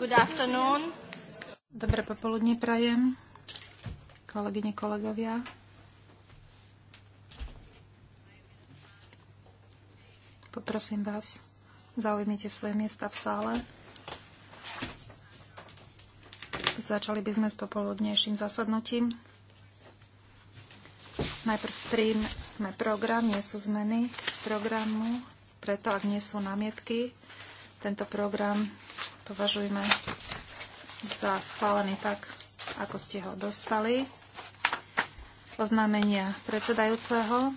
Good afternoon. Dobré popoludne prajem, kolegyne, kolegovia. Poprosím vás, zaujmite svoje miesta v sále. Začali by sme s popoludnejším zasadnutím. Najprv príjme program, nie sú zmeny programu, preto ak nie sú námietky, tento program považujme za schválený tak, ako ste ho dostali. Oznámenia predsedajúceho.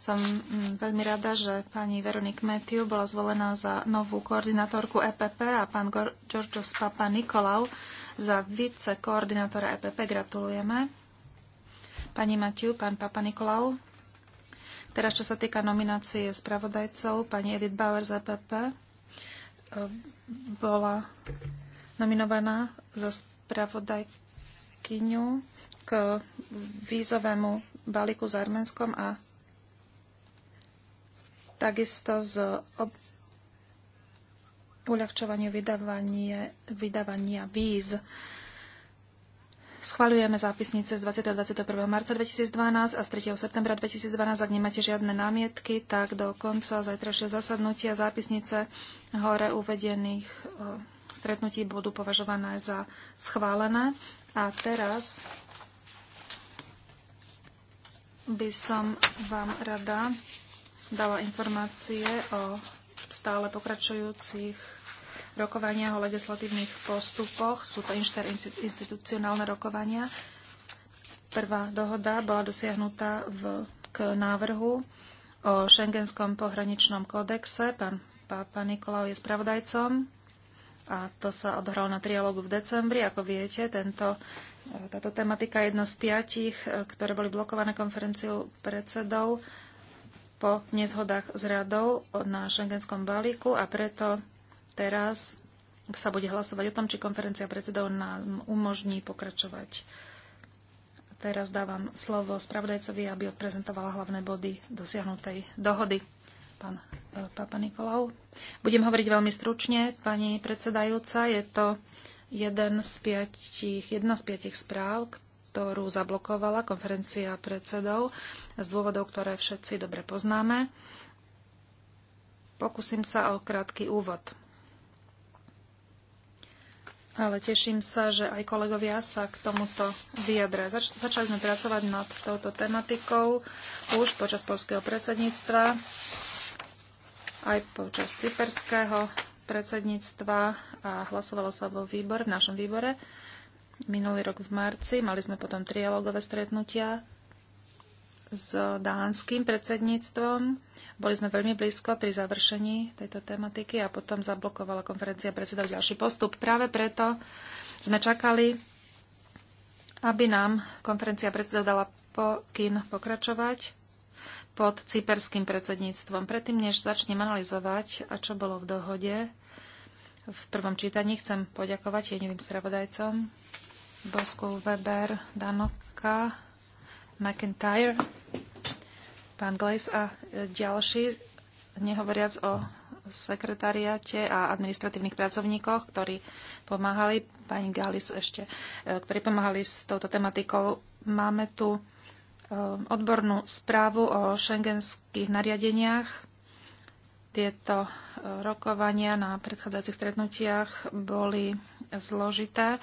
Som mm, veľmi rada, že pani Veronik Matthew bola zvolená za novú koordinátorku EPP a pán Georgios Papa Nikolau za vicekoordinátora EPP. Gratulujeme. Pani Matiu, pán Papa Nikolau. Teraz, čo sa týka nominácie spravodajcov, pani Edith Bauer z EPP bola nominovaná za spravodajkyňu k vízovému balíku s Arménskom a takisto z ob- uľahčovaniu vydávania, vydávania víz. Schvaľujeme zápisnice z 20. a 21. marca 2012 a z 3. septembra 2012. Ak nemáte žiadne námietky, tak do konca zajtrašie zasadnutia zápisnice hore uvedených eh, stretnutí budú považované za schválené. A teraz by som vám rada dala informácie o stále pokračujúcich rokovania o legislatívnych postupoch. Sú to interinstitucionálne rokovania. Prvá dohoda bola dosiahnutá v, k návrhu o šengenskom pohraničnom kódexe. Pán Pápa Nikolau je spravodajcom a to sa odhralo na trialógu v decembri. Ako viete, tento táto tematika je jedna z piatich, ktoré boli blokované konferenciou predsedov po nezhodách s radou na šengenskom balíku a preto teraz sa bude hlasovať o tom, či konferencia predsedov nám umožní pokračovať. Teraz dávam slovo spravodajcovi, aby odprezentovala hlavné body dosiahnutej dohody. Pán e, Papa Nikolau. Budem hovoriť veľmi stručne, pani predsedajúca. Je to jeden z piatich, jedna z piatich správ, ktorú zablokovala konferencia predsedov z dôvodov, ktoré všetci dobre poznáme. Pokúsim sa o krátky úvod ale teším sa, že aj kolegovia sa k tomuto vyjadria. Zač- začali sme pracovať nad touto tematikou už počas polského predsedníctva, aj počas cyperského predsedníctva a hlasovalo sa vo výbor, v našom výbore. Minulý rok v marci mali sme potom trialogové stretnutia s dánskym predsedníctvom. Boli sme veľmi blízko pri završení tejto tematiky a potom zablokovala konferencia predsedov ďalší postup. Práve preto sme čakali, aby nám konferencia predsedov dala pokyn pokračovať pod cyperským predsedníctvom. Predtým, než začnem analyzovať, a čo bolo v dohode, v prvom čítaní chcem poďakovať jedným spravodajcom Bosku Weber, Danoka, McIntyre, pán Glaze a e, ďalší, nehovoriac o sekretariate a administratívnych pracovníkoch, ktorí pomáhali, pani Galis ešte, e, ktorí pomáhali s touto tematikou. Máme tu e, odbornú správu o šengenských nariadeniach. Tieto rokovania na predchádzajúcich stretnutiach boli zložité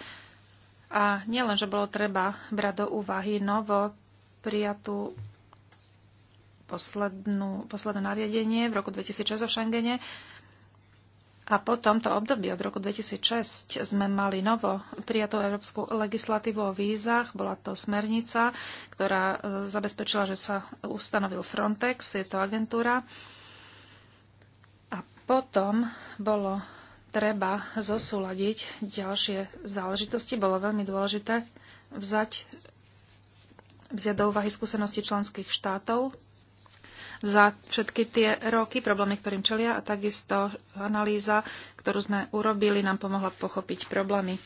a nielen, že bolo treba brať do úvahy novo prijatú poslednú, posledné nariadenie v roku 2006 o Schengene. A po tomto období od roku 2006 sme mali novo prijatú európsku legislatívu o vízach. Bola to smernica, ktorá e, zabezpečila, že sa ustanovil Frontex, je to agentúra. A potom bolo treba zosúľadiť ďalšie záležitosti. Bolo veľmi dôležité vzať vziať do úvahy skúsenosti členských štátov za všetky tie roky, problémy, ktorým čelia a takisto analýza, ktorú sme urobili, nám pomohla pochopiť problémy.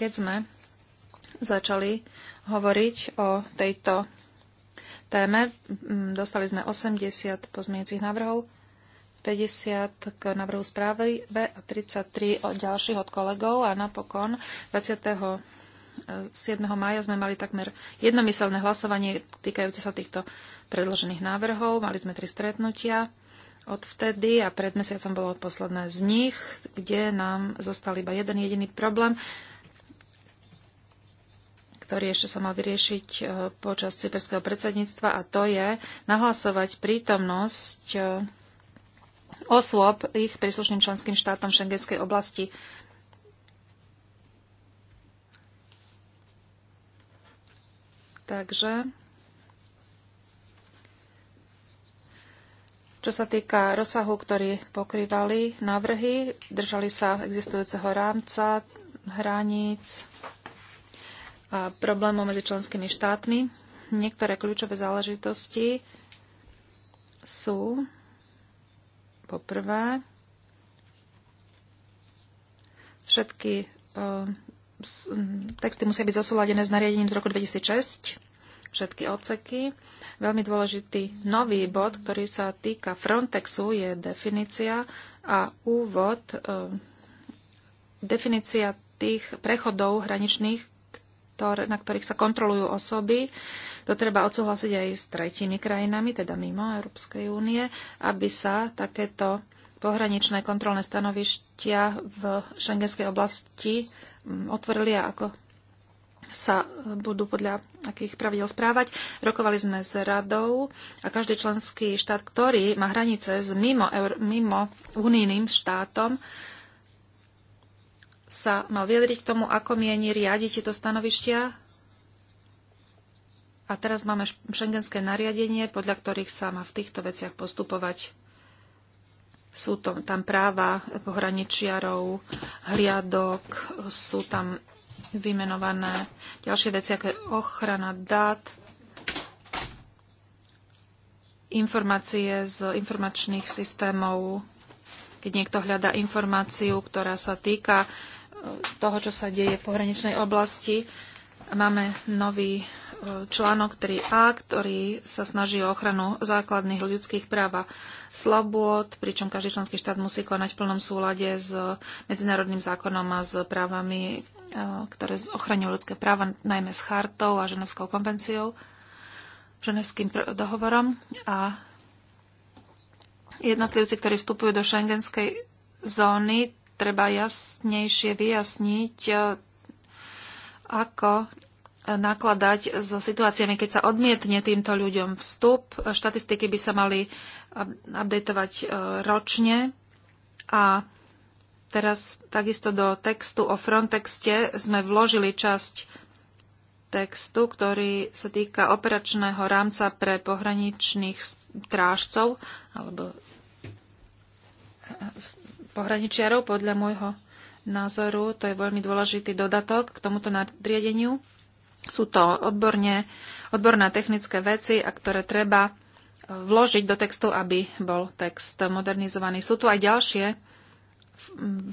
Keď sme začali hovoriť o tejto téme, mm, dostali sme 80 pozmienujúcich návrhov, 50 k návrhu správy B a 33 od ďalších od kolegov a napokon 20. 7. maja sme mali takmer jednomyselné hlasovanie týkajúce sa týchto predložených návrhov. Mali sme tri stretnutia od vtedy a pred mesiacom bolo posledné z nich, kde nám zostal iba jeden jediný problém, ktorý ešte sa mal vyriešiť e, počas cyperského predsedníctva a to je nahlasovať prítomnosť e, osôb ich príslušným členským štátom v šengenskej oblasti Takže čo sa týka rozsahu, ktorý pokrývali návrhy, držali sa existujúceho rámca, hraníc a problémov medzi členskými štátmi. Niektoré kľúčové záležitosti sú poprvé všetky eh, Mm, texty musia byť zosúladené s nariadením z roku 2006, všetky odseky. Veľmi dôležitý nový bod, ktorý sa týka Frontexu, je definícia a úvod, e, definícia tých prechodov hraničných, na ktorých sa kontrolujú osoby. To treba odsúhlasiť aj s tretími krajinami, teda mimo Európskej únie, aby sa takéto pohraničné kontrolné stanovištia v šengenskej oblasti Mm, otvorili a ako sa e, budú podľa akých pravidel správať. Rokovali sme s radou a každý členský štát, ktorý má hranice s mimo, eur, mimo unijným štátom, sa mal vyjadriť k tomu, ako mieni riadiť tieto stanovištia. A teraz máme šengenské nariadenie, podľa ktorých sa má v týchto veciach postupovať. Sú to, tam práva pohraničiarov, hliadok, sú tam vymenované ďalšie veci, ako je ochrana dát, informácie z informačných systémov, keď niekto hľadá informáciu, ktorá sa týka eh, toho, čo sa deje v pohraničnej oblasti. Máme nový článok 3a, ktorý sa snaží o ochranu základných ľudských práv a slobôd, pričom každý členský štát musí konať v plnom súlade s medzinárodným zákonom a s právami, e, ktoré ochraňujú ľudské práva, najmä s chartou a ženevskou konvenciou, ženevským dohovorom a jednotlivci, ktorí vstupujú do šengenskej zóny, treba jasnejšie vyjasniť, e, ako nakladať so situáciami, keď sa odmietne týmto ľuďom vstup. Štatistiky by sa mali updatovať e, ročne a teraz takisto do textu o Frontexte sme vložili časť textu, ktorý sa týka operačného rámca pre pohraničných strážcov alebo e, pohraničiarov podľa môjho názoru. To je veľmi dôležitý dodatok k tomuto nadriedeniu. Sú to odborne, odborné technické veci, a ktoré treba e, vložiť do textu, aby bol text modernizovaný. Sú tu aj ďalšie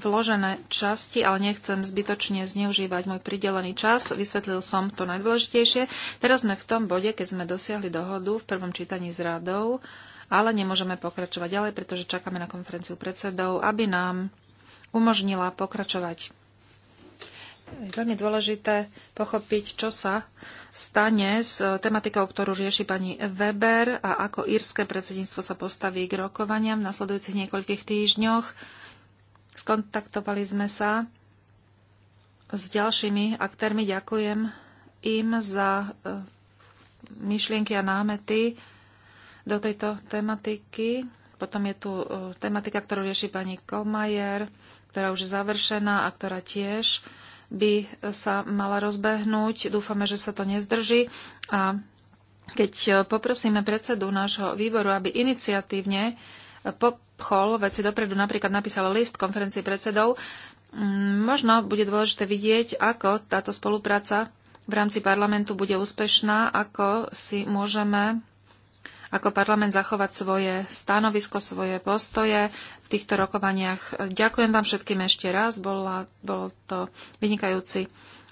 vložené časti, ale nechcem zbytočne zneužívať môj pridelený čas. Vysvetlil som to najdôležitejšie. Teraz sme v tom bode, keď sme dosiahli dohodu v prvom čítaní s radou, ale nemôžeme pokračovať ďalej, pretože čakáme na konferenciu predsedov, aby nám umožnila pokračovať je veľmi dôležité pochopiť, čo sa stane s e, tematikou, ktorú rieši pani Weber a ako írske predsedníctvo sa postaví k rokovaniam v nasledujúcich niekoľkých týždňoch. Skontaktovali sme sa s ďalšími aktérmi. Ďakujem im za e, myšlienky a námety do tejto tematiky. Potom je tu e, tematika, ktorú rieši pani Komajer, ktorá už je završená a ktorá tiež by sa mala rozbehnúť. Dúfame, že sa to nezdrží. A keď poprosíme predsedu nášho výboru, aby iniciatívne popchol veci dopredu, napríklad napísal list konferencii predsedov, mm, možno bude dôležité vidieť, ako táto spolupráca v rámci parlamentu bude úspešná, ako si môžeme ako parlament zachovať svoje stanovisko, svoje postoje v týchto rokovaniach. Ďakujem vám všetkým ešte raz. Bola, bolo to vynikajúci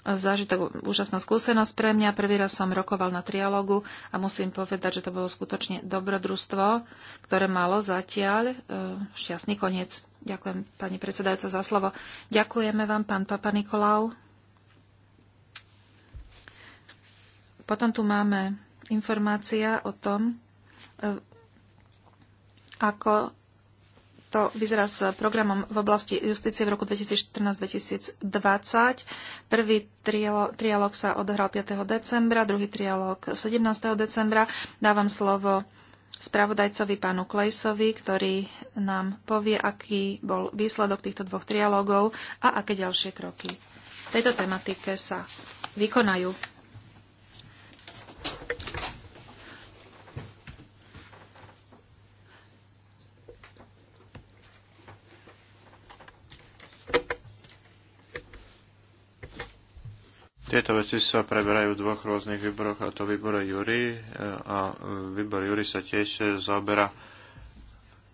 zážitok, úžasná skúsenosť pre mňa. Prvý raz som rokoval na trialogu a musím povedať, že to bolo skutočne dobrodružstvo, ktoré malo zatiaľ e, šťastný koniec. Ďakujem, pani predsedajúca, za slovo. Ďakujeme vám, pán Papa Nikolau. Potom tu máme informácia o tom, E, ako to vyzerá s programom v oblasti justície v roku 2014-2020. Prvý trialog sa odohral 5. decembra, druhý trialog 17. decembra. Dávam slovo spravodajcovi pánu Klejsovi, ktorý nám povie, aký bol výsledok týchto dvoch trialogov a aké ďalšie kroky v tejto tematike sa vykonajú. Tieto veci sa preberajú v dvoch rôznych výboroch, a to výbor Jury eh, a výbor Jury sa tiež eh, zaoberá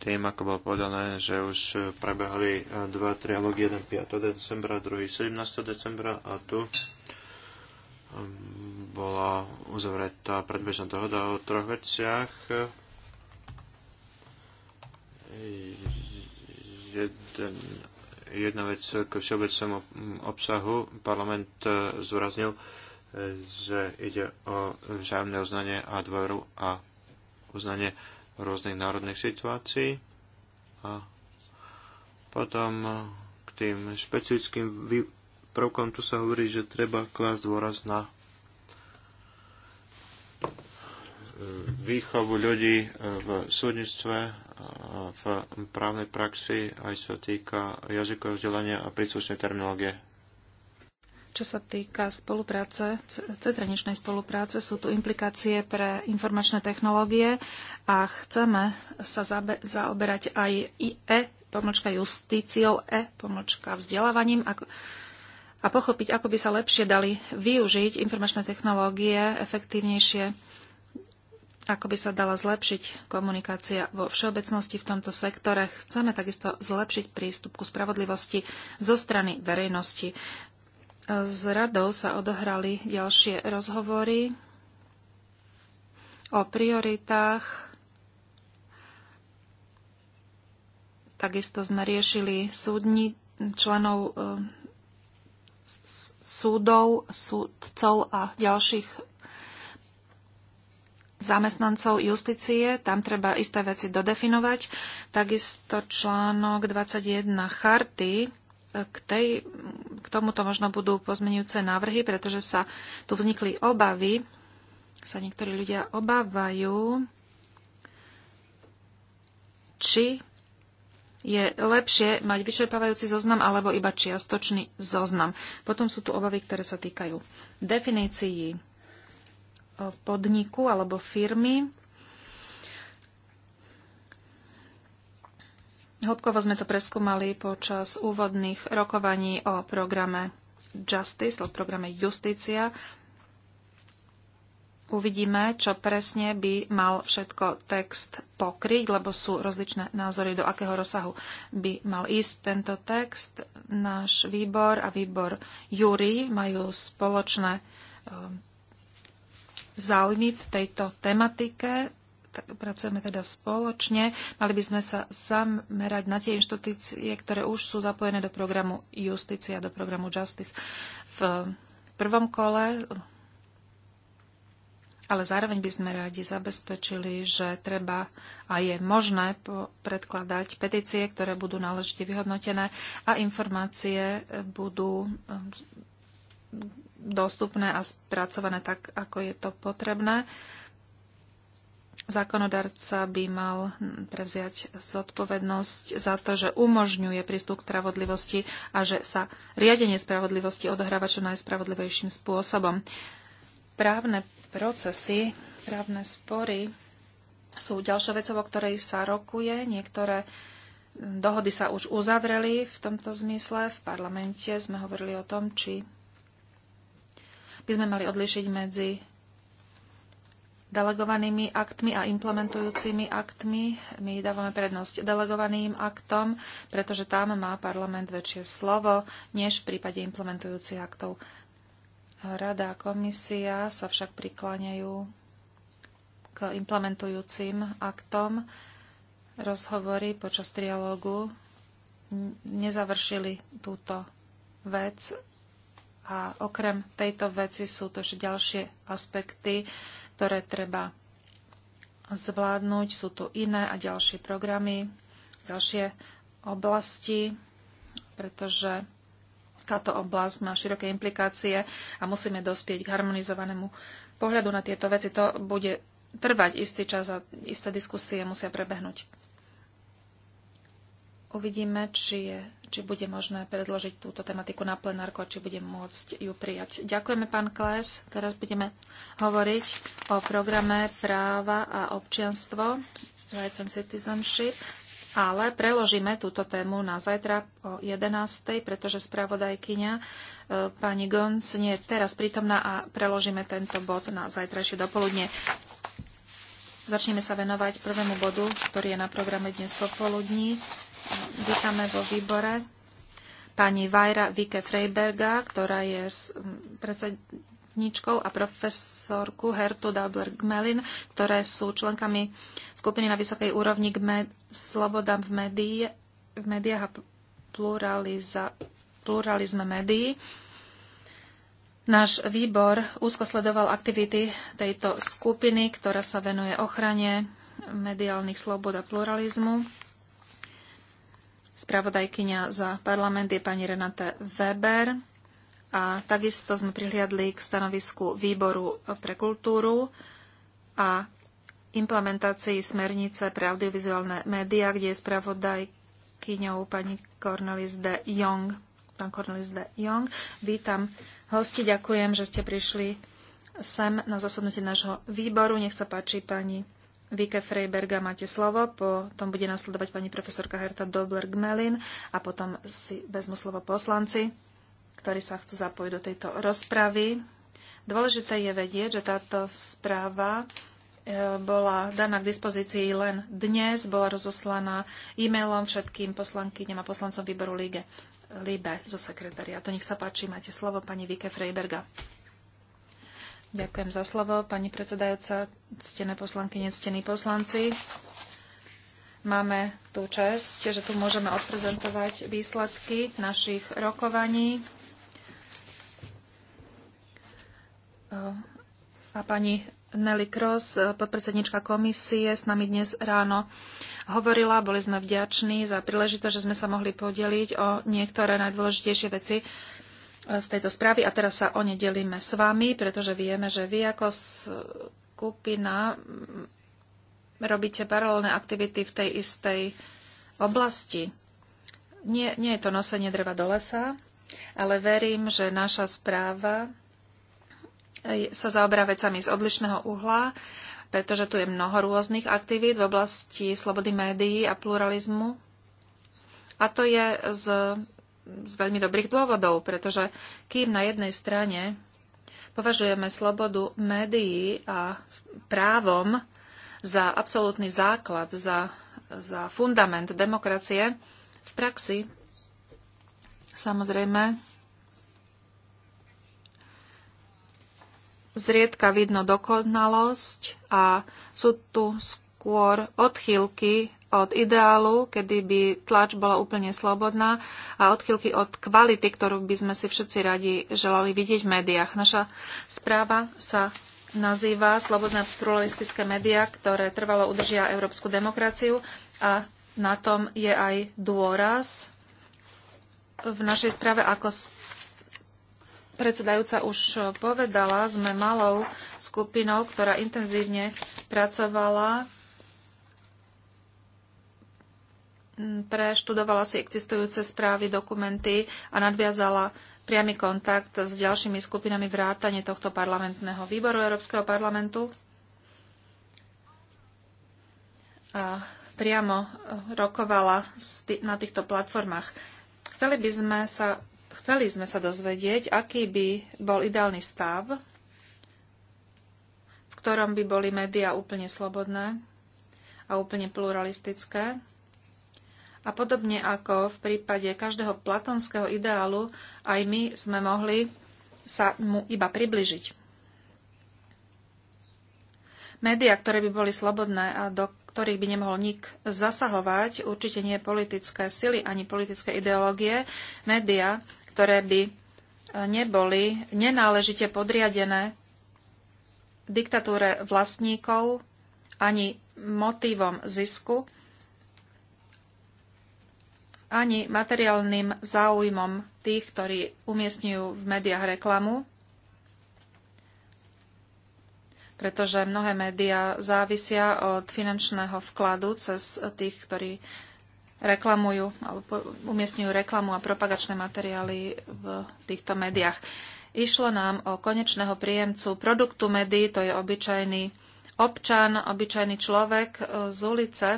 tým, ako bolo povedané, že už eh, prebehli dva trialógy, jeden 5. decembra, druhý 17. decembra a tu bola uzavretá predbežná dohoda o troch veciach. Jeden Jedna vec k všeobecnému mm, obsahu. Parlament e, zúraznil, e, že ide o vzájomné uznanie a dvoru a uznanie rôznych národných situácií. A potom e, k tým špecifickým prvkom tu sa hovorí, že treba klásť dôraz na výchovu ľudí v súdnictve v právnej praxi, aj sa týka jazykového vzdelania a príslušnej terminológie. Čo sa týka spolupráce, cezhraničnej spolupráce, sú tu implikácie pre informačné technológie a chceme sa zaoberať aj e pomočka justíciou, e pomočka vzdelávaním a pochopiť, ako by sa lepšie dali využiť informačné technológie efektívnejšie ako by sa dala zlepšiť komunikácia vo všeobecnosti v tomto sektore. Chceme takisto zlepšiť prístup ku spravodlivosti zo strany verejnosti. S radou sa odohrali ďalšie rozhovory o prioritách. Takisto sme riešili súdni, členov e, súdov, súdcov a ďalších zamestnancov justície, tam treba isté veci dodefinovať. Takisto článok 21 charty, e, k, tej, k tomuto možno budú pozmenujúce návrhy, pretože sa tu vznikli obavy, sa niektorí ľudia obávajú, či je lepšie mať vyčerpávajúci zoznam alebo iba čiastočný zoznam. Potom sú tu obavy, ktoré sa týkajú definícií podniku alebo firmy. Hĺbkovo sme to preskúmali počas úvodných rokovaní o programe Justice, o programe Justícia. Uvidíme, čo presne by mal všetko text pokryť, lebo sú rozličné názory, do akého rozsahu by mal ísť tento text. Náš výbor a výbor Júri majú spoločné ehm, záujmy v tejto tematike. Tak pracujeme teda spoločne. Mali by sme sa zamerať na tie inštitúcie, ktoré už sú zapojené do programu Justícia, do programu Justice. V prvom kole ale zároveň by sme radi zabezpečili, že treba a je možné predkladať petície, ktoré budú náležite vyhodnotené a informácie budú dostupné a spracované tak, ako je to potrebné. Zákonodarca by mal prevziať zodpovednosť za to, že umožňuje prístup k spravodlivosti a že sa riadenie spravodlivosti odohráva čo najspravodlivejším spôsobom. Právne procesy, právne spory sú ďalšou vecou, o ktorej sa rokuje. Niektoré dohody sa už uzavreli v tomto zmysle. V parlamente sme hovorili o tom, či by sme mali odlišiť medzi delegovanými aktmi a implementujúcimi aktmi. My dávame prednosť delegovaným aktom, pretože tam má parlament väčšie slovo než v prípade implementujúcich aktov. Rada a komisia sa však prikláňajú k implementujúcim aktom. Rozhovory počas trialógu nezavršili túto vec a okrem tejto veci sú to ešte ďalšie aspekty, ktoré treba zvládnuť. Sú tu iné a ďalšie programy, ďalšie oblasti, pretože táto oblasť má široké implikácie a musíme dospieť k harmonizovanému pohľadu na tieto veci. To bude trvať istý čas a isté diskusie musia prebehnúť. Uvidíme, či je či bude možné predložiť túto tematiku na plenárku a či bude môcť ju prijať. Ďakujeme, pán Kles. Teraz budeme hovoriť o programe práva a občianstvo, Rights and Citizenship, ale preložíme túto tému na zajtra o 11.00, pretože spravodajkyňa e, pani Gonc nie je teraz prítomná a preložíme tento bod na zajtrajšie dopoludne. Začneme sa venovať prvému bodu, ktorý je na programe dnes popoludní. Vítame vo výbore pani Vajra Vike Freiberga, ktorá je predsedničkou a profesorku Hertu Dabler Gmelin, ktoré sú členkami skupiny na vysokej úrovni Gme- Sloboda v, médii, v médiách a pluraliza- pluralizme médií. Náš výbor úzko sledoval aktivity tejto skupiny, ktorá sa venuje ochrane mediálnych slobod a pluralizmu Spravodajkyňa za parlament je pani Renate Weber a takisto sme prihliadli k stanovisku Výboru pre kultúru a implementácii smernice pre audiovizuálne médiá, kde je spravodajkyňou pani Cornelis de Jong. Pán Cornelis de Jong, vítam hosti, ďakujem, že ste prišli sem na zasadnutie nášho výboru. Nech sa páči, pani Vike Freiberga máte slovo, potom bude nasledovať pani profesorka Herta Dobler-Gmelin a potom si vezmu slovo poslanci, ktorí sa chcú zapojiť do tejto rozpravy. Dôležité je vedieť, že táto správa e, bola daná k dispozícii len dnes, bola rozoslaná e-mailom všetkým poslankyňam a poslancom výboru Líge, Líbe zo sekretariatu. Nech sa páči, máte slovo, pani Vike Freiberga. Ďakujem za slovo, pani predsedajúca, ctené poslanky, nectení poslanci. Máme tú čest, že tu môžeme odprezentovať výsledky našich rokovaní. A pani Nelly Cross, podpredsednička komisie, s nami dnes ráno hovorila. Boli sme vďační za príležitosť, že sme sa mohli podeliť o niektoré najdôležitejšie veci, z tejto správy a teraz sa o ne delíme s vami, pretože vieme, že vy ako skupina robíte paralelné aktivity v tej istej oblasti. Nie, nie je to nosenie dreva do lesa, ale verím, že naša správa sa zaoberá vecami z odlišného uhla, pretože tu je mnoho rôznych aktivít v oblasti slobody médií a pluralizmu. A to je z z veľmi dobrých dôvodov, pretože kým na jednej strane považujeme slobodu médií a právom za absolútny základ, za, za fundament demokracie, v praxi samozrejme zriedka vidno dokonalosť a sú tu skôr odchýlky od ideálu, kedy by tlač bola úplne slobodná a odchylky od kvality, ktorú by sme si všetci radi želali vidieť v médiách. Naša správa sa nazýva Slobodné pluralistické médiá, ktoré trvalo udržia európsku demokraciu a na tom je aj dôraz v našej správe, ako predsedajúca už povedala, sme malou skupinou, ktorá intenzívne pracovala preštudovala si existujúce správy, dokumenty a nadviazala priamy kontakt s ďalšími skupinami vrátane tohto parlamentného výboru Európskeho parlamentu a priamo e, rokovala na týchto platformách. Chceli by sme sa, chceli sme sa dozvedieť, aký by bol ideálny stav, v ktorom by boli médiá úplne slobodné a úplne pluralistické, a podobne ako v prípade každého platonského ideálu, aj my sme mohli sa mu iba približiť. Média, ktoré by boli slobodné a do ktorých by nemohol nik zasahovať, určite nie politické sily ani politické ideológie, média, ktoré by e, neboli nenáležite podriadené diktatúre vlastníkov ani motívom zisku, ani materiálnym záujmom tých, ktorí umiestňujú v médiách reklamu, pretože mnohé médiá závisia od finančného vkladu cez tých, ktorí reklamujú alebo umiestňujú reklamu a propagačné materiály v týchto médiách. Išlo nám o konečného príjemcu produktu médií, to je obyčajný občan, obyčajný človek e, z ulice,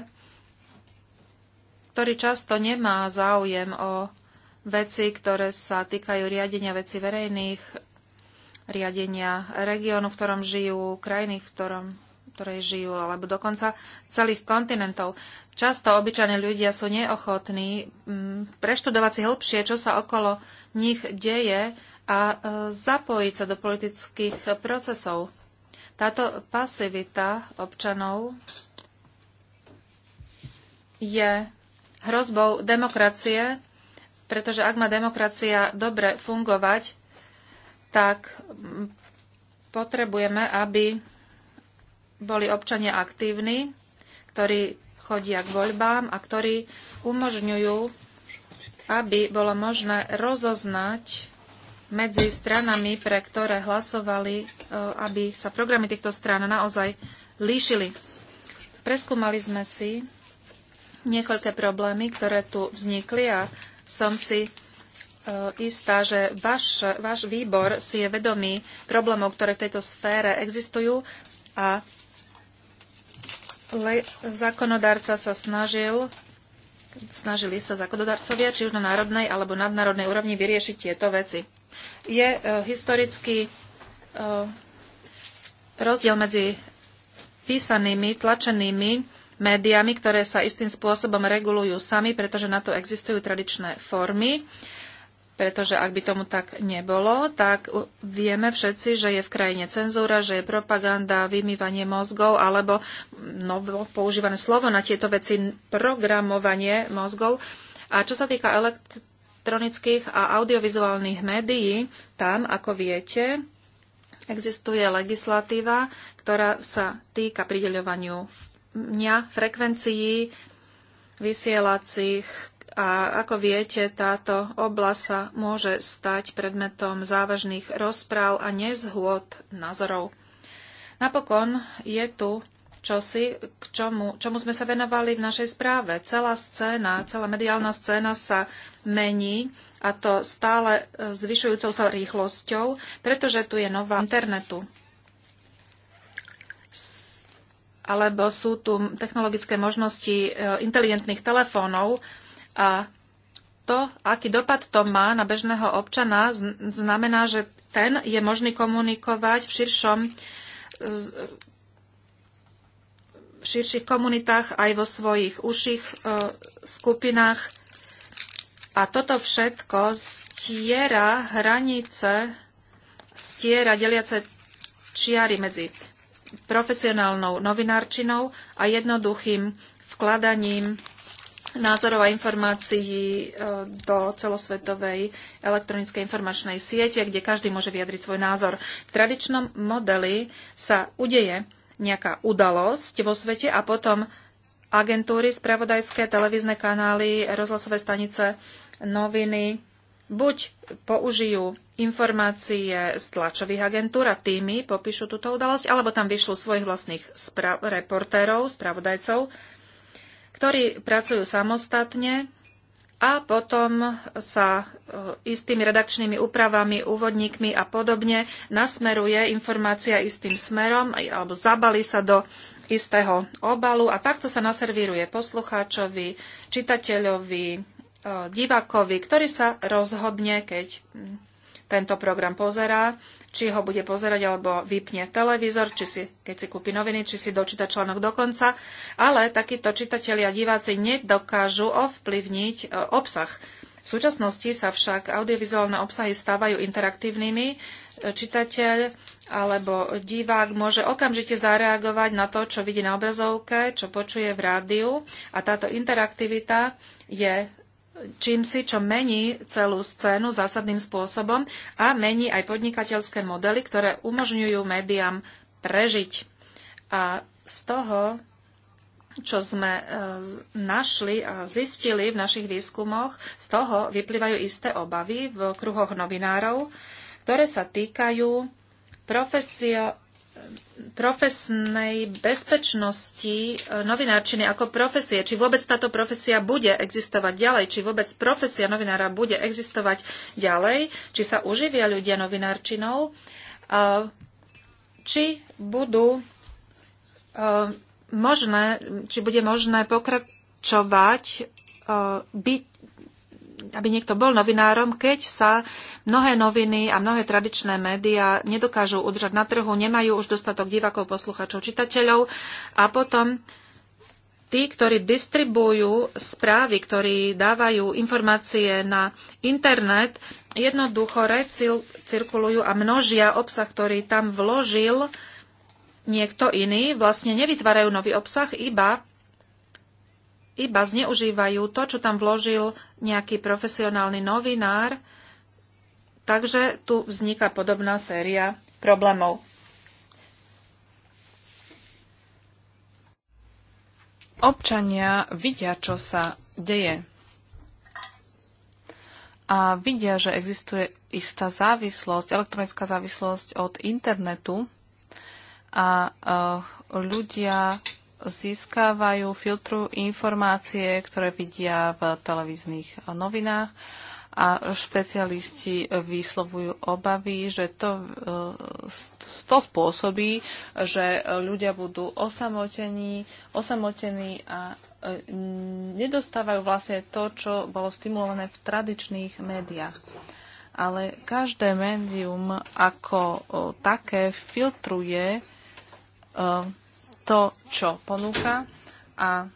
ktorý často nemá záujem o veci, ktoré sa týkajú riadenia veci verejných, riadenia regiónu, v ktorom žijú, krajiny, v ktorom, ktorej žijú, alebo dokonca celých kontinentov. Často obyčajní ľudia sú neochotní mm, preštudovať si hĺbšie, čo sa okolo nich deje a e, zapojiť sa do politických procesov. Táto pasivita občanov je hrozbou demokracie, pretože ak má demokracia dobre fungovať, tak potrebujeme, aby boli občania aktívni, ktorí chodia k voľbám a ktorí umožňujú, aby bolo možné rozoznať medzi stranami, pre ktoré hlasovali, e, aby sa programy týchto strán naozaj líšili. Preskúmali sme si niekoľké problémy, ktoré tu vznikli a som si e, istá, že váš, váš výbor si je vedomý problémov, ktoré v tejto sfére existujú a le- zákonodárca sa snažil snažili sa zákonodarcovia, či už na národnej alebo nadnárodnej úrovni, vyriešiť tieto veci. Je e, historický e, rozdiel medzi písanými, tlačenými médiami, ktoré sa istým spôsobom regulujú sami, pretože na to existujú tradičné formy. Pretože ak by tomu tak nebolo, tak vieme všetci, že je v krajine cenzúra, že je propaganda, vymývanie mozgov alebo novo používané slovo na tieto veci programovanie mozgov. A čo sa týka elektronických a audiovizuálnych médií, tam, ako viete, existuje legislatíva, ktorá sa týka prideľovaniu mňa frekvencií vysielacích a ako viete, táto oblasť sa môže stať predmetom závažných rozpráv a nezhôd názorov. Napokon je tu čosi, k čomu, čomu sme sa venovali v našej správe. Celá scéna, celá mediálna scéna sa mení a to stále zvyšujúcou sa rýchlosťou, pretože tu je nová internetu alebo sú tu technologické možnosti e, inteligentných telefónov a to, aký dopad to má na bežného občana, znamená, že ten je možný komunikovať v širšom v širších komunitách, aj vo svojich uších e, skupinách. A toto všetko stiera hranice, stiera deliace čiary medzi profesionálnou novinárčinou a jednoduchým vkladaním názorov a informácií e, do celosvetovej elektronickej informačnej siete, kde každý môže vyjadriť svoj názor. V tradičnom modeli sa udeje nejaká udalosť vo svete a potom agentúry, spravodajské televízne kanály, rozhlasové stanice, noviny, buď použijú informácie z tlačových agentúr a tými popíšu túto udalosť, alebo tam vyšlo svojich vlastných spra- reportérov, spravodajcov, ktorí pracujú samostatne a potom sa e, istými redakčnými úpravami, úvodníkmi a podobne nasmeruje informácia istým smerom e, alebo zabali sa do istého obalu a takto sa naservíruje poslucháčovi, čitateľovi, E, divákovi, ktorý sa rozhodne, keď tento program pozerá, či ho bude pozerať alebo vypne televízor, či si, keď si kúpi noviny, či si dočíta článok dokonca, ale takíto čitatelia a diváci nedokážu ovplyvniť e, obsah. V súčasnosti sa však audiovizuálne obsahy stávajú interaktívnymi. E, čitateľ alebo divák môže okamžite zareagovať na to, čo vidí na obrazovke, čo počuje v rádiu a táto interaktivita je čím si, čo mení celú scénu zásadným spôsobom a mení aj podnikateľské modely, ktoré umožňujú médiám prežiť. A z toho, čo sme e, našli a zistili v našich výskumoch, z toho vyplývajú isté obavy v kruhoch novinárov, ktoré sa týkajú profesio- profesnej bezpečnosti e, novinárčiny ako profesie. Či vôbec táto profesia bude existovať ďalej, či vôbec profesia novinára bude existovať ďalej, či sa uživia ľudia novinárčinou, e, či budú e, možné, či bude možné pokračovať byť aby niekto bol novinárom, keď sa mnohé noviny a mnohé tradičné médiá nedokážu udržať na trhu, nemajú už dostatok divakov posluchačov, čitateľov a potom tí, ktorí distribujú správy, ktorí dávajú informácie na internet, jednoducho recirkulujú a množia obsah, ktorý tam vložil niekto iný, vlastne nevytvárajú nový obsah, iba iba zneužívajú to, čo tam vložil nejaký profesionálny novinár, takže tu vzniká podobná séria problémov. Občania vidia, čo sa deje a vidia, že existuje istá závislosť, elektronická závislosť od internetu a uh, ľudia získavajú, filtrujú informácie, ktoré vidia v televíznych novinách a špecialisti vyslovujú obavy, že to, e, to spôsobí, že ľudia budú osamotení, osamotení a e, nedostávajú vlastne to, čo bolo stimulované v tradičných médiách. Ale každé médium ako také filtruje e, to, čo ponúka. A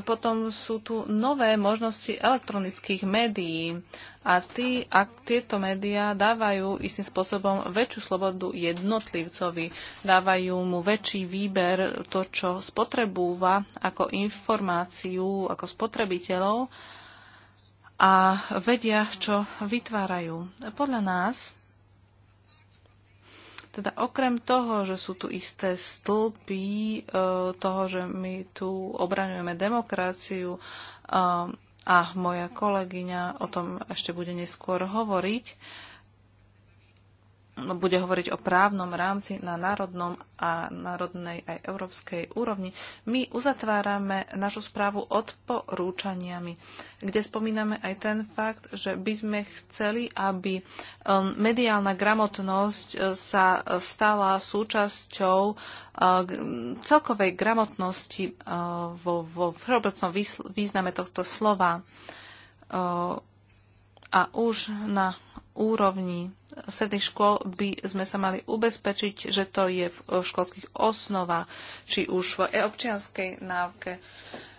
potom sú tu nové možnosti elektronických médií a tí, ak tieto médiá dávajú istým spôsobom väčšiu slobodu jednotlivcovi, dávajú mu väčší výber to, čo spotrebúva ako informáciu, ako spotrebiteľov a vedia, čo vytvárajú. Podľa nás teda okrem toho, že sú tu isté stĺpy e, toho, že my tu obraňujeme demokraciu e, a moja kolegyňa o tom ešte bude neskôr hovoriť, bude hovoriť o právnom rámci na národnom a národnej aj európskej úrovni. My uzatvárame našu správu odporúčaniami, kde spomíname aj ten fakt, že by sme chceli, aby um, mediálna gramotnosť uh, sa stala súčasťou uh, celkovej gramotnosti uh, vo, vo všeobecnom význame tohto slova. A už na úrovni stredných škôl by sme sa mali ubezpečiť, že to je v školských osnovách, či už v občianskej návke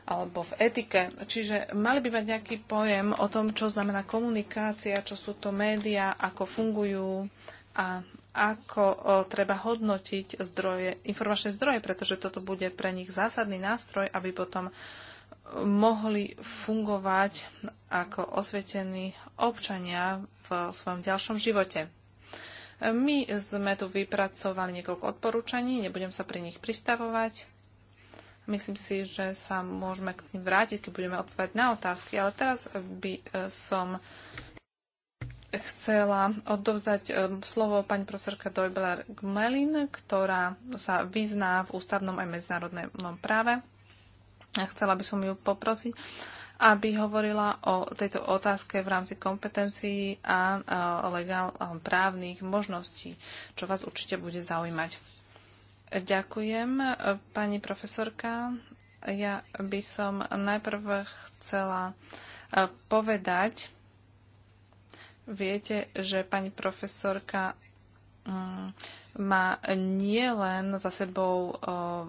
alebo v etike. Čiže mali by mať nejaký pojem o tom, čo znamená komunikácia, čo sú to médiá, ako fungujú a ako o, treba hodnotiť zdroje, informačné zdroje, pretože toto bude pre nich zásadný nástroj, aby potom e, mohli fungovať ako osvietení občania v svojom ďalšom živote. My sme tu vypracovali niekoľko odporúčaní, nebudem sa pri nich pristavovať. Myslím si, že sa môžeme k tým vrátiť, keď budeme odpovedať na otázky, ale teraz by e, som chcela odovzdať e, slovo pani profesorka Dojbler Gmelin, ktorá sa vyzná v ústavnom aj medzinárodnom práve. Chcela by som ju poprosiť, aby hovorila o tejto otázke v rámci kompetencií a, legál, právnych možností, čo vás určite bude zaujímať. Ďakujem, pani profesorka. Ja by som najprv chcela povedať, viete, že pani profesorka má nie len za sebou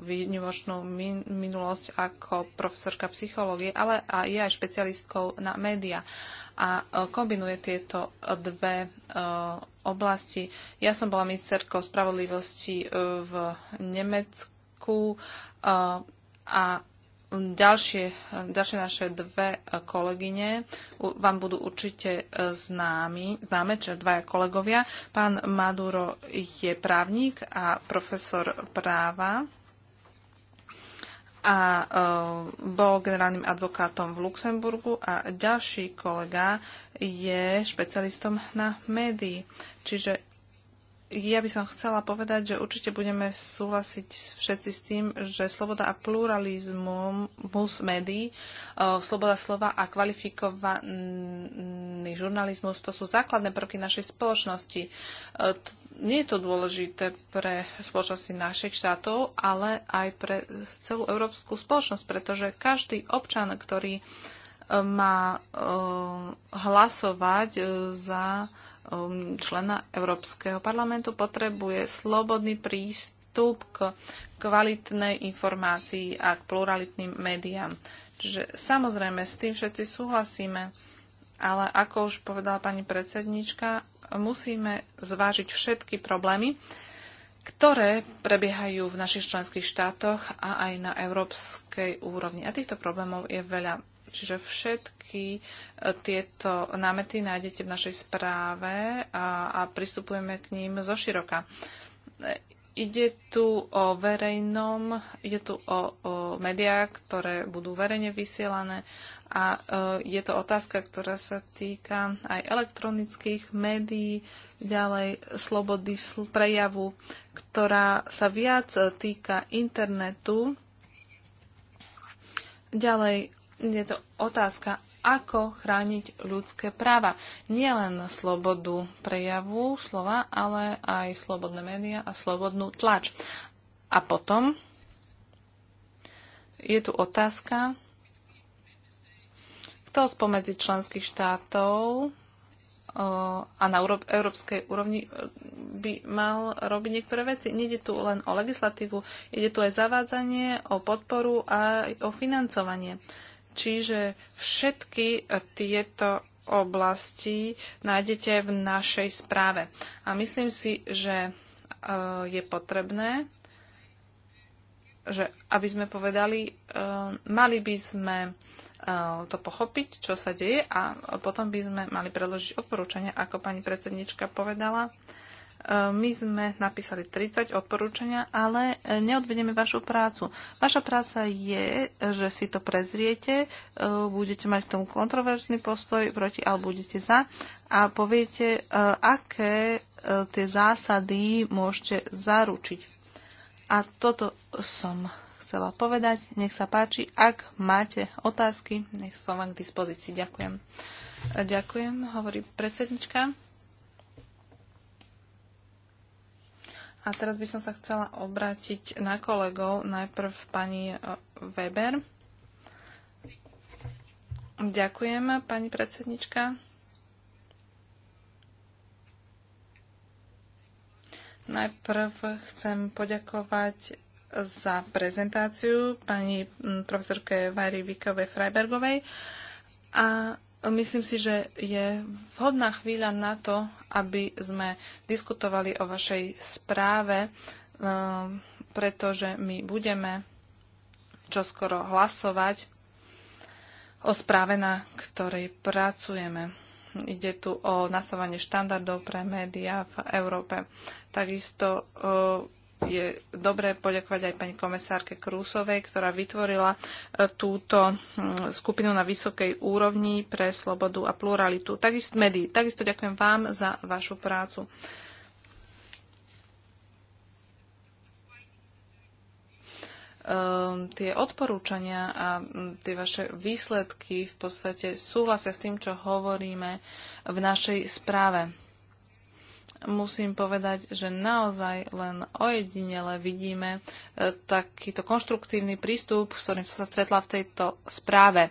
výnimočnú minulosť ako profesorka psychológie, ale je aj špecialistkou na média a kombinuje tieto dve oblasti. Ja som bola ministerkou spravodlivosti e, v Nemecku a Ďalšie, ďalšie naše dve kolegyne vám budú určite známi, známe, čiže dvaja kolegovia. Pán Maduro je právnik a profesor práva a e, bol generálnym advokátom v Luxemburgu a ďalší kolega je špecialistom na médií. Čiže ja by som chcela povedať, že určite budeme súhlasiť všetci s tým, že sloboda a pluralizmus médií, e, sloboda slova a kvalifikovaný žurnalizmus, to sú základné prvky našej spoločnosti. E, nie je to dôležité pre spoločnosti našich štátov, ale aj pre celú európsku spoločnosť, pretože každý občan, ktorý e, má hlasovať za Um, člena Európskeho parlamentu potrebuje slobodný prístup k kvalitnej informácii a k pluralitným médiám. Čiže samozrejme, s tým všetci súhlasíme, ale ako už povedala pani predsednička, musíme zvážiť všetky problémy, ktoré prebiehajú v našich členských štátoch a aj na európskej úrovni. A týchto problémov je veľa. Čiže všetky e, tieto námety nájdete v našej správe a, a pristupujeme k ním zo široka. E, ide tu o verejnom, ide tu o, o médiá, ktoré budú verejne vysielané a e, je to otázka, ktorá sa týka aj elektronických médií, ďalej slobody prejavu, ktorá sa viac týka internetu, ďalej je to otázka, ako chrániť ľudské práva. len slobodu prejavu slova, ale aj slobodné médiá a slobodnú tlač. A potom je tu otázka, kto spomedzi členských štátov a na európskej úrovni e, by mal robiť niektoré veci. Nede tu len o legislatívu, ide tu aj zavádzanie, o podporu a o financovanie. Uh, Čiže všetky e, tieto oblasti nájdete v našej správe. A myslím si, že e, je potrebné, že aby sme povedali, e, mali by sme to pochopiť, čo sa deje a potom by sme mali predložiť odporúčania, ako pani predsednička povedala. My sme napísali 30 odporúčania, ale e, neodvedieme vašu prácu. Vaša práca je, že si to prezriete, e, budete mať k tomu kontroverzný postoj proti, alebo budete za a poviete, e, aké tie zásady môžete zaručiť. A toto som chcela povedať. Nech sa páči, ak máte otázky, nech som vám k dispozícii. Ďakujem. Ďakujem, hovorí predsednička. A teraz by som sa chcela obrátiť na kolegov. Najprv pani e, Weber. Ďakujem, pani predsednička. Najprv chcem poďakovať za prezentáciu pani profesorke Vary Vikovej Freibergovej a myslím si, že je vhodná chvíľa na to, aby sme diskutovali o vašej správe, um, pretože my budeme čoskoro hlasovať o správe, na ktorej pracujeme. Ide tu o nastavanie štandardov pre médiá v Európe. Takisto uh, je dobré poďakovať aj pani komisárke Krúsovej, ktorá vytvorila e, túto skupinu na vysokej úrovni pre slobodu a pluralitu. Takisto, médií. Takisto ďakujem vám za vašu prácu. Ehm, tie odporúčania a tie vaše výsledky v podstate súhlasia s tým, čo hovoríme v našej správe musím povedať, že naozaj len ojedinele vidíme e, takýto konštruktívny prístup, s ktorým som sa stretla v tejto správe. E,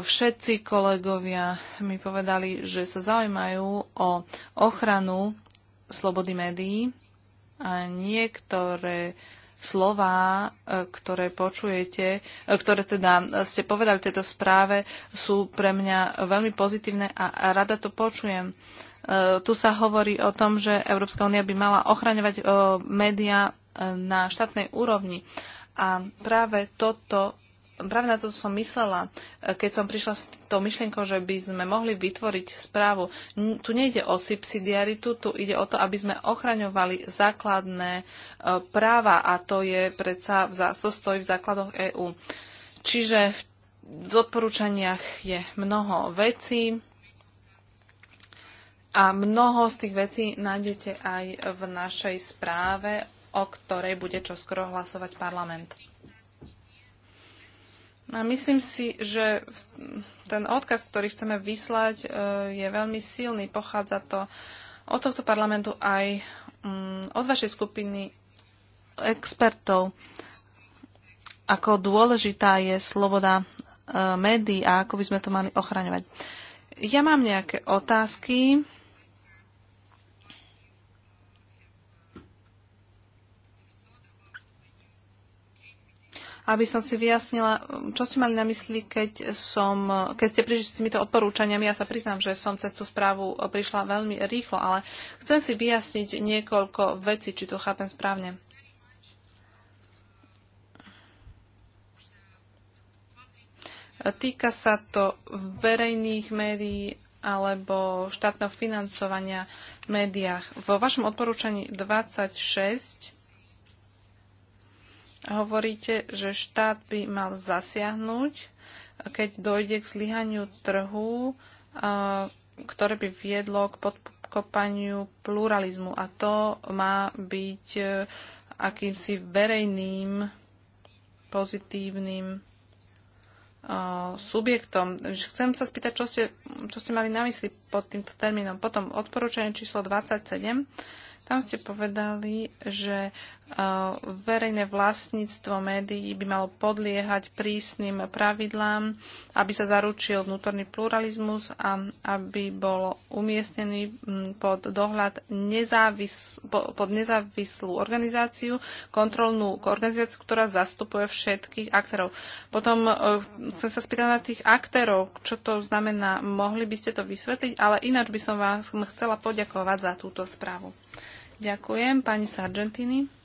všetci kolegovia mi povedali, že sa zaujímajú o ochranu slobody médií a niektoré slová, e, ktoré počujete, ktoré teda ste povedali v tejto správe, sú pre mňa veľmi pozitívne a rada to počujem. Uh, E, tu sa hovorí o tom, že Európska únia by mala ochraňovať e, médiá e, na štátnej úrovni. A práve toto práve na to som myslela, keď som prišla s tou myšlienkou, že by sme mohli vytvoriť správu. Tu nejde o subsidiaritu, tu ide o to, aby sme ochraňovali základné práva a to je predsa, to stojí v základoch EÚ. Čiže v odporúčaniach je mnoho vecí, a mnoho z tých vecí nájdete aj v našej správe, o ktorej bude čoskoro hlasovať parlament. A myslím si, že ten odkaz, ktorý chceme vyslať, e, je veľmi silný. Pochádza to od tohto parlamentu aj mm, od vašej skupiny expertov, ako dôležitá je sloboda e, médií a ako by sme to mali ochraňovať. Ja mám nejaké otázky aby som si vyjasnila, čo ste mali na mysli, keď, som, keď ste prišli s týmito odporúčaniami. Ja sa priznám, že som cez tú správu prišla veľmi rýchlo, ale chcem si vyjasniť niekoľko vecí, či to chápem správne. Týka sa to verejných médií alebo štátneho financovania v médiách. Vo vašom odporúčaní 26 Hovoríte, že štát by mal zasiahnuť, keď dojde k zlyhaniu trhu, ktoré by viedlo k podkopaniu pluralizmu. A to má byť e, akýmsi verejným, pozitívnym subjektom. Chcem sa spýtať, čo ste, čo ste mali na mysli pod týmto termínom. Potom odporúčanie číslo 27. Tam ste povedali, že verejné vlastníctvo médií by malo podliehať prísnym pravidlám, aby sa zaručil vnútorný pluralizmus a aby bol umiestnený mm, pod dohľad nezávis, pod nezávislú organizáciu, kontrolnú organizáciu, ktorá zastupuje všetkých aktérov. Potom e, chcem sa spýtať na tých aktérov, čo to znamená. Mohli by ste to vysvetliť, ale ináč by som vás chcela poďakovať za túto správu. Ďakujem, pani Sargentini.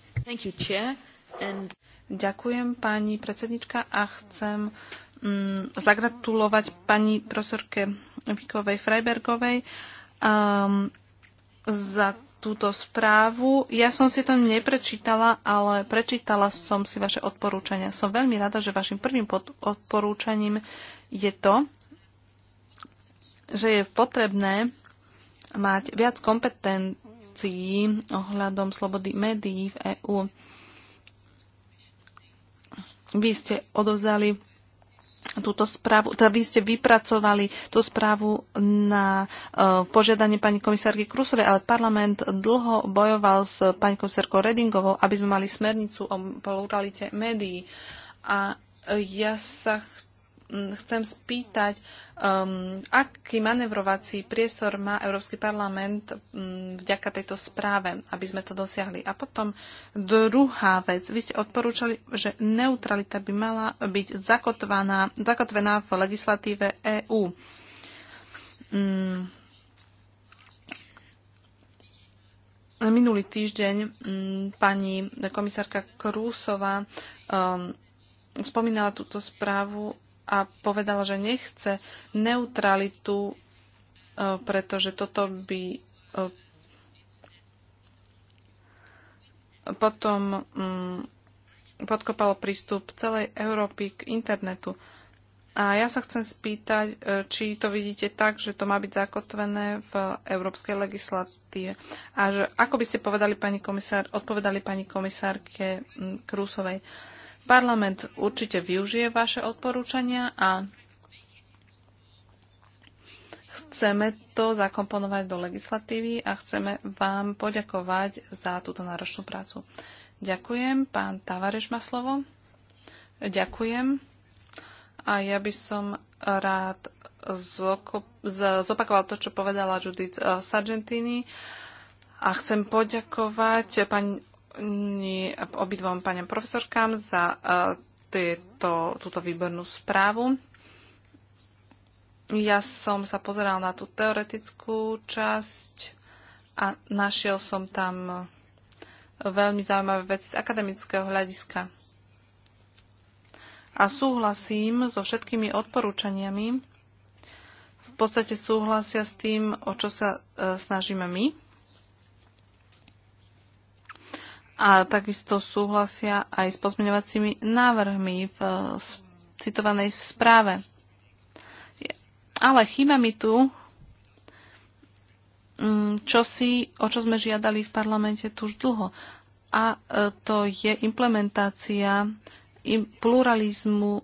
Ďakujem pani predsednička a chcem mm, zagratulovať pani profesorke Vikovej Freibergovej um, za túto správu. Ja som si to neprečítala, ale prečítala som si vaše odporúčania. Som veľmi rada, že vašim prvým odporúčaním je to, že je potrebné mať viac kompeten- rezolúcií ohľadom slobody médií v EÚ. Vy ste odozdali túto správu, teda vy ste vypracovali tú správu na uh, požiadanie pani komisárky Krusovej, ale parlament dlho bojoval s pani komisárkou Redingovou, aby sme mali smernicu o pluralite médií. A ja sa chcem spýtať, um, aký manevrovací priestor má Európsky parlament um, vďaka tejto správe, aby sme to dosiahli. A potom druhá vec. Vy ste odporúčali, že neutralita by mala byť zakotvená, zakotvená v legislatíve EÚ. Um, mm. minulý týždeň mm, pani komisárka Krúsová um, spomínala túto správu a povedala, že nechce neutralitu, e, pretože toto by e, potom mm, podkopalo prístup celej Európy k internetu. A ja sa chcem spýtať, e, či to vidíte tak, že to má byť zakotvené v európskej legislatíve. A že, ako by ste povedali, pani komisár, odpovedali pani komisárke mm, Krúsovej, uh, Parlament určite využije vaše odporúčania a chceme to zakomponovať do legislatívy a chceme vám poďakovať za túto náročnú prácu. Ďakujem. Pán Tavareš má slovo. Ďakujem. A ja by som rád zopakoval to, čo povedala Judith eh, Sargentini. A chcem poďakovať pani obidvom páňom profesorkám za eh, tieto, túto výbornú správu. Ja som sa pozeral na tú teoretickú časť a našiel som tam eh, veľmi zaujímavé veci z akademického hľadiska. A súhlasím so všetkými odporúčaniami. V podstate súhlasia s tým, o čo sa eh, snažíme my. a takisto súhlasia aj s pozmeňovacími návrhmi v citovanej v správe. Ale chýba mi tu mm, čo si, o čo sme žiadali v parlamente tu už dlho. A e, to je implementácia pluralizmu e,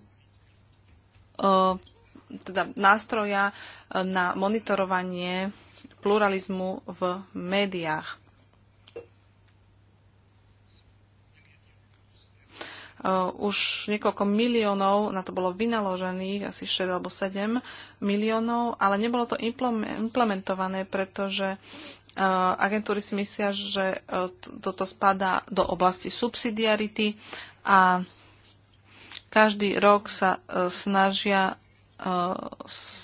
teda nástroja e, na monitorovanie pluralizmu v médiách. Uh, už niekoľko miliónov na to bolo vynaložených, asi 6 alebo 7 miliónov, ale nebolo to implementované, pretože uh, agentúry si myslia, že uh, toto spadá do oblasti subsidiarity a každý rok sa snažia,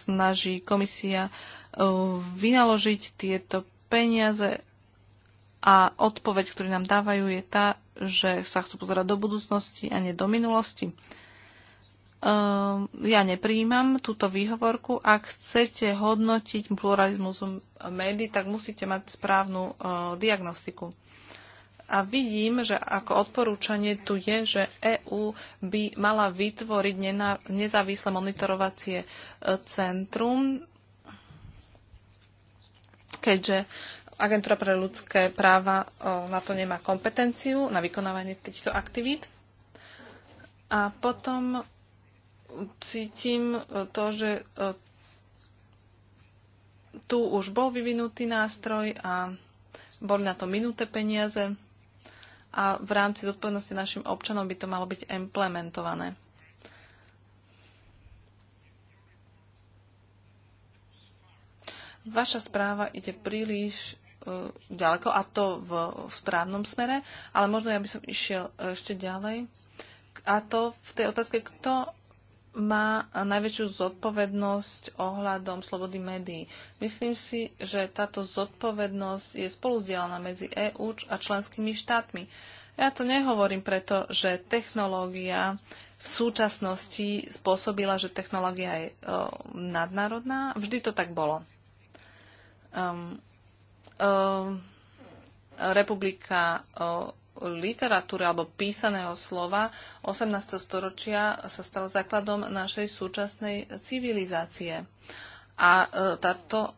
snaží komisia vynaložiť tieto peniaze a odpoveď, ktorú nám dávajú, je tá, že sa chcú pozerať do budúcnosti a nie do minulosti. Uh, ja neprijímam túto výhovorku. Ak chcete hodnotiť pluralizmus médií, tak musíte mať správnu uh, diagnostiku. A vidím, že ako odporúčanie tu je, že EÚ by mala vytvoriť nezávislé monitorovacie e, centrum, keďže Agentúra pre ľudské práva na to nemá kompetenciu, na vykonávanie týchto aktivít. A potom cítim e, to, že e, tu už bol vyvinutý nástroj a boli na to minuté peniaze a v rámci zodpovednosti našim občanom by to malo byť implementované. Vaša správa ide príliš E, ďaleko a to v, v správnom smere, ale možno ja by som išiel e, ešte ďalej. A to v tej otázke, kto má najväčšiu zodpovednosť ohľadom slobody médií. Myslím si, že táto zodpovednosť je spoluzdielaná medzi EÚ a členskými štátmi. Ja to nehovorím preto, že technológia v súčasnosti spôsobila, že technológia je e, nadnárodná. Vždy to tak bolo. Um, Ehm, republika literatúry alebo písaného slova 18. storočia sa stal základom našej súčasnej civilizácie. A e, táto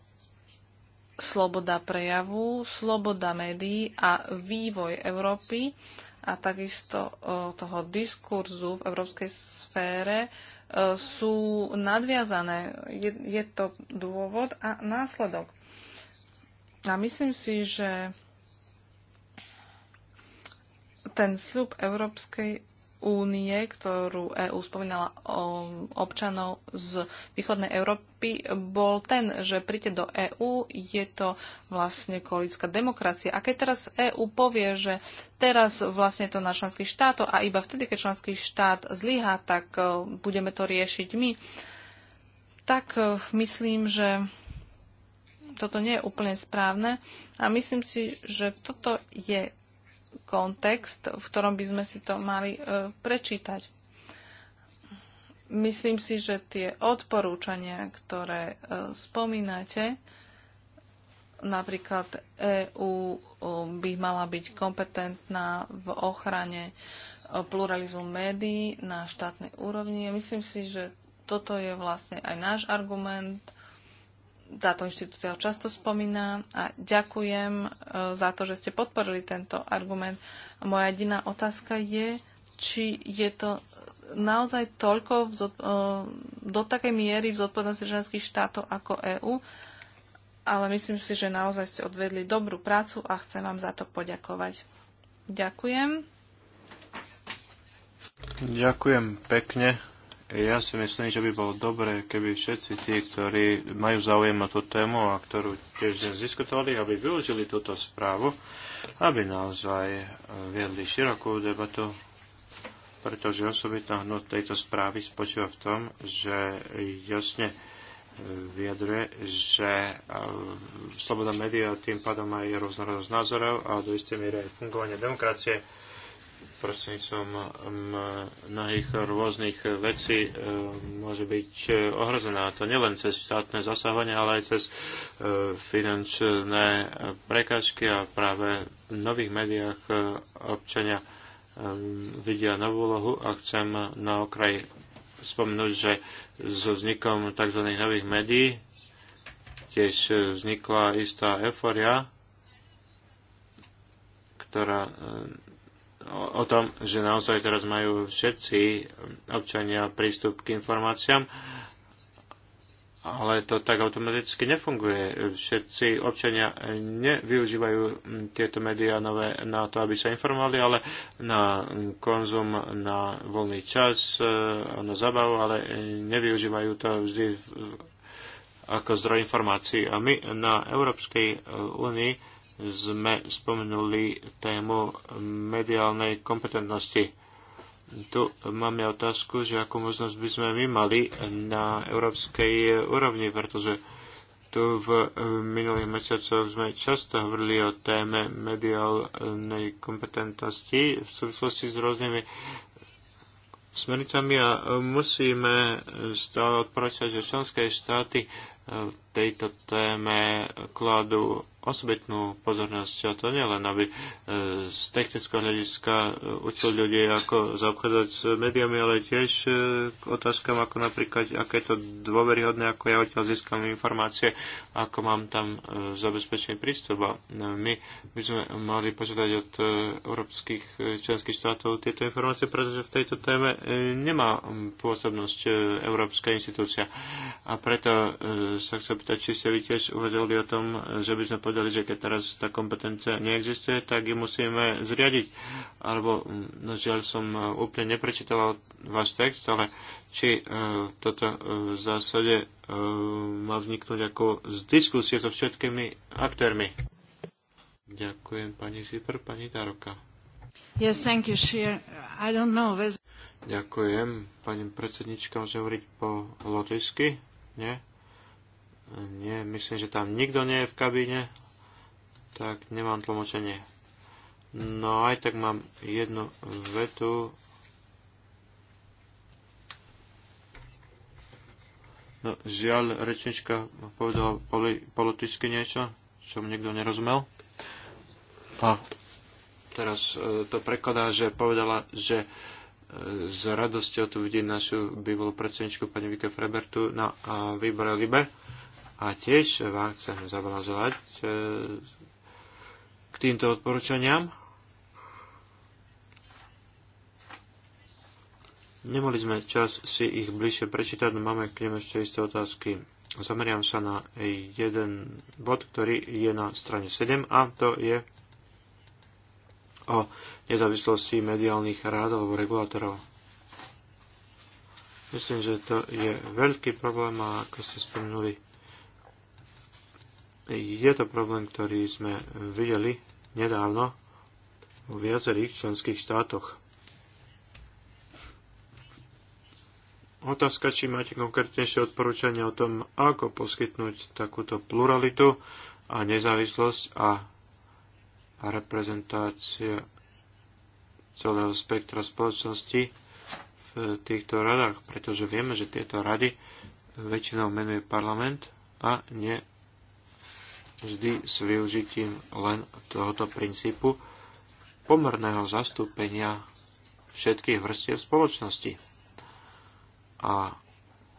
sloboda prejavu, sloboda médií a vývoj Európy a takisto toho diskurzu v európskej sfére e, sú nadviazané. Je, je to dôvod a následok. A myslím si, že ten sľub Európskej únie, ktorú EÚ spomínala občanov z východnej Európy, bol ten, že príďte do EÚ, je to vlastne kolická demokracia. A keď teraz EÚ povie, že teraz vlastne to na členských štátov a iba vtedy, keď členský štát zlyhá, tak eh, budeme to riešiť my, tak eh, myslím, že toto nie je úplne správne a myslím si, že toto je kontext, v ktorom by sme si to mali e, prečítať. Myslím si, že tie odporúčania, ktoré e, spomínate, napríklad EÚ by mala byť kompetentná v ochrane e, pluralizmu médií na štátnej úrovni. Myslím si, že toto je vlastne aj náš argument táto inštitúcia ho často spomína a ďakujem e, za to, že ste podporili tento argument. Moja jediná otázka je, či je to naozaj toľko v, e, do takej miery v zodpovednosti ženských štátov ako EÚ, ale myslím si, že naozaj ste odvedli dobrú prácu a chcem vám za to poďakovať. Ďakujem. Ďakujem pekne ja si myslím, že by bolo dobré, keby všetci tí, ktorí majú záujem na tú tému a ktorú tiež dnes diskutovali, aby využili túto správu, aby naozaj e, viedli širokú debatu, pretože osobitná hnut tejto správy spočíva v tom, že jasne e, vyjadruje, že e, sloboda médií a tým pádom aj rôznorodosť názorov a do istej miery aj fungovanie demokracie prostredníctvom mm, mnohých rôznych vecí e, môže byť e, ohrozená. To nielen cez štátne zasahovanie, ale aj cez e, finančné prekážky a práve v nových médiách občania vidia novú úlohu a chcem na okraj spomenúť, že so vznikom tzv. nových médií tiež vznikla istá euforia, ktorá o tom, že naozaj teraz majú všetci občania prístup k informáciám, ale to tak automaticky nefunguje. Všetci občania nevyužívajú tieto médiá nové na to, aby sa informovali, ale na konzum, na voľný čas, na zabavu, ale nevyužívajú to vždy ako zdroj informácií. A my na Európskej únii sme spomenuli tému mediálnej kompetentnosti. Tu máme otázku, že akú možnosť by sme my mali na európskej úrovni, pretože tu v minulých mesiacoch sme často hovorili o téme mediálnej kompetentnosti v súvislosti s rôznymi smernicami a musíme stále odporúčať, že členské štáty v tejto téme kladú osobitnú pozornosť a to nielen, aby e, z technického hľadiska e, učil ľudí, ako zaobchádzať s médiami, ale tiež e, k otázkam, ako napríklad, aké je to dôveryhodné, ako ja odtiaľ získam informácie, ako mám tam zabezpečený prístup. A my by sme mali požiadať od európskych členských štátov tieto informácie, pretože v tejto téme nemá pôsobnosť európska inštitúcia. A preto sa chcem pýtať, či ste vy tiež uvedeli o tom, že by sme podali povedali, že keď teraz tá kompetencia neexistuje, tak ju musíme zriadiť. Alebo, mm, no žiaľ, som e, úplne neprečítal váš text, ale či uh, toto uh, v zásade uh, má vzniknúť ako z diskusie so všetkými aktérmi. Ďakujem pani Zipr, pani Daroka. Yes, thank you, Sheer. I don't know, whether... Ďakujem. Pani predsednička, môže hovoriť po lotisky, Nie? Nie, myslím, že tam nikto nie je v kabíne, tak nemám tlmočenie. No aj tak mám jednu vetu. No, žiaľ, rečnička povedala poli, politicky niečo, čo mu nikto nerozumel. A teraz e, to prekladá, že povedala, že e, s radosťou tu vidieť našu bývalú predsedničku pani Vike Frebertu na výbore Libe. A tiež vám chcem zablažovať e, týmto odporúčaniam. Nemali sme čas si ich bližšie prečítať, no máme k nemu ešte isté otázky. Zameriam sa na jeden bod, ktorý je na strane 7 a to je o nezávislosti mediálnych rád alebo regulátorov. Myslím, že to je veľký problém a ako ste spomenuli, je to problém, ktorý sme videli nedávno v viacerých členských štátoch. Otázka, či máte konkrétnejšie odporúčania o tom, ako poskytnúť takúto pluralitu a nezávislosť a reprezentácia celého spektra spoločnosti v týchto radách, pretože vieme, že tieto rady väčšinou menuje parlament a nie vždy s využitím len tohoto princípu pomerného zastúpenia všetkých vrstiev spoločnosti. A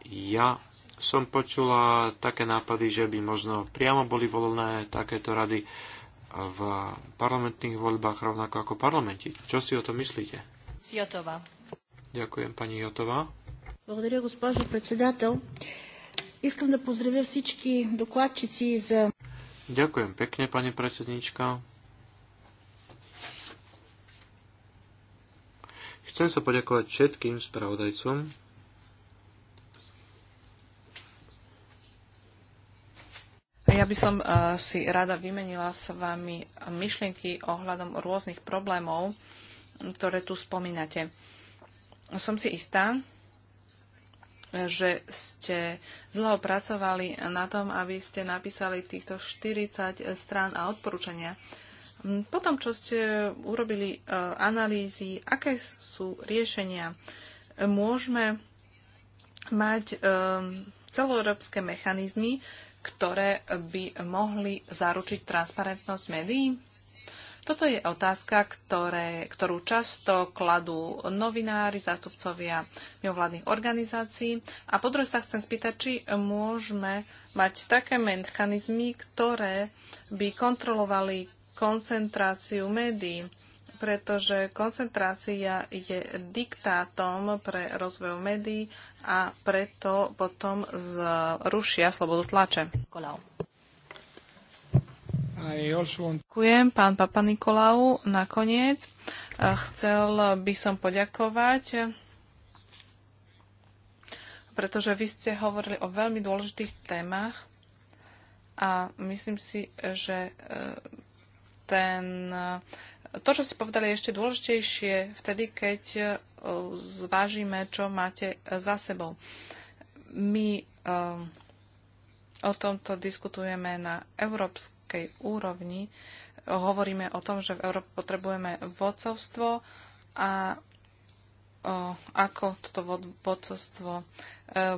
ja som počula také nápady, že by možno priamo boli volené takéto rady v parlamentných voľbách rovnako ako parlamenti. Čo si o to myslíte? Jotová. Ďakujem, pani Jotová. Благодаря, госпожо председател. Искам да поздравя всички докладчици за... Ďakujem pekne, pani predsednička. Chcem sa poďakovať všetkým spravodajcom. Ja by som eh, si rada vymenila s vami myšlienky ohľadom rôznych problémov, ktoré tu spomínate. Som si istá, že ste dlho pracovali na tom, aby ste napísali týchto 40 strán a odporúčania. Mm, Potom, čo ste urobili e, analýzy, aké sú riešenia, môžeme mať e, celoeurópske mechanizmy, ktoré by mohli zaručiť transparentnosť médií? Toto je otázka, ktoré, ktorú často kladú novinári, zástupcovia mimovládnych organizácií. A po sa chcem spýtať, či môžeme mať také mechanizmy, ktoré by kontrolovali koncentráciu médií pretože koncentrácia je diktátom pre rozvoj médií a preto potom zrušia slobodu tlače. Kolau. Ďakujem, pán Papa Nikolau. Nakoniec eh, chcel by som poďakovať, pretože vy ste hovorili o veľmi dôležitých témach a myslím si, že eh, ten, to, čo ste povedali, je ešte dôležitejšie vtedy, keď eh, zvážime, čo máte za sebou. My o tomto diskutujeme na európskej európskej úrovni hovoríme o tom, že v Európe potrebujeme vodcovstvo a o, ako toto vodcovstvo e,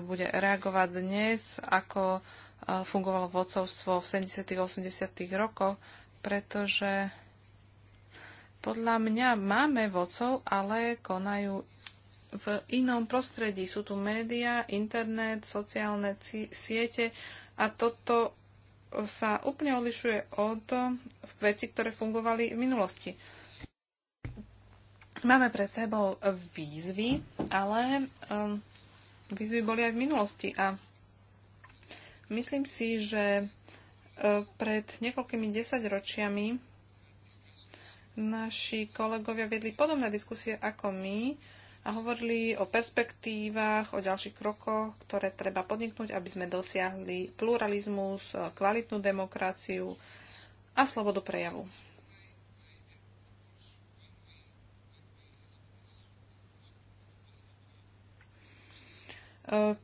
bude reagovať dnes, ako e, fungovalo vodcovstvo v 70. a 80. rokoch, pretože podľa mňa máme vodcov, ale konajú v inom prostredí. Sú tu médiá, internet, sociálne siete a toto sa úplne odlišuje od eh, veci, ktoré fungovali v minulosti. Máme pred sebou výzvy, ale eh, výzvy boli aj v minulosti a myslím si, že eh, pred niekoľkými desaťročiami naši kolegovia vedli podobné diskusie ako my, a hovorili o perspektívach, o ďalších krokoch, ktoré treba podniknúť, aby sme dosiahli pluralizmus, kvalitnú demokraciu a slobodu prejavu.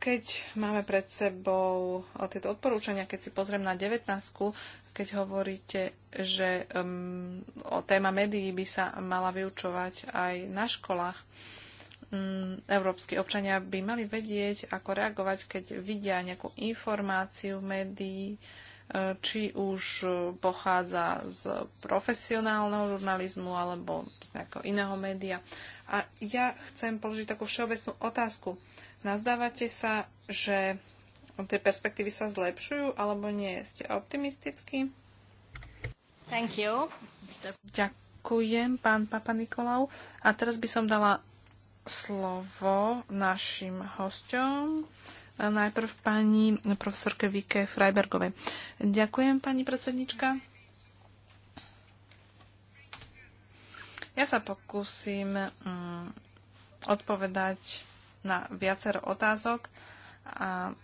Keď máme pred sebou tieto odporúčania, keď si pozriem na 19, keď hovoríte, že um, o téma médií by sa mala vyučovať aj na školách, Mm, európsky občania by mali vedieť, ako reagovať, keď vidia nejakú informáciu v médií, e, či už e, pochádza z profesionálneho žurnalizmu alebo z nejakého iného média. A ja chcem položiť takú všeobecnú otázku. Nazdávate sa, že tie perspektívy sa zlepšujú alebo nie? Ste optimistickí? Thank you. Ďakujem, pán Papa Nikolau. A teraz by som dala slovo našim hosťom. Najprv pani profesorke Vike Freibergovej. Ďakujem, pani predsednička. Ja sa pokúsim mm, odpovedať na viacero otázok a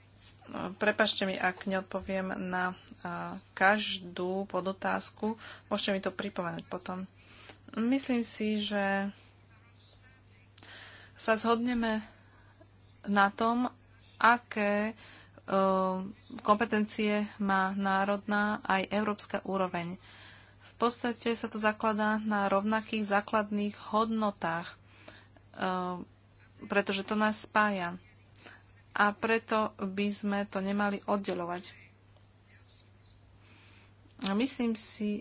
prepašte mi, ak neodpoviem na a, každú podotázku. Môžete mi to pripomenúť potom. Myslím si, že sa zhodneme na tom, aké eh, kompetencie má národná aj európska úroveň. V podstate sa to zakladá na rovnakých základných hodnotách, eh, pretože to nás spája. A preto by sme to nemali oddelovať. Myslím si,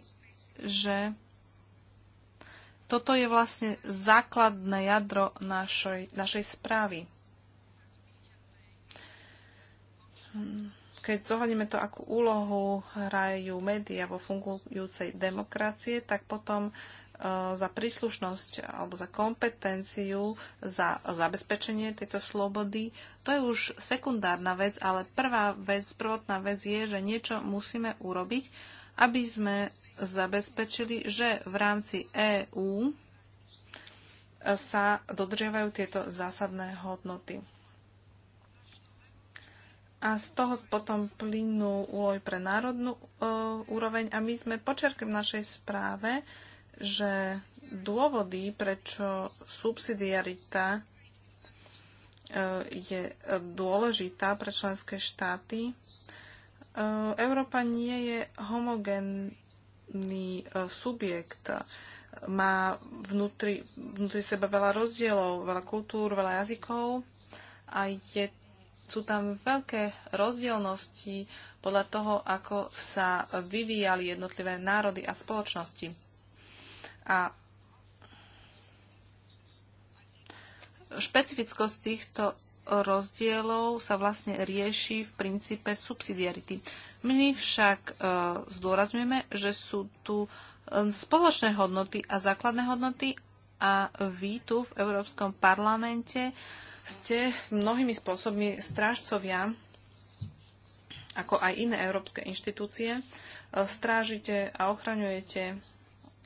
že toto je vlastne základné jadro našej, našej správy. Keď zohľadíme to, akú úlohu hrajú médiá vo fungujúcej demokracie, tak potom e, za príslušnosť alebo za kompetenciu, za zabezpečenie tejto slobody. To je už sekundárna vec, ale prvá vec, prvotná vec je, že niečo musíme urobiť, aby sme zabezpečili, že v rámci EÚ sa dodržiavajú tieto zásadné hodnoty. A z toho potom plynú úlohy pre národnú e, úroveň. A my sme počerkli v našej správe, že dôvody, prečo subsidiarita e, je dôležitá pre členské štáty, e, Európa nie je homogén, národný e, subjekt má vnútri, vnútri seba veľa rozdielov, veľa kultúr, veľa jazykov a je, sú tam veľké rozdielnosti podľa toho, ako sa vyvíjali jednotlivé národy a spoločnosti. A špecifickosť týchto rozdielov sa vlastne rieši v princípe subsidiarity. My však e, zdôrazňujeme, že sú tu e, spoločné hodnoty a základné hodnoty a vy tu v Európskom parlamente ste mnohými spôsobmi strážcovia ako aj iné európske inštitúcie, e, strážite a ochraňujete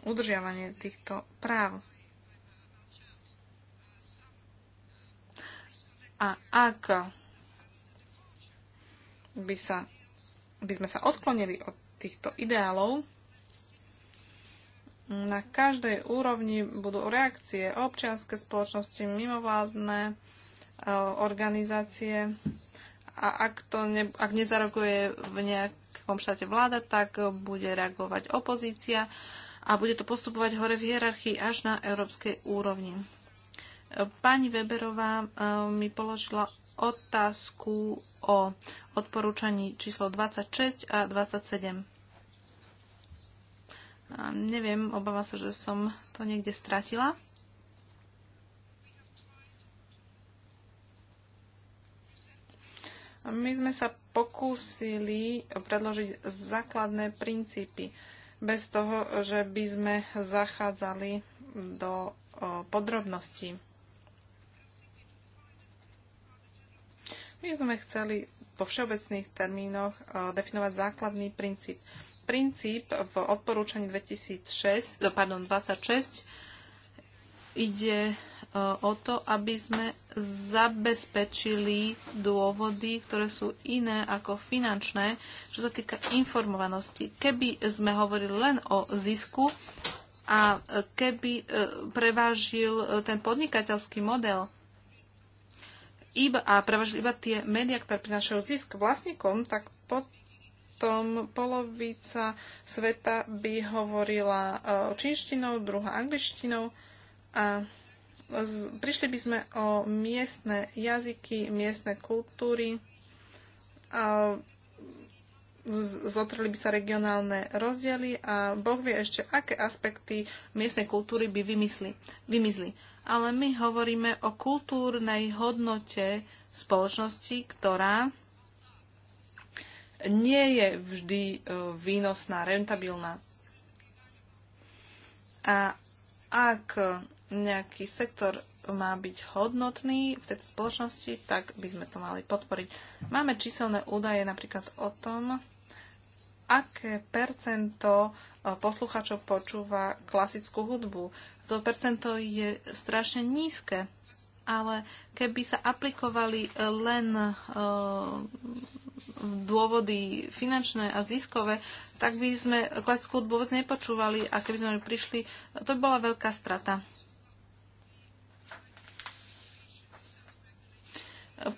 udržiavanie týchto práv. A ak by sa by sme sa odklonili od týchto ideálov, na každej úrovni budú reakcie občianske spoločnosti, mimovládne e, organizácie a ak, to ne, ak nezareaguje v nejakom štáte vláda, tak bude reagovať opozícia a bude to postupovať hore v hierarchii až na európskej úrovni. E, pani Weberová e, mi položila otázku o odporúčaní číslo 26 a 27. A neviem, obávam sa, že som to niekde stratila. My sme sa pokúsili predložiť základné princípy bez toho, že by sme zachádzali do podrobností. My sme chceli vo všeobecných termínoch e, definovať základný princíp. Princíp v odporúčaní 2006, e, pardon, 26 ide e, o to, aby sme zabezpečili dôvody, ktoré sú iné ako finančné, čo sa týka informovanosti. Keby sme hovorili len o zisku a keby prevážil ten podnikateľský model, iba a prevažili iba tie médiá, ktoré prinášajú zisk vlastníkom, tak potom polovica sveta by hovorila e, čínštinou, druhá angličtinou a prišli by sme o miestne jazyky, miestne kultúry, a zotreli by sa regionálne rozdiely a Boh vie ešte, aké aspekty miestnej kultúry by vymysli, vymizli ale my hovoríme o kultúrnej hodnote spoločnosti, ktorá nie je vždy e, výnosná, rentabilná. A ak nejaký sektor má byť hodnotný v tejto spoločnosti, tak by sme to mali podporiť. Máme číselné údaje napríklad o tom, aké percento e, posluchačov počúva klasickú hudbu, to percento je strašne nízke, ale keby sa aplikovali len e, dôvody finančné a ziskové, tak by sme klasickú hudbu vôbec nepočúvali a keby sme prišli, to by bola veľká strata.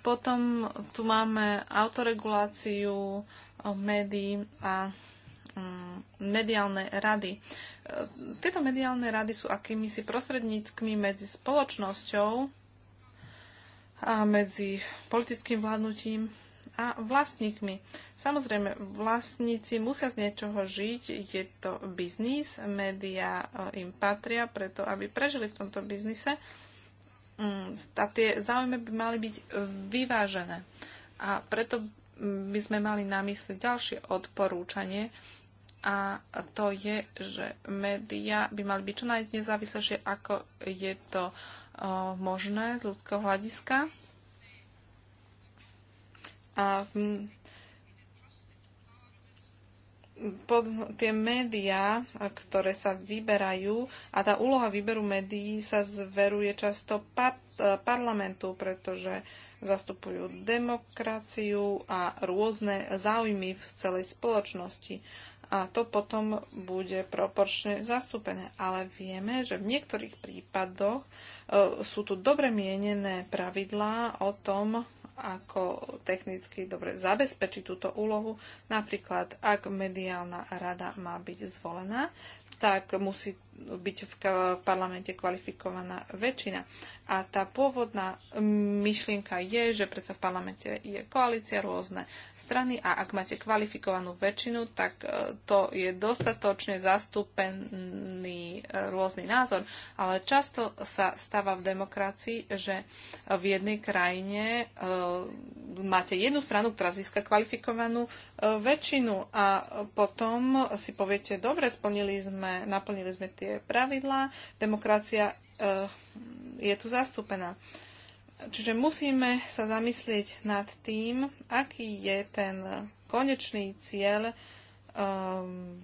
Potom tu máme autoreguláciu e, médií a mm, mediálne rady tieto mediálne rady sú akýmisi prostredníckmi medzi spoločnosťou a medzi politickým vládnutím a vlastníkmi. Samozrejme, vlastníci musia z niečoho žiť, je to biznis, média e, im patria preto, aby prežili v tomto biznise. Mm, a tie záujmy by mali byť vyvážené. A preto by sme mali na mysli ďalšie odporúčanie, a to je, že médiá by mali byť čo najnezávislejšie, ako je to uh, možné z ľudského hľadiska. A pod, tie médiá, ktoré sa vyberajú, a tá úloha výberu médií sa zveruje často par, e, parlamentu, pretože zastupujú demokraciu a rôzne záujmy v celej spoločnosti a to potom bude proporčne zastúpené. Ale vieme, že v niektorých prípadoch e, sú tu dobre mienené pravidlá o tom, ako technicky dobre zabezpečiť túto úlohu. Napríklad, ak mediálna rada má byť zvolená, tak musí byť v parlamente kvalifikovaná väčšina. A tá pôvodná myšlienka je, že predsa v parlamente je koalícia rôzne strany a ak máte kvalifikovanú väčšinu, tak e, to je dostatočne zastúpený e, rôzny názor. Ale často sa stáva v demokracii, že v jednej krajine e, máte jednu stranu, ktorá získa kvalifikovanú väčšinu a potom si poviete, dobre, splnili sme, naplnili sme tie pravidlá, demokracia e, je tu zastúpená. Čiže musíme sa zamyslieť nad tým, aký je ten konečný cieľ um,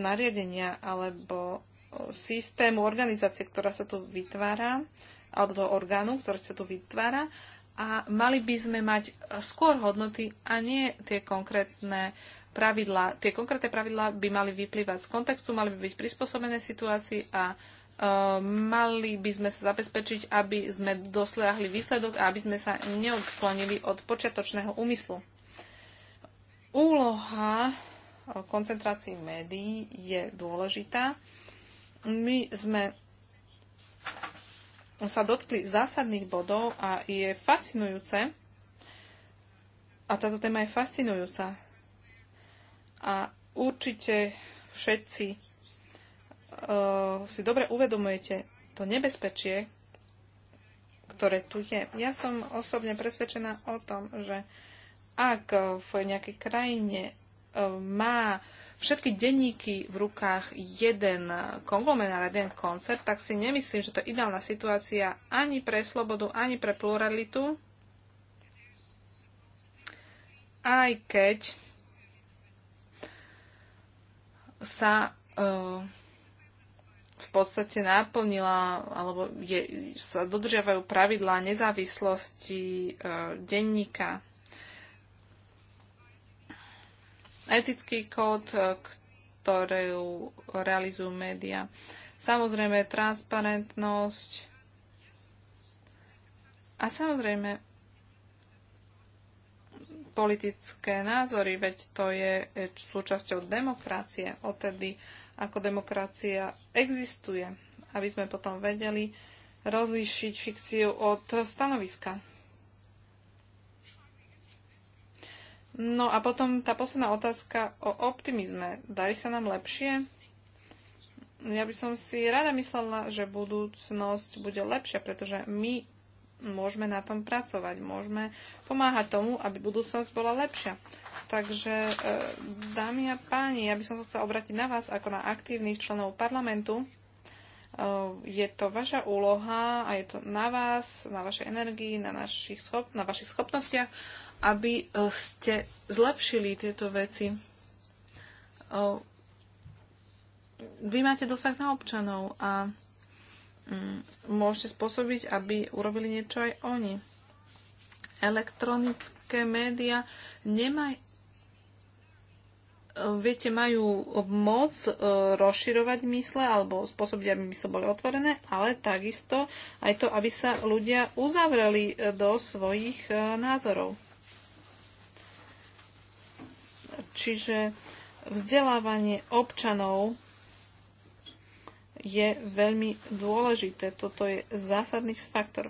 nariadenia alebo systému organizácie, ktorá sa tu vytvára, alebo toho orgánu, ktorý sa tu vytvára. A mali by sme mať skôr hodnoty a nie tie konkrétne uh, pravidlá, tie konkrétne pravidlá by mali vyplývať z kontextu, mali by byť prispôsobené situácii a e, mali by sme sa zabezpečiť, aby sme dosiahli výsledok a aby sme sa neodklonili od počiatočného úmyslu. Úloha e, koncentrácií médií je dôležitá. My sme sa dotkli zásadných bodov a je fascinujúce, a táto téma je fascinujúca, a určite všetci uh, si dobre uvedomujete to nebezpečie, ktoré tu je. Ja som osobne presvedčená o tom, že ak v nejakej krajine uh, má všetky denníky v rukách jeden konglomerát, jeden koncert, tak si nemyslím, že to je ideálna situácia ani pre slobodu, ani pre pluralitu. Aj keď sa e, v podstate naplnila, alebo je, sa dodržiavajú pravidlá nezávislosti e, denníka. Etický kód, e, ktorý realizujú média. Samozrejme, transparentnosť. A samozrejme, politické názory, veď to je e, súčasťou demokracie, odtedy ako demokracia existuje, aby sme potom vedeli rozlíšiť fikciu od stanoviska. No a potom tá posledná otázka o optimizme. Darí sa nám lepšie? Ja by som si rada myslela, že budúcnosť bude lepšia, pretože my môžeme na tom pracovať, môžeme pomáhať tomu, aby budúcnosť bola lepšia. Takže, e, dámy a páni, ja by som sa chcela obratiť na vás ako na aktívnych členov parlamentu. E, je to vaša úloha a je to na vás, na vašej energii, na, našich schop- na vašich schopnostiach, aby e, ste zlepšili tieto veci. Vy máte dosah na občanov a Mm, môžete spôsobiť, aby urobili niečo aj oni. Elektronické médiá nemaj, viete, majú moc e, rozširovať mysle alebo spôsobiť, aby mysle boli otvorené, ale takisto aj to, aby sa ľudia uzavreli e, do svojich e, názorov. Čiže vzdelávanie občanov je veľmi dôležité. Toto je zásadný faktor.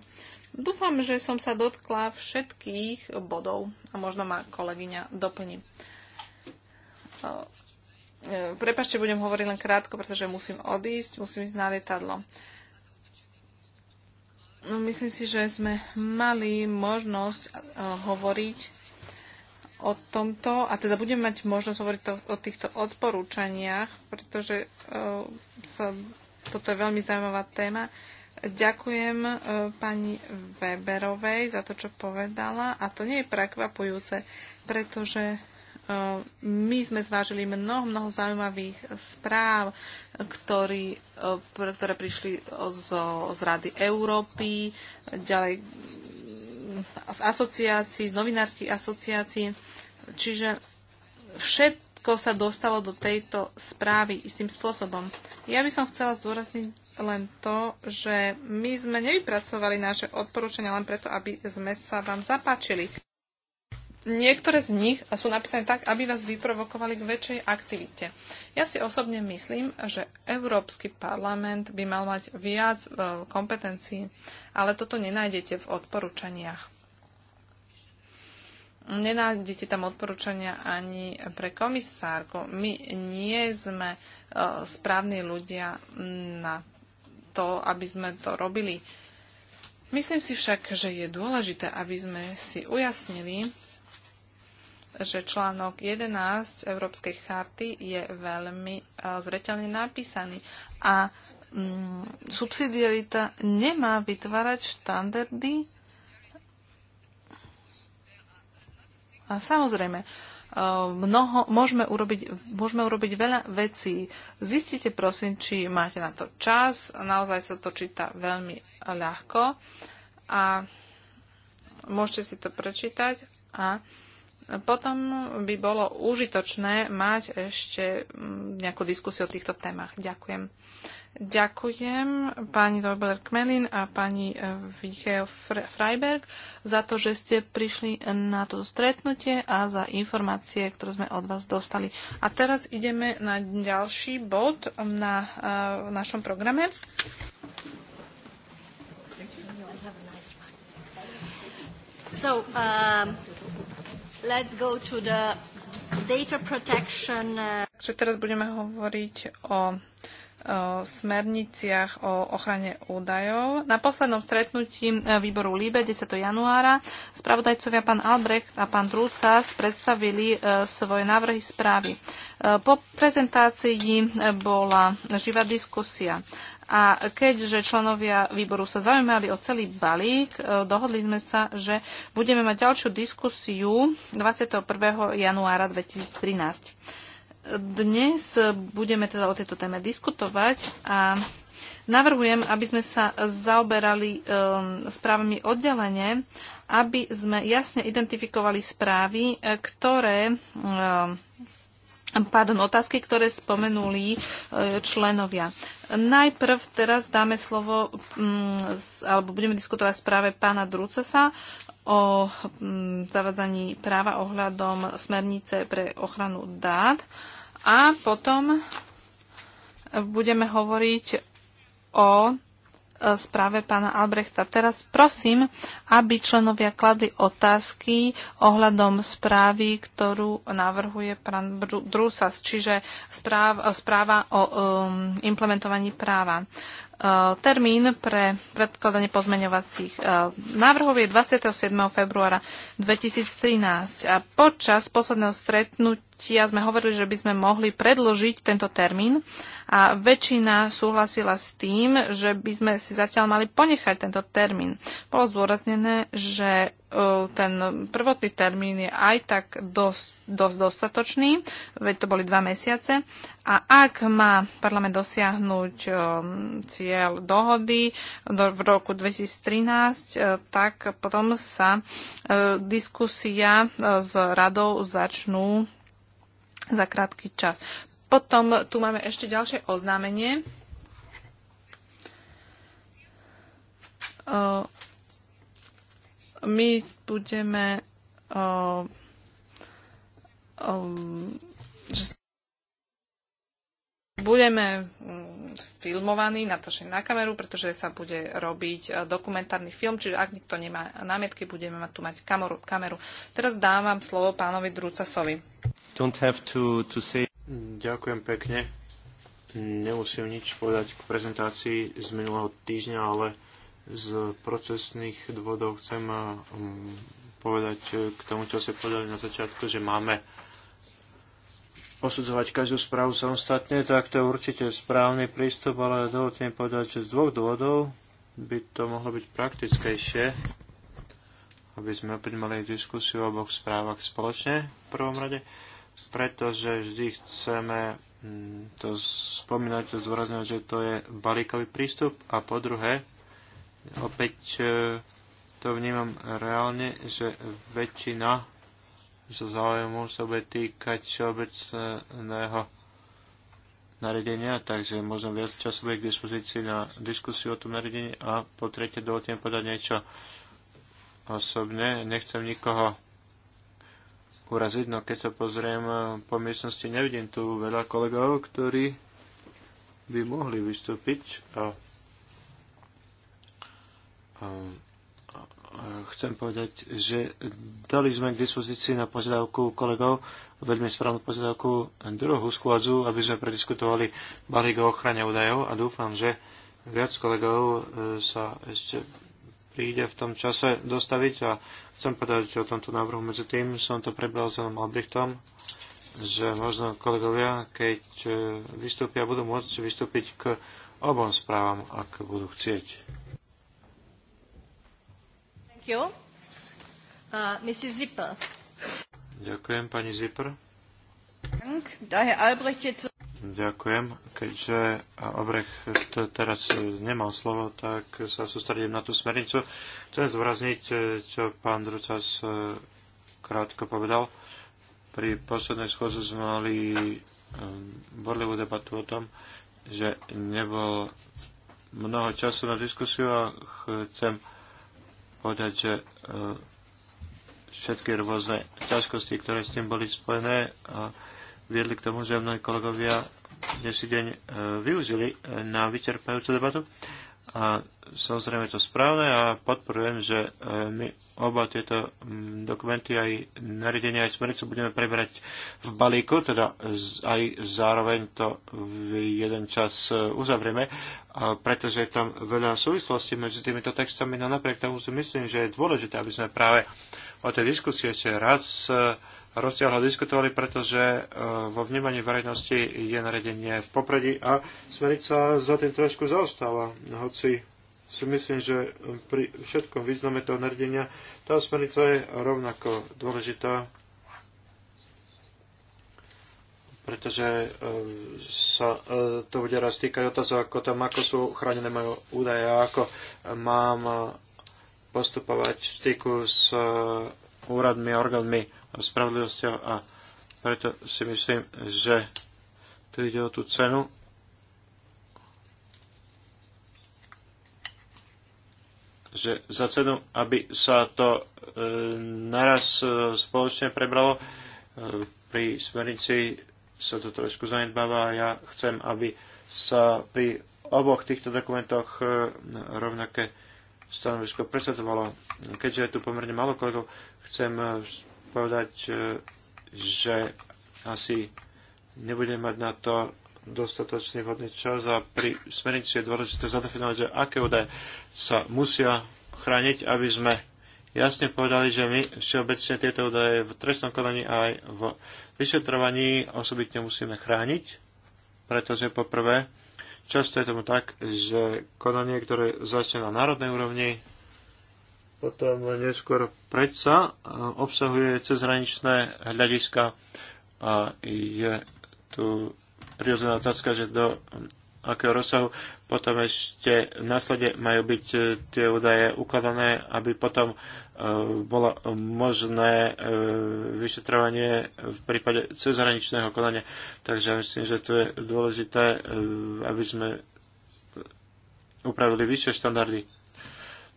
Dúfam, že som sa dotkla všetkých bodov a možno ma kolegyňa doplní. E, prepašte, budem hovoriť len krátko, pretože musím odísť, musím ísť na lietadlo. No, myslím si, že sme mali možnosť e, hovoriť o tomto, a teda budem mať možnosť hovoriť to, o týchto odporúčaniach, pretože uh, sa toto je veľmi zaujímavá téma. Ďakujem e, pani Weberovej za to, čo povedala. A to nie je prekvapujúce, pretože e, my sme zvážili mnoho, mnoho zaujímavých správ, ktorý, e, ktoré prišli zo, z Rady Európy, ďalej z asociácií, z novinárskych asociácií. Čiže všet, všetko sa dostalo do tejto správy istým spôsobom. Ja by som chcela zdôrazniť len to, že my sme nevypracovali naše odporúčania len preto, aby sme sa vám zapáčili. Niektoré z nich sú napísané tak, aby vás vyprovokovali k väčšej aktivite. Ja si osobne myslím, že Európsky parlament by mal mať viac e, kompetencií, ale toto nenájdete v odporúčaniach nenájdete tam odporúčania ani pre komisárku. My nie sme e, správni ľudia na to, aby sme to robili. Myslím si však, že je dôležité, aby sme si ujasnili, že článok 11 Európskej charty je veľmi e, zreteľne napísaný a mm, subsidiarita nemá vytvárať štandardy, A samozrejme, e, mnoho, môžeme, urobiť, môžeme urobiť veľa vecí. Zistite prosím, či máte na to čas. Naozaj sa to číta veľmi ľahko. A môžete si to prečítať a potom by bolo užitočné mať ešte mm, nejakú diskusiu o týchto témach. Ďakujem. Ďakujem pani Dobler Kmelin a pani e, Vichel Freiberg za to, že ste prišli na to stretnutie a za informácie, ktoré sme od vás dostali. A teraz ideme na ďalší bod na, e, v našom programe. So, um, Let's go to the data protection. Uh, Takže teraz budeme hovoriť o, o smerniciach o ochrane údajov. Na poslednom stretnutí e, výboru LIBE 10. januára spravodajcovia pán Albrecht a pán Trúcas predstavili e, svoje návrhy správy. E, po prezentácii bola živá diskusia. A keďže členovia výboru sa zaujímali o celý balík, e, dohodli sme sa, že budeme mať ďalšiu diskusiu 21. januára 2013. Dnes budeme teda o tejto téme diskutovať a navrhujem, aby sme sa zaoberali ehm, správami oddelenie, aby sme jasne identifikovali správy, e, ktoré ehm, pardon, otázky, ktoré spomenuli e, členovia. Najprv teraz dáme slovo, mm, alebo budeme diskutovať správe pána Drucesa o mm, zavadzaní práva ohľadom smernice pre ochranu dát a potom budeme hovoriť o správe pána Albrechta. Teraz prosím, aby členovia kladli otázky ohľadom správy, ktorú navrhuje pán Drusas, čiže správa o um, implementovaní práva. E, termín pre predkladanie pozmeňovacích e, návrhov je 27. februára 2013 a počas posledného stretnutia sme hovorili, že by sme mohli predložiť tento termín a väčšina súhlasila s tým, že by sme si zatiaľ mali ponechať tento termín. Bolo zdôraznené, že ten prvotný termín je aj tak dosť, dosť dostatočný, veď to boli dva mesiace. A ak má parlament dosiahnuť cieľ dohody v roku 2013, e, tak potom sa e, diskusia e, s radou začnú za krátky čas. Potom tu máme ešte ďalšie oznámenie my budeme uh, um, budeme mm, filmovaní, natočení na kameru, pretože sa bude robiť e, dokumentárny film, čiže ak nikto nemá námietky, budeme mať tu mať kameru. kameru. Teraz dávam slovo pánovi Drúcasovi. To, to say... Ďakujem pekne. Nemusím nič povedať k prezentácii z minulého týždňa, ale z procesných dôvodov chcem eh, um, povedať eh, k tomu, čo ste povedali na začiatku, že máme posudzovať každú správu samostatne, tak to je určite správny prístup, ale dovolte mi povedať, že z dvoch dôvodov by to mohlo byť praktickejšie, aby sme opäť mali diskusiu o oboch správach spoločne v prvom rade, pretože vždy chceme mm, to spomínať, to zdôrazňovať, že to je balíkový prístup a po druhé, Opäť e, to vnímam reálne, že väčšina zo záujmu sa bude týkať všeobecného naredenia, takže možno viac času bude k dispozícii na diskusiu o tom naredení a po tretie dovolte mi povedať niečo osobne. Nechcem nikoho uraziť, no keď sa pozriem po miestnosti, nevidím tu veľa kolegov, ktorí by mohli vystúpiť a Ehm, chcem povedať, že dali sme k dispozícii na požiadavku kolegov veľmi správnu požiadavku druhú skôdzu, aby sme prediskutovali balík o ochrane údajov a dúfam, že viac kolegov ehm, sa ešte príde v tom čase dostaviť a chcem povedať o tomto návrhu. Medzi tým som to prebral s Janom Albrichtom, že možno kolegovia, keď ehm, vystúpia, budú môcť vystúpiť k obom správam, ak budú chcieť you. Uh, Mrs. Zipper. Ďakujem, pani Zipper. Ďakujem. Keďže Obrecht teraz nemal slovo, tak sa sústredím na tú smernicu. Chcem zdôrazniť, eh, čo pán Drucas eh, krátko povedal. Pri poslednej schôdzu sme mali eh, borlivú debatu o tom, že nebol mnoho času na diskusiu a chcem povedať, že e, všetky rôzne ťažkosti, ktoré s tým boli spojené, viedli k tomu, že mnohí kolegovia dnešný deň e, využili e, na vyčerpajúcu debatu. A samozrejme je to správne a podporujem, že e, my oba tieto dokumenty aj nariadenia aj smernicu budeme preberať v balíku, teda aj zároveň to v jeden čas e, uzavrieme, pretože je tam veľa súvislostí medzi týmito textami, no napriek tomu si myslím, že je dôležité, aby sme práve o tej diskusie ešte raz uh, rozsiahlo diskutovali, pretože e, vo vnímaní verejnosti je naredenie v popredí a smerica za tým trošku zaostáva, hoci si myslím, že pri všetkom význame toho naredenia tá smerica je rovnako dôležitá, pretože e, sa e, to bude raz týkať otázov, ako tam, ako sú chránené moje údaje a ako mám postupovať v styku s úradmi a orgánmi spravodlivosťou a preto si myslím, že tu ide o tú cenu. že za cenu, aby sa to e, naraz e, spoločne prebralo, e, pri smernici sa to trošku zanedbáva a ja chcem, aby sa pri oboch týchto dokumentoch e, rovnaké stanovisko presadzovalo. Keďže je tu pomerne malo kolegov, chcem e, povedať, e, že asi nebudeme mať na to dostatočne vhodný čas a pri smernici je dôležité zadefinovať, že aké údaje sa musia chrániť, aby sme jasne povedali, že my všeobecne tieto údaje v trestnom konaní aj v vyšetrovaní osobitne musíme chrániť, pretože poprvé, často je tomu tak, že konanie, ktoré začne na národnej úrovni, potom neskôr predsa e, obsahuje cezhraničné hľadiska a je tu prirodzená otázka, že do akého rozsahu potom ešte následe majú byť e, tie údaje ukladané, aby potom e, bolo možné vyšetrovanie v prípade cezhraničného konania. Takže myslím, že to je dôležité, aby sme upravili vyššie štandardy.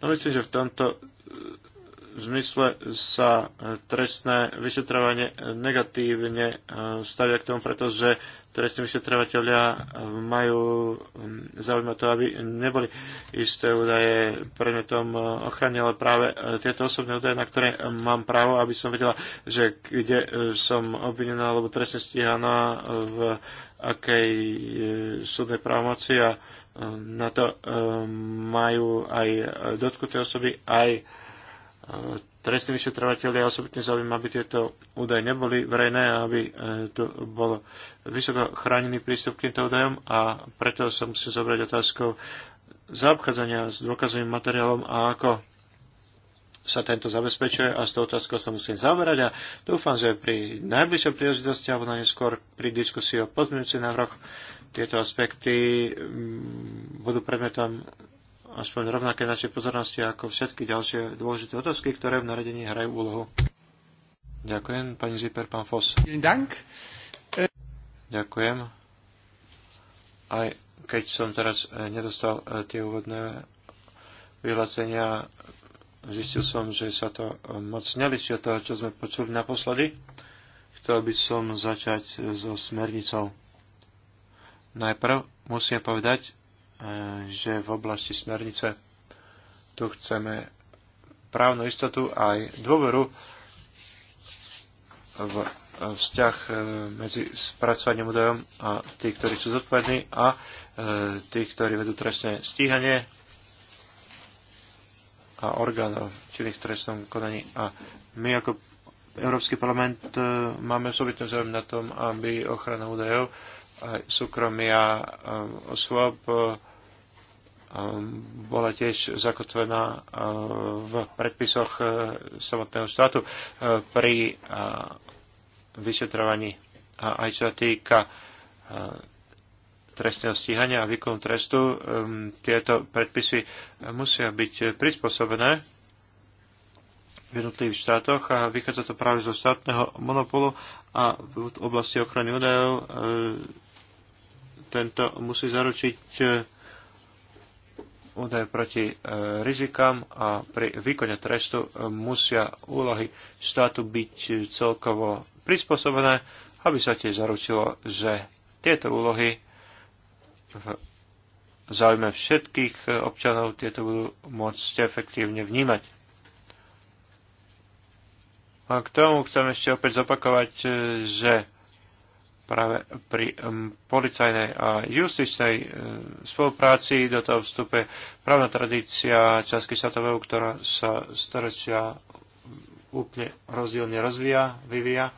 No myslím, že v tomto e, zmysle sa e, trestné vyšetrovanie e, negatívne stavia k tomu, pretože trestní vyšetrovateľia majú zaujímavé to, aby neboli isté údaje predmetom ochrany, ale práve tieto osobné údaje, na ktoré mám právo, aby som vedela, že kde som obvinená alebo trestne stíhaná v akej súdnej právomoci a na to e, majú aj dotknuté osoby, aj e, trestní vyšetrovateľi a osobitne zaujímavé, aby tieto údaje neboli verejné a aby e, tu bol vysoko chránený prístup k týmto údajom a preto sa musím zobrať otázkou zaobchádzania s dôkazovým materiálom a ako sa tento zabezpečuje a s tou otázkou sa musím zaoberať a dúfam, že pri najbližšej príležitosti alebo na neskôr pri diskusii o pozmeňujúcich návrhoch tieto aspekty mm, budú predmetom aspoň rovnaké našej pozornosti ako všetky ďalšie dôležité otázky, ktoré v naredení hrajú úlohu. Ďakujem, pani Zipper, pán foss. Äh, Ďakujem. Aj keď som teraz e, nedostal e, tie úvodné vyhlásenia, zistil som, že sa to e, moc neliší od toho, čo sme počuli naposledy. Chcel by som začať so smernicou. Najprv musíme povedať, e, že v oblasti smernice tu chceme právnu istotu aj dôveru v e, vzťah e, medzi spracovaním údajom a tí, ktorí sú zodpovední a tí, ktorí vedú trestné stíhanie a orgánov činných v trestnom konaní. A my ako Európsky parlament máme osobitný záujem na tom, aby ochrana údajov súkromia e, osôb e, e, bola tiež zakotvená v predpisoch samotného štátu pri vyšetrovaní. A aj čo sa týka trestného stíhania a výkonu trestu, tieto predpisy musia byť prispôsobené v jednotlivých štátoch a vychádza to práve zo štátneho monopolu a v oblasti ochrany údajov tento musí zaručiť e, údaje proti e, rizikám a pri výkone trestu e, musia úlohy štátu byť celkovo prispôsobené, aby sa tiež zaručilo, že tieto úlohy v záujme všetkých občanov tieto budú môcť efektívne vnímať. A k tomu chcem ešte opäť zopakovať, že práve pri policajnej a justičnej spolupráci do toho vstupe právna tradícia Českých štátov e ktorá sa storočia úplne rozdielne rozvíja, vyvíja.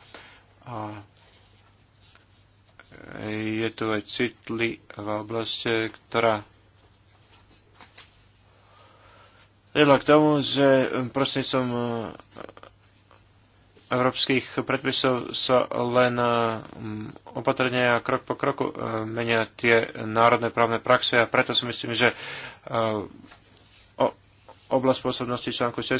A je tu aj v oblasti e, ktorá vedla k tomu, že prostredníctvom európskych predpisov sa len mm, opatrne a krok po kroku e, menia tie národné právne praxe a preto si myslím, že e, oblasť pôsobnosti článku 16, e,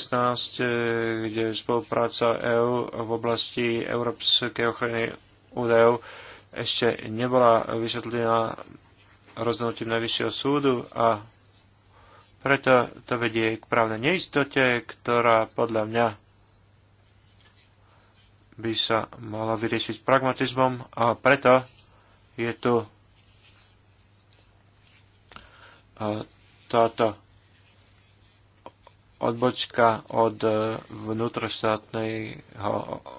kde je spolupráca EÚ v oblasti európskej ochrany údajov ešte nebola vysvetlená rozhodnutím Najvyššieho súdu a preto to vedie k právnej neistote, ktorá podľa mňa by sa mala vyriešiť pragmatizmom a preto je tu e, táto odbočka od e, vnútroštátnej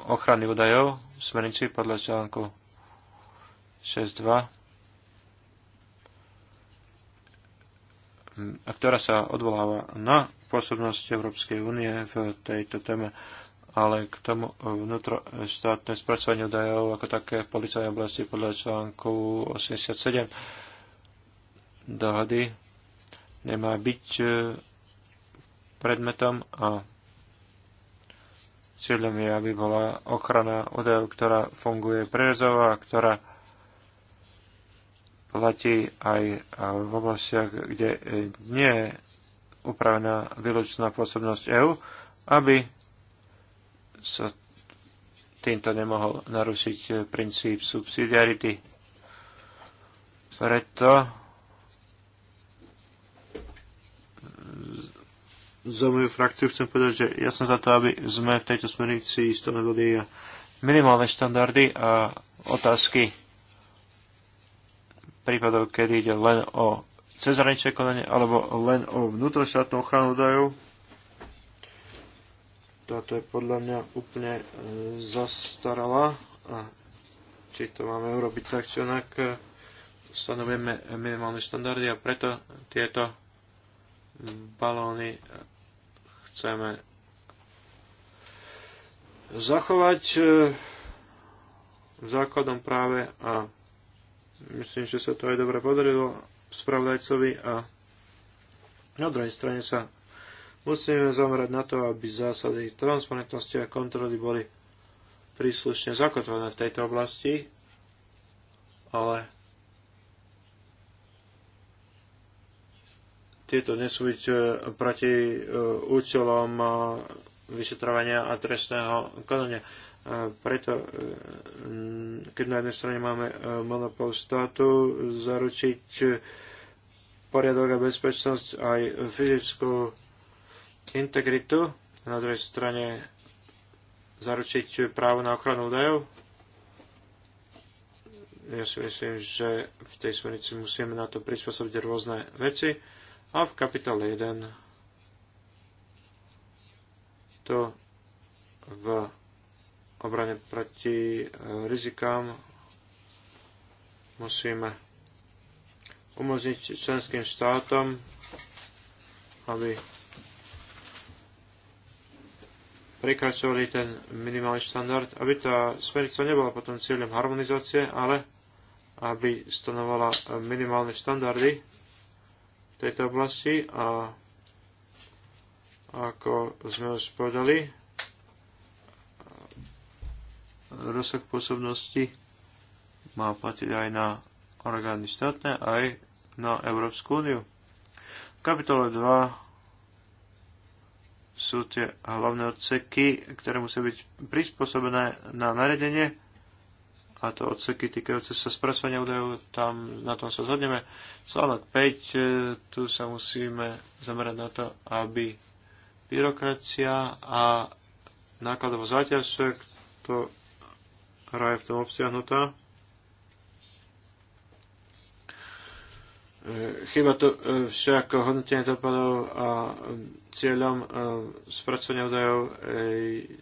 ochrany údajov v smernici podľa článku 6.2 a ktorá sa odvoláva na pôsobnosť Európskej únie v tejto téme ale k tomu eh, vnútroštátne spracovanie údajov ako také v policajnej oblasti podľa článku 87 dohody nemá byť eh, predmetom a cieľom je, aby bola ochrana údajov, ktorá funguje prerezová, ktorá platí aj v oblastiach, kde eh, nie je upravená výlučná pôsobnosť EÚ, aby sa týmto nemohol narušiť eh, princíp subsidiarity. Preto za moju frakciu chcem povedať, že ja som za to, aby sme v tejto smernici stanovili minimálne štandardy a otázky prípadov, kedy ide len o cezhraničné konanie alebo len o vnútroštátnu ochranu údajov táto je podľa mňa úplne e, zastarala a či to máme urobiť tak, či onak e, stanovujeme minimálne štandardy a preto tieto balóny chceme zachovať v e, základnom práve a myslím, že sa to aj dobre podarilo spravodajcovi a na druhej strane sa Musíme zamerať na to, aby zásady transparentnosti a kontroly boli príslušne zakotvené v tejto oblasti, ale tieto nesú byť e, proti e, účelom e, vyšetrovania a trestného konania. Preto, keď na jednej strane máme monopol štátu, zaručiť poriadok a bezpečnosť aj fyzickú integritu, na druhej strane zaručiť právo na ochranu údajov. Ja si myslím, že v tej smernici musíme na to prispôsobiť rôzne veci. A v kapitole 1 to v obrane proti e, rizikám musíme umožniť členským štátom, aby prekračovali ten minimálny štandard, aby tá smernica nebola potom cieľom harmonizácie, ale aby stanovala minimálne štandardy v tejto oblasti a ako sme už povedali, rozsah pôsobnosti má platiť aj na orgány štátne, aj na Európsku úniu. Kapitole 2 sú tie hlavné odseky, ktoré musia byť prispôsobené na naredenie a to odseky týkajúce sa spracovania údajov, tam na tom sa zhodneme. Článok 5, e, tu sa musíme zamerať na to, aby byrokracia a nákladová záťaž, ktorá je v tom obsiahnutá, E, chyba tu e, však hodnotenie dopadov a e, cieľom spracovania údajov,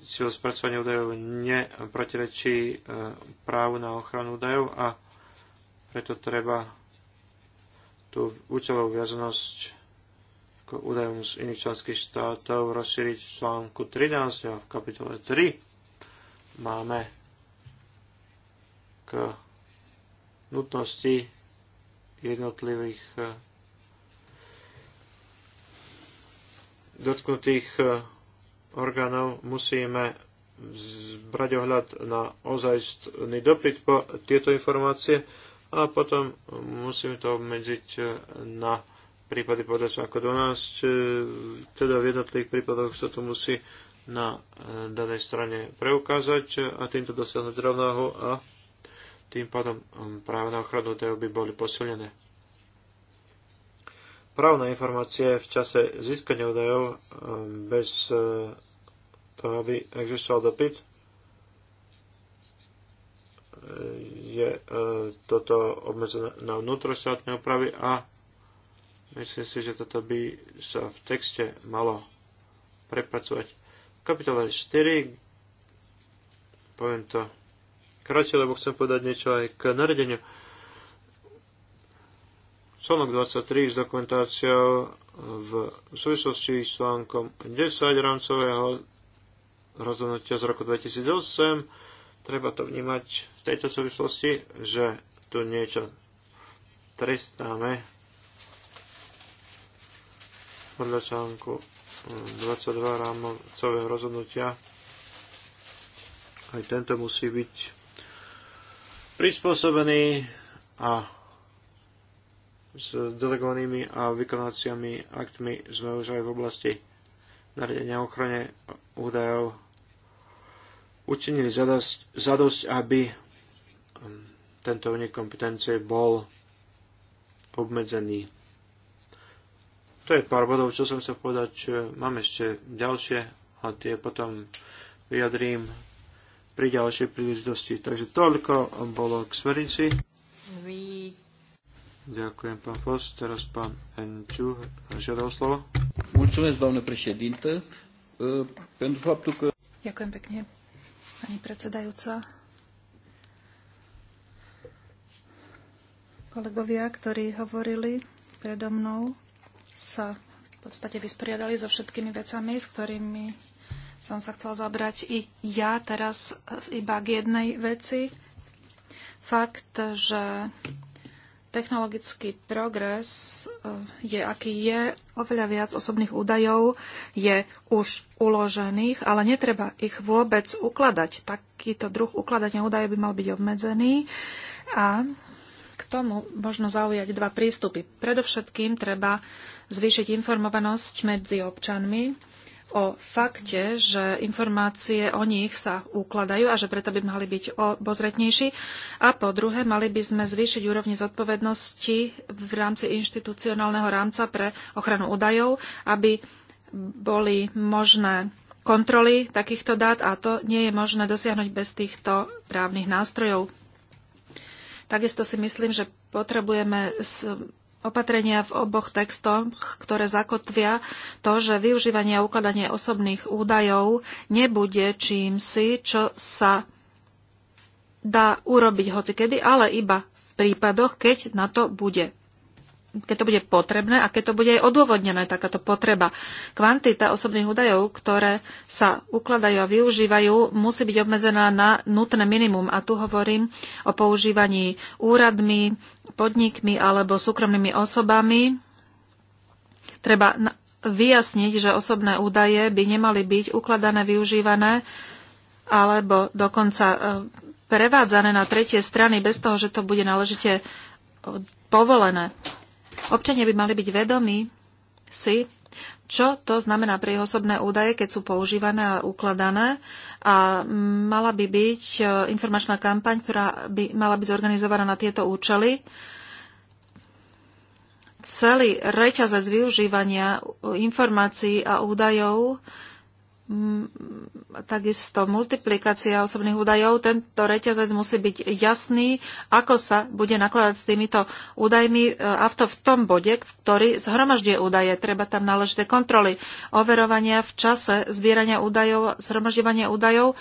cieľ spracovania údajov neprotirečí právu na ochranu údajov a preto treba tú účelovú viazanosť k údajom z iných členských štátov rozšíriť v článku 13 a v kapitole 3 máme k nutnosti jednotlivých eh, dotknutých eh, orgánov musíme zbrať ohľad na ozajstný dopyt po tieto informácie a potom musíme to obmedziť eh, na prípady podľa článku 12. Teda v jednotlivých prípadoch sa to musí na danej strane preukázať a týmto dosiahnuť rovnáhu a tým pádom um, práve na ochranu údajov by boli posilnené. Právo na informácie v čase získania údajov um, bez uh, toho, aby existoval dopyt, je uh, toto obmedzené na vnútroštátne opravy a myslím si, že toto by sa v texte malo prepracovať. V kapitole 4 poviem to kratšie, lebo chcem povedať niečo aj k naredeniu. Článok 23 s dokumentáciou v súvislosti s článkom 10 rámcového rozhodnutia z roku 2008. Treba to vnímať v tejto súvislosti, že tu niečo trestáme podľa článku 22 rámcového rozhodnutia. Aj tento musí byť prispôsobený a s delegovanými a vykonáciami aktmi sme už aj v oblasti nariadenia ochrane údajov učinili zadosť, zadosť aby um, tento unik kompetencie bol obmedzený. To je pár bodov, čo som chcel povedať. Mám ešte ďalšie a tie potom vyjadrím pri ďalšej príležitosti. Takže toľko bolo k smernici. Vy... Ďakujem, pán Fos. Teraz pán Enču žiadal slovo. Mulțumesc, doamnă președintă, pentru faptul că... Ďakujem pekne, pani predsedajúca. Kolegovia, ktorí hovorili predo mnou, sa v podstate vysporiadali so všetkými vecami, s ktorými som sa chcel zabrať i ja teraz iba k jednej veci. Fakt, že technologický progres eh, je, aký je, oveľa viac osobných údajov je už uložených, ale netreba ich vôbec ukladať. Takýto druh ukladania údajov by mal byť obmedzený a k tomu možno zaujať dva prístupy. Predovšetkým treba zvýšiť informovanosť medzi občanmi, o fakte, že informácie o nich sa ukladajú a že preto by mali byť obozretnejší. A po druhé, mali by sme zvýšiť úrovni zodpovednosti v rámci inštitucionálneho rámca pre ochranu údajov, aby boli možné kontroly takýchto dát a to nie je možné dosiahnuť bez týchto právnych nástrojov. Takisto si myslím, že potrebujeme opatrenia v oboch textoch, ktoré zakotvia to, že využívanie a ukladanie osobných údajov nebude čím si, čo sa dá urobiť hocikedy, ale iba v prípadoch, keď na to bude keď to bude potrebné a keď to bude aj odôvodnené, takáto potreba. Kvantita osobných údajov, ktoré sa ukladajú a využívajú, musí byť obmedzená na nutné minimum. A tu hovorím o používaní úradmi, podnikmi alebo súkromnými osobami. Treba vyjasniť, že osobné údaje by nemali byť ukladané, využívané alebo dokonca e, prevádzané na tretie strany bez toho, že to bude náležite e, povolené. Občania by mali byť vedomi si, čo to znamená pre osobné údaje, keď sú používané a ukladané. A mala by byť e, informačná kampaň, ktorá by mala byť zorganizovaná na tieto účely. Celý reťazec využívania informácií a údajov Mm, takisto multiplikácia osobných údajov. Tento reťazec musí byť jasný, ako sa bude nakladať s týmito údajmi e, a to v tom bode, ktorý zhromažďuje údaje. Treba tam náležité kontroly, overovania v čase zbierania údajov, zhromažďovania údajov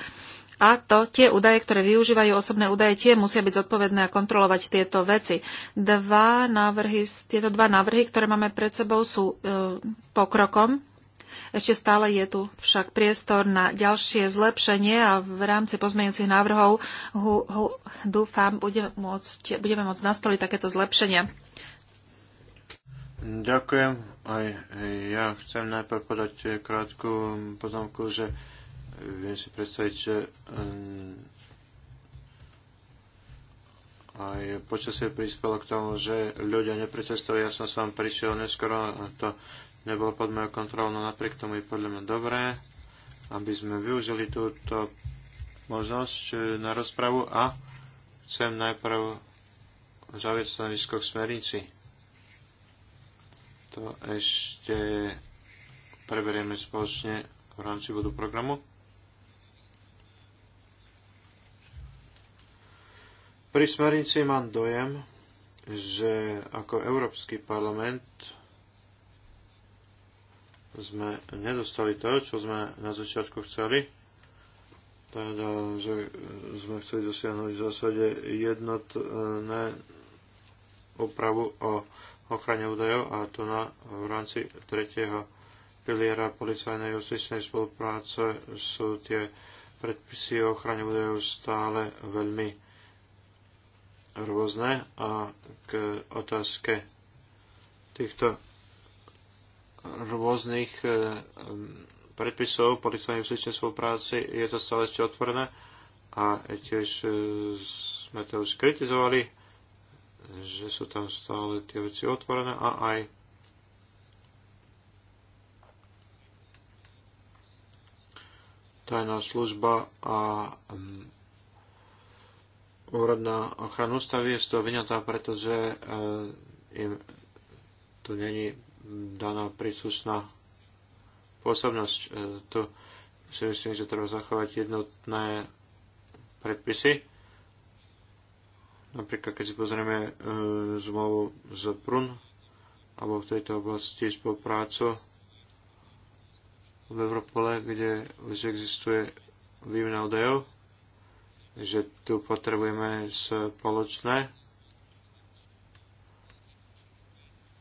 a to tie údaje, ktoré využívajú osobné údaje, tie musia byť zodpovedné a kontrolovať tieto veci. Dva návrhy, tieto dva návrhy, ktoré máme pred sebou, sú e, pokrokom ešte stále je tu však priestor na ďalšie zlepšenie a v rámci pozmeňujúcich návrhov hu, hu, dúfam, budeme môcť, budeme môcť nastaviť takéto zlepšenie. Ďakujem. Aj ja chcem najprv podať krátku poznámku, že viem si predstaviť, že mm, aj počasie prispelo k tomu, že ľudia nepricestovali. Ja som sám prišiel neskoro a to nebolo pod mojou kontrolou, no napriek tomu je podľa mňa dobré, aby sme využili túto možnosť eh, na rozpravu a chcem najprv zaviesť stanovisko k smernici. To ešte preberieme spoločne v rámci bodu programu. Pri smernici mám dojem, že ako Európsky parlament sme nedostali to, čo sme na začiatku chceli. Teda, že sme chceli dosiahnuť v zásade jednotné úpravu o ochrane údajov a to na, v rámci tretieho piliera policajnej justičnej spolupráce sú tie predpisy o ochrane údajov stále veľmi rôzne a k otázke týchto rôznych e, predpisov policajnej justičnej spolupráci je to stále ešte otvorené a tiež e, sme to už kritizovali, že sú tam stále tie veci otvorené a aj tajná služba a úrad na ochranu ústavy je z toho vyňatá, pretože im to není daná príslušná pôsobnosť. E, tu si myslím, že treba zachovať jednotné predpisy. Napríklad, keď si pozrieme e, zmluvu z Prun alebo v tejto oblasti spoluprácu v Evropole, kde už existuje výmena údajov, že tu potrebujeme spoločné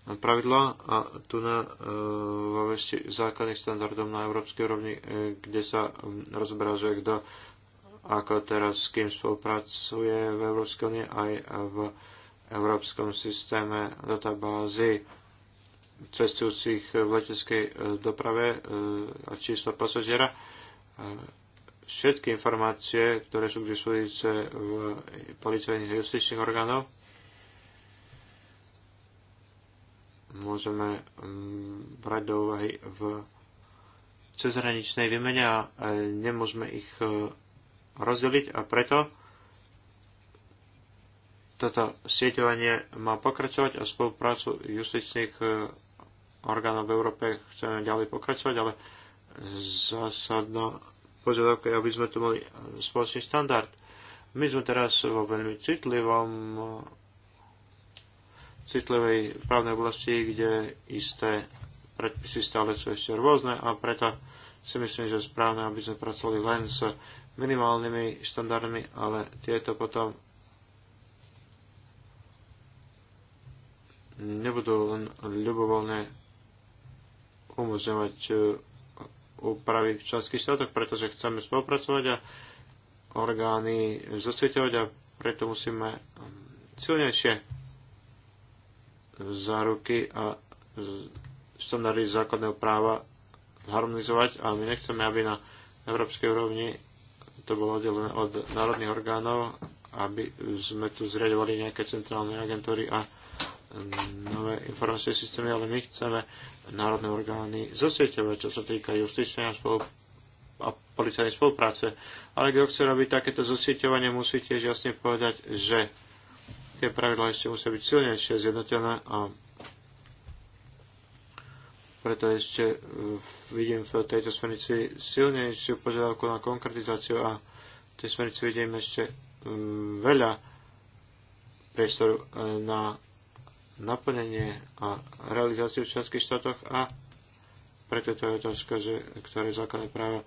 Pravidlá a tu na, e, vešti základných štandardov na európskej úrovni, e, kde sa rozberá, že kto ako teraz s kým spolupracuje v Európskej únie aj v európskom systéme databázy cestujúcich v leteckej e, doprave e, a čísla pasažiera. Všetky informácie, ktoré sú k dispozícii v policajných a justičných orgánoch. môžeme mm, brať do úvahy v cezhraničnej výmene a e, nemôžeme ich e, rozdeliť a preto toto sieťovanie má pokračovať a spoluprácu justičných e, orgánov v Európe chceme ďalej pokračovať, ale zásadná požiadavka je, aby sme tu mali spoločný štandard. My sme teraz vo veľmi citlivom citlivej právnej oblasti, kde isté predpisy stále sú ešte rôzne a preto si myslím, že je správne, aby sme pracovali len s minimálnymi štandardmi, ale tieto potom nebudú len ľubovoľne umožňovať e, úpravy v členských štátoch, pretože chceme spolupracovať a orgány zasvietovať a preto musíme mm, silnejšie záruky a štandardy základného práva harmonizovať a my nechceme, aby na európskej úrovni to bolo oddelené od národných orgánov, aby sme tu zriadovali nejaké centrálne agentúry a nové informačné systémy, ale my chceme národné orgány zosieťovať, čo sa týka justičnej a, a policajnej spolupráce. Ale kto chce robiť takéto zosieťovanie, musí tiež jasne povedať, že tie pravidlá ešte musia byť silnejšie zjednotené a preto ešte e, vidím v tejto smernici silnejšiu požiadavku na konkretizáciu a v tej smernici vidím ešte mm, veľa priestoru e, na naplnenie a realizáciu v členských štátoch a preto to je otázka, že ktoré základné práva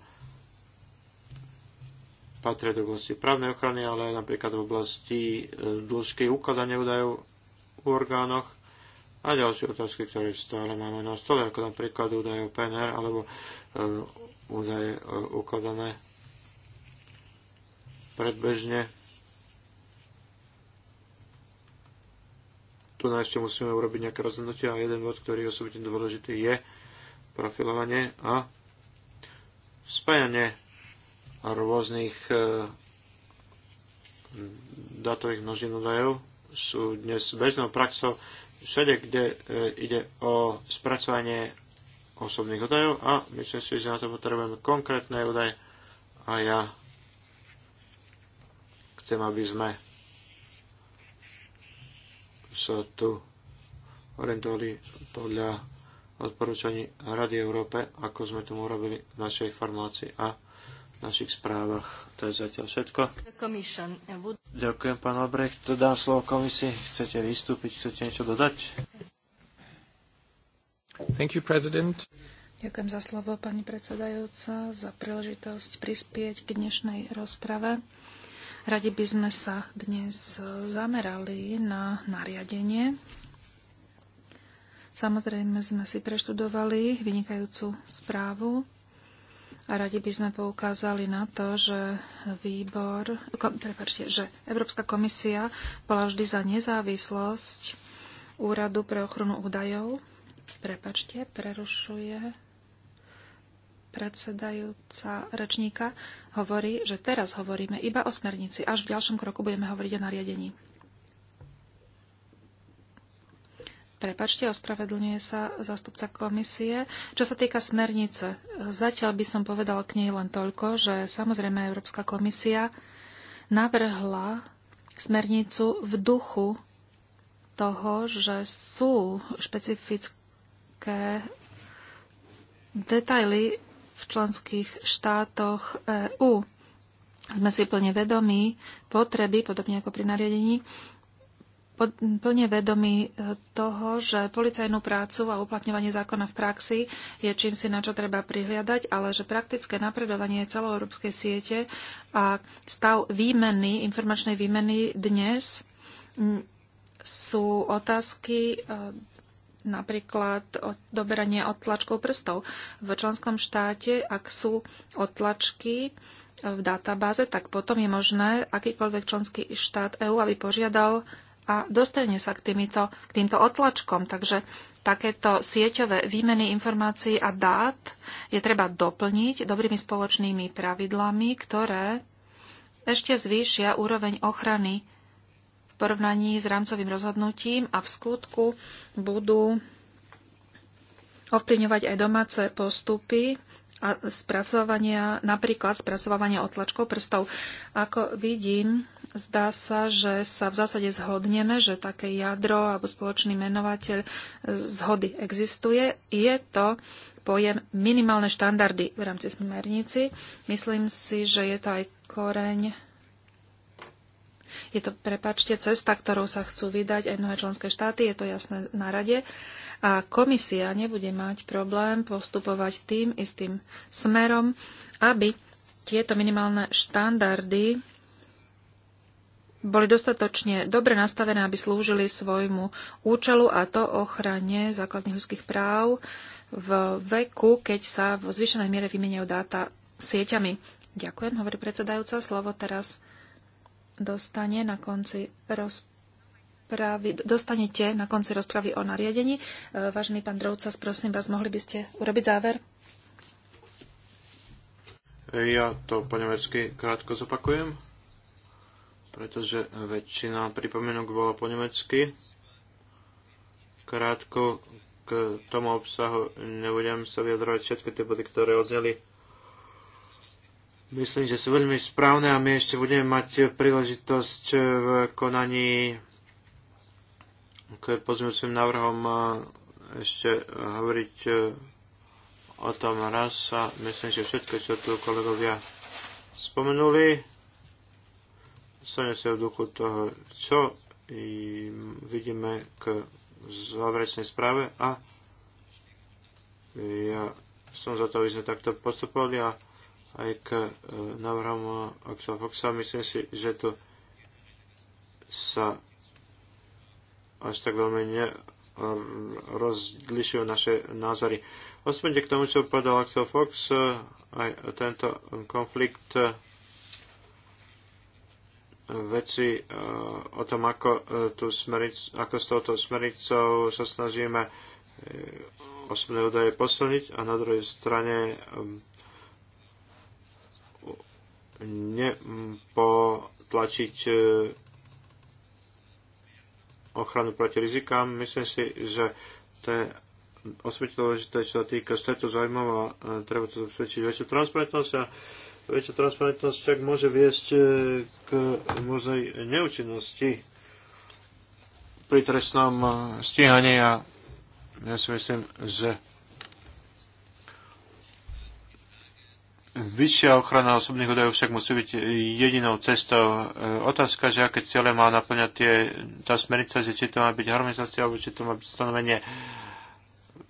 patria do oblasti právnej ochrany, ale aj napríklad v oblasti e, dĺžky ukladania údajov v orgánoch a ďalšie otázky, ktoré stále máme na stole, ako napríklad údaje o PNR alebo e, údaje e, ukladané predbežne. Tu na ešte musíme urobiť nejaké rozhodnutie, a jeden bod, ktorý je osobitne dôležitý, je profilovanie a spájanie rôznych e, datových množín údajov sú dnes bežnou praxou všade, kde e, ide o spracovanie osobných údajov a myslím si, že na to potrebujeme konkrétne údaje a ja chcem, aby sme sa tu orientovali podľa odporúčaní Rady Európe, ako sme tomu urobili v našej formulácii a našich správach. To je zatiaľ všetko. Ďakujem, pán Albrecht. Dám slovo komisii. Chcete vystúpiť? Chcete niečo dodať? Thank you, President. Ďakujem za slovo, pani predsedajúca, za príležitosť prispieť k dnešnej rozprave. Radi by sme sa dnes zamerali na nariadenie. Samozrejme sme si preštudovali vynikajúcu správu a radi by sme poukázali na to, že výbor, kom, prepáčte, že Európska komisia bola vždy za nezávislosť Úradu pre ochranu údajov. Prepačte, prerušuje predsedajúca rečníka. Hovorí, že teraz hovoríme iba o smernici, až v ďalšom kroku budeme hovoriť o nariadení. Prepačte, ospravedlňuje sa zástupca komisie. Čo sa týka smernice, zatiaľ by som povedal k nej len toľko, že samozrejme Európska komisia navrhla smernicu v duchu toho, že sú špecifické detaily v členských štátoch EÚ. Sme si plne vedomí potreby, podobne ako pri nariadení, plne vedomí e, toho, že policajnú prácu a uplatňovanie zákona v praxi je čím si na čo treba prihliadať, ale že praktické napredovanie celoeurópskej siete a stav výmeny, informačnej výmeny dnes sú otázky e, napríklad doberanie odtlačkov prstov. V členskom štáte, ak sú odtlačky, e, v databáze, tak potom je možné akýkoľvek členský štát EÚ, aby požiadal a dostane sa k, týmito, k týmto otlačkom. Takže takéto sieťové výmeny informácií a dát je treba doplniť dobrými spoločnými pravidlami, ktoré ešte zvýšia úroveň ochrany v porovnaní s rámcovým rozhodnutím a v skutku budú ovplyvňovať aj domáce postupy a spracovania, napríklad spracovania otlačkov prstov. Ako vidím, Zdá sa, že sa v zásade zhodneme, že také jadro alebo spoločný menovateľ e, zhody existuje. Je to pojem minimálne štandardy v rámci smernici. Myslím si, že je to aj koreň. Je to, prepačte, cesta, ktorou sa chcú vydať aj mnohé členské štáty, je to jasné na rade. A komisia nebude mať problém postupovať tým istým smerom, aby tieto minimálne štandardy boli dostatočne dobre nastavené, aby slúžili svojmu účelu a to ochrane základných ľudských práv v veku, keď sa v zvyšenej miere vymeniajú dáta sieťami. Ďakujem, hovorí predsedajúca. Slovo teraz dostane na konci rozpravy. Dostanete na konci rozpravy o nariadení. E, vážený pán Drovca, prosím vás, mohli by ste urobiť záver? Ja to po nemecky krátko zopakujem pretože väčšina pripomienok bola po nemecky. Krátko k tomu obsahu nebudem sa vyjadrovať všetky tie body, ktoré odneli. Myslím, že sú veľmi správne a my ešte budeme mať príležitosť v konaní k pozmeňujúcim návrhom eh, ešte hovoriť eh, o tom raz a myslím, že všetko, čo tu kolegovia spomenuli, stane sa v duchu toho, čo vidíme k záverečnej správe a ja som za to, aby sme takto postupovali a aj k e, návrhom Oxa Foxa. Myslím si, že to sa až tak veľmi nerozlišujú naše názory. Ospoňte k tomu, čo povedal Axel Fox, e, aj tento konflikt veci e, o tom, ako, e, tu smeric, ako s touto smericou sa snažíme e, osobné údaje posilniť a na druhej strane nepotlačiť ochranu proti rizikám. Myslím si, že to je osvetľ dôležité, čo sa týka stretu zájmov a treba to zabezpečiť väčšiu transparentnosť a väčšia transparentnosť však môže viesť e, k možnej neúčinnosti pri trestnom e, stíhaní a ja si myslím, že Vyššia ochrana osobných údajov však musí byť jedinou cestou. E, otázka, že aké ciele má naplňať tie, tá smernica, že či to má byť harmonizácia, alebo či to má byť stanovenie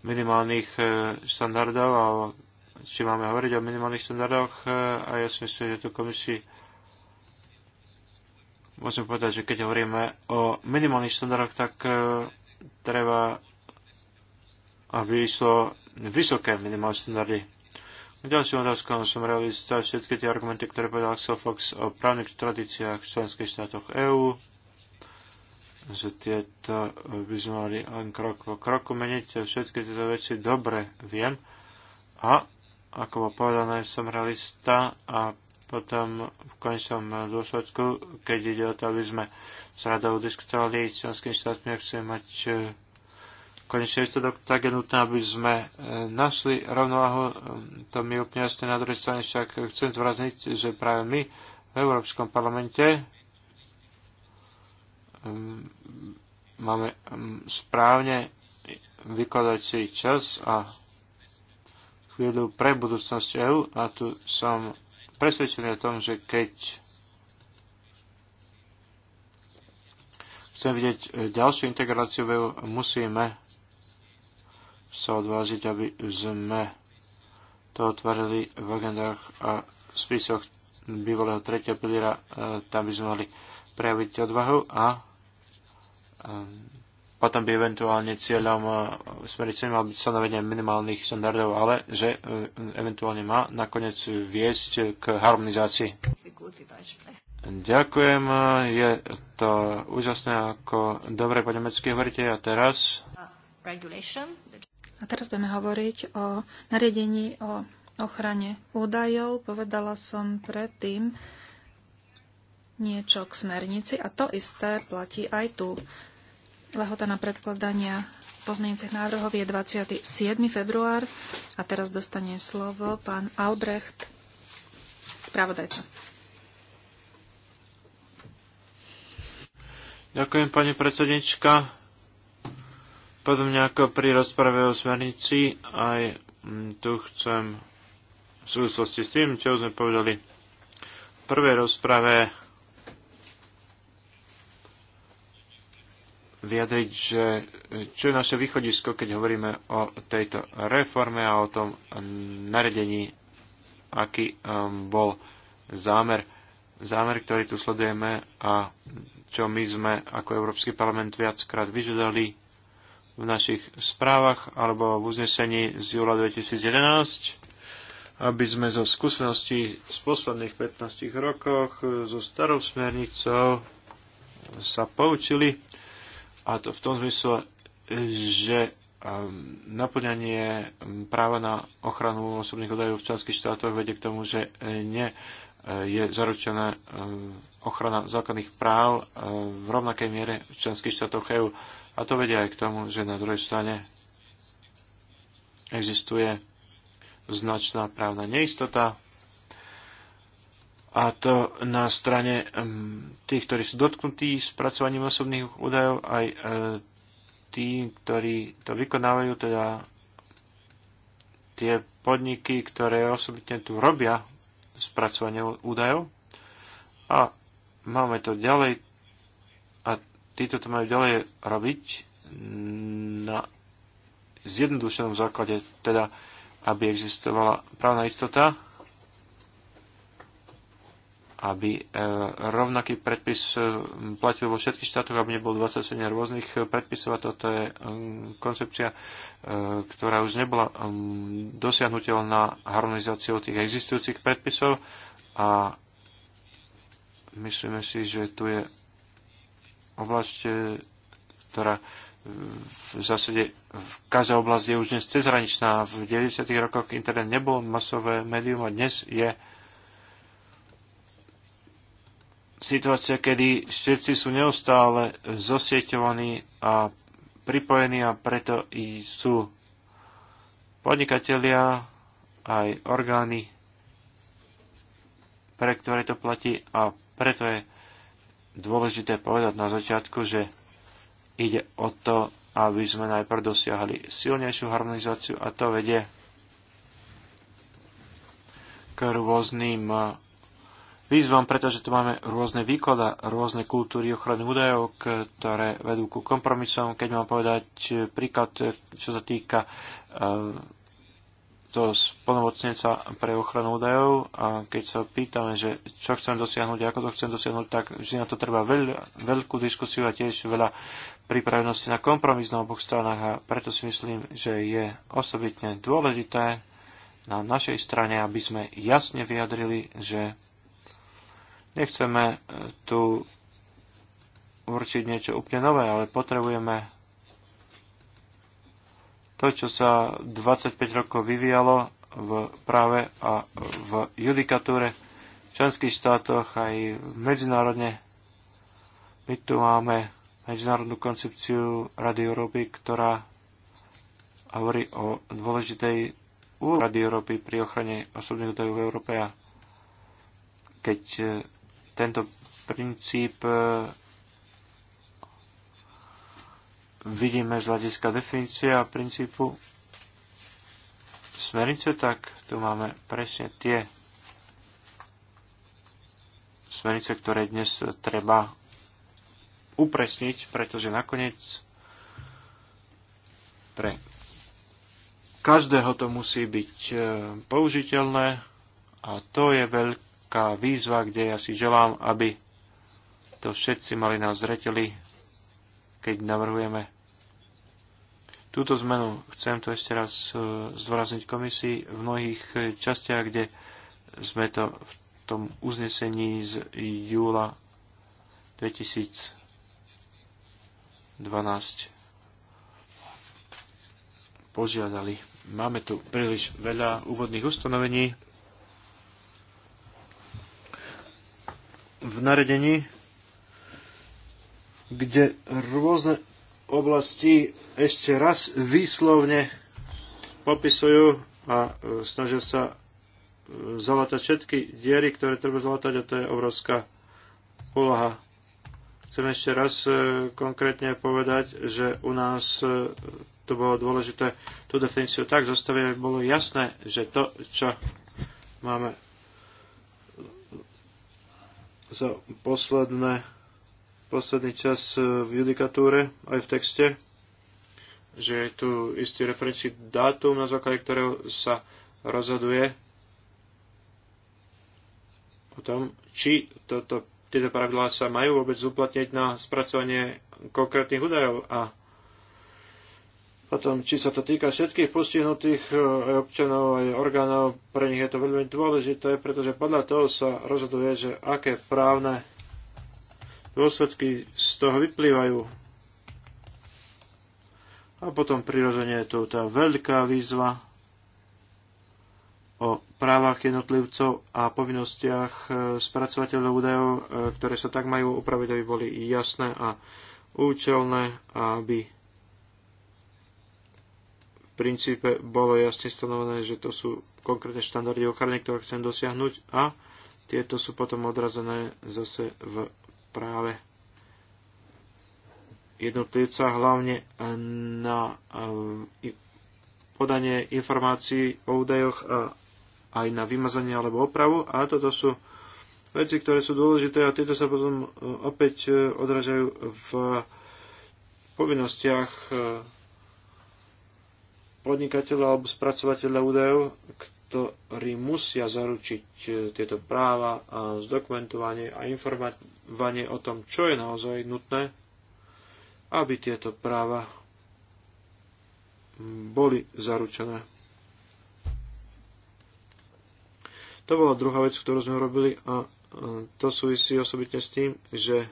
minimálnych štandardov a či máme hovoriť o minimálnych standardoch e, a ja si myslím, že tu komisii môžem povedať, že keď hovoríme o minimálnych standardoch, tak e, treba, aby išlo vysoké minimálne štandardy. Ďalším otázkom som realista všetky tie argumenty, ktoré povedal Axel Fox o právnych tradíciách v členských štátoch EÚ, že tieto by sme mali len krok po kroku meniť. Všetky tieto veci dobre viem. A ako bolo povedané, som realista a potom v konečnom dôsledku, keď ide o to, aby sme s radou diskutovali s členskými štátmi, ak chceme mať e, konečný výsledok, tak je nutné, aby sme e, našli rovnováhu. E, to mi úplne jasné. Na druhej strane však chcem zvrazniť, že práve my v Európskom parlamente máme správne si čas a chvíľu pre budúcnosť EÚ a tu som presvedčený o tom, že keď chcem vidieť e, ďalšiu integráciu v EU, musíme sa odvážiť, aby sme to otvorili v agendách a spisoch bývalého tretia piliera, e, tam by sme mohli prejaviť odvahu a e, potom by eventuálne cieľom e, smernice mal byť stanovenie minimálnych štandardov, ale že e, eventuálne má nakoniec viesť k harmonizácii. Ďakujem, e, je to úžasné, ako dobre po nemecky hovoríte a teraz. A teraz budeme hovoriť o nariadení o ochrane údajov. Povedala som predtým niečo k smernici a to isté platí aj tu. Lehota na predkladania pozmeňujúcich návrhov je 27. február a teraz dostane slovo pán Albrecht, spravodajca. Ďakujem, pani predsednička. Podobne ako pri rozprave o smernici, aj mm, tu chcem v súvislosti s tým, čo sme povedali v prvej rozprave vyjadriť, že čo je naše východisko, keď hovoríme o tejto reforme a o tom naredení, aký um, bol zámer, zámer, ktorý tu sledujeme a čo my sme ako Európsky parlament viackrát vyžadali v našich správach alebo v uznesení z júla 2011 aby sme zo skúseností z posledných 15 rokoch so starou smernicou sa poučili a to v tom zmysle, že ehm, naplňanie ehm, práva na ochranu osobných údajov v členských štátoch vedie k tomu, že e, nie e, je zaručená e, ochrana základných práv v rovnakej miere v členských štátoch EU, A to vedie aj k tomu, že na druhej strane existuje značná právna neistota a to na strane tých, ktorí sú dotknutí spracovaním osobných údajov, aj e, tí, ktorí to vykonávajú, teda tie podniky, ktoré osobitne tu robia spracovanie údajov. A máme to ďalej a títo to majú ďalej robiť na zjednodušenom základe, teda aby existovala právna istota aby e, rovnaký predpis e, platil vo všetkých štátoch, aby nebol 27 rôznych predpisov a toto je e, koncepcia, ktorá už nebola dosiahnutelná harmonizáciou tých existujúcich predpisov a myslíme si, že tu je oblasť, ktorá v zásade v každá oblasť je už dnes cezhraničná. V 90. rokoch internet nebol masové médium a dnes je uh, situácia, kedy všetci sú neustále zosieťovaní a pripojení a preto i sú podnikatelia aj orgány, pre ktoré to platí a preto je dôležité povedať na začiatku, že ide o to, aby sme najprv dosiahli silnejšiu harmonizáciu a to vedie k rôznym výzvom, pretože tu máme rôzne výklada, rôzne kultúry ochrany údajov, ktoré vedú ku kompromisom. Keď mám povedať príklad, čo sa týka toho e, spolnomocnenca pre ochranu údajov a keď sa pýtame, že čo chcem dosiahnuť, ako to chcem dosiahnuť, tak vždy na to treba veľ, veľkú diskusiu a tiež veľa pripravenosti na kompromis na oboch stranách a preto si myslím, že je osobitne dôležité na našej strane, aby sme jasne vyjadrili, že Nechceme e, tu určiť niečo úplne nové, ale potrebujeme to, čo sa 25 rokov vyvíjalo v práve a v judikatúre v členských štátoch aj medzinárodne. My tu máme medzinárodnú koncepciu Rady Európy, ktorá hovorí o dôležitej úlohe Rady Európy pri ochrane osobných údajov v Európe a keď e, tento princíp e, vidíme z hľadiska definície a princípu smernice, tak tu máme presne tie smernice, ktoré dnes treba upresniť, pretože nakoniec pre každého to musí byť e, použiteľné a to je veľké taká výzva, kde ja si želám, aby to všetci mali na zreteli, keď navrhujeme túto zmenu. Chcem to ešte raz e, zdôrazniť komisii v mnohých e, častiach, kde sme to v tom uznesení z júla 2012 požiadali. Máme tu príliš veľa úvodných ustanovení v naredení, kde rôzne oblasti ešte raz výslovne popisujú a e, snažia sa e, zalatať všetky diery, ktoré treba zalatať a to je obrovská úloha. Chcem ešte raz e, konkrétne povedať, že u nás to bolo dôležité tú definíciu tak zostaviť, aby bolo jasné, že to, čo máme za posledné, posledný čas e, v judikatúre, aj v texte, že je tu istý referenčný dátum, na základe ktorého sa rozhoduje o tom, či toto, tieto pravidlá sa majú vôbec uplatniť na spracovanie konkrétnych údajov a potom, či sa to týka všetkých postihnutých e, občanov aj orgánov, pre nich je to veľmi dôležité, pretože podľa toho sa rozhoduje, že aké právne dôsledky z toho vyplývajú. A potom prirodzene je tu tá veľká výzva o právach jednotlivcov a povinnostiach e, spracovateľov údajov, e, ktoré sa tak majú upraviť, aby boli jasné a účelné, aby princípe bolo jasne stanovené, že to sú konkrétne štandardy ochrany, ktoré chcem dosiahnuť a tieto sú potom odrazené zase v práve jednotlivca, hlavne na e, podanie informácií o údajoch a aj na vymazanie alebo opravu. A toto sú veci, ktoré sú dôležité a tieto sa potom e, opäť e, odražajú v povinnostiach podnikateľa alebo spracovateľa údajov, ktorí musia zaručiť e, tieto práva a zdokumentovanie a informovanie o tom, čo je naozaj nutné, aby tieto práva boli zaručené. To bola druhá vec, ktorú sme robili a e, to súvisí osobitne s tým, že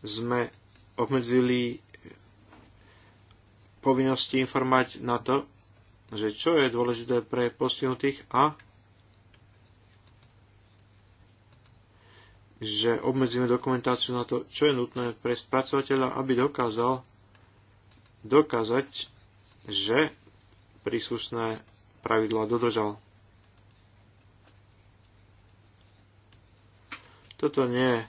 sme obmedzili povinnosti informovať na to, že čo je dôležité pre postihnutých a že obmedzíme dokumentáciu na to, čo je nutné pre spracovateľa, aby dokázal dokázať, že príslušné pravidla dodržal. Toto nie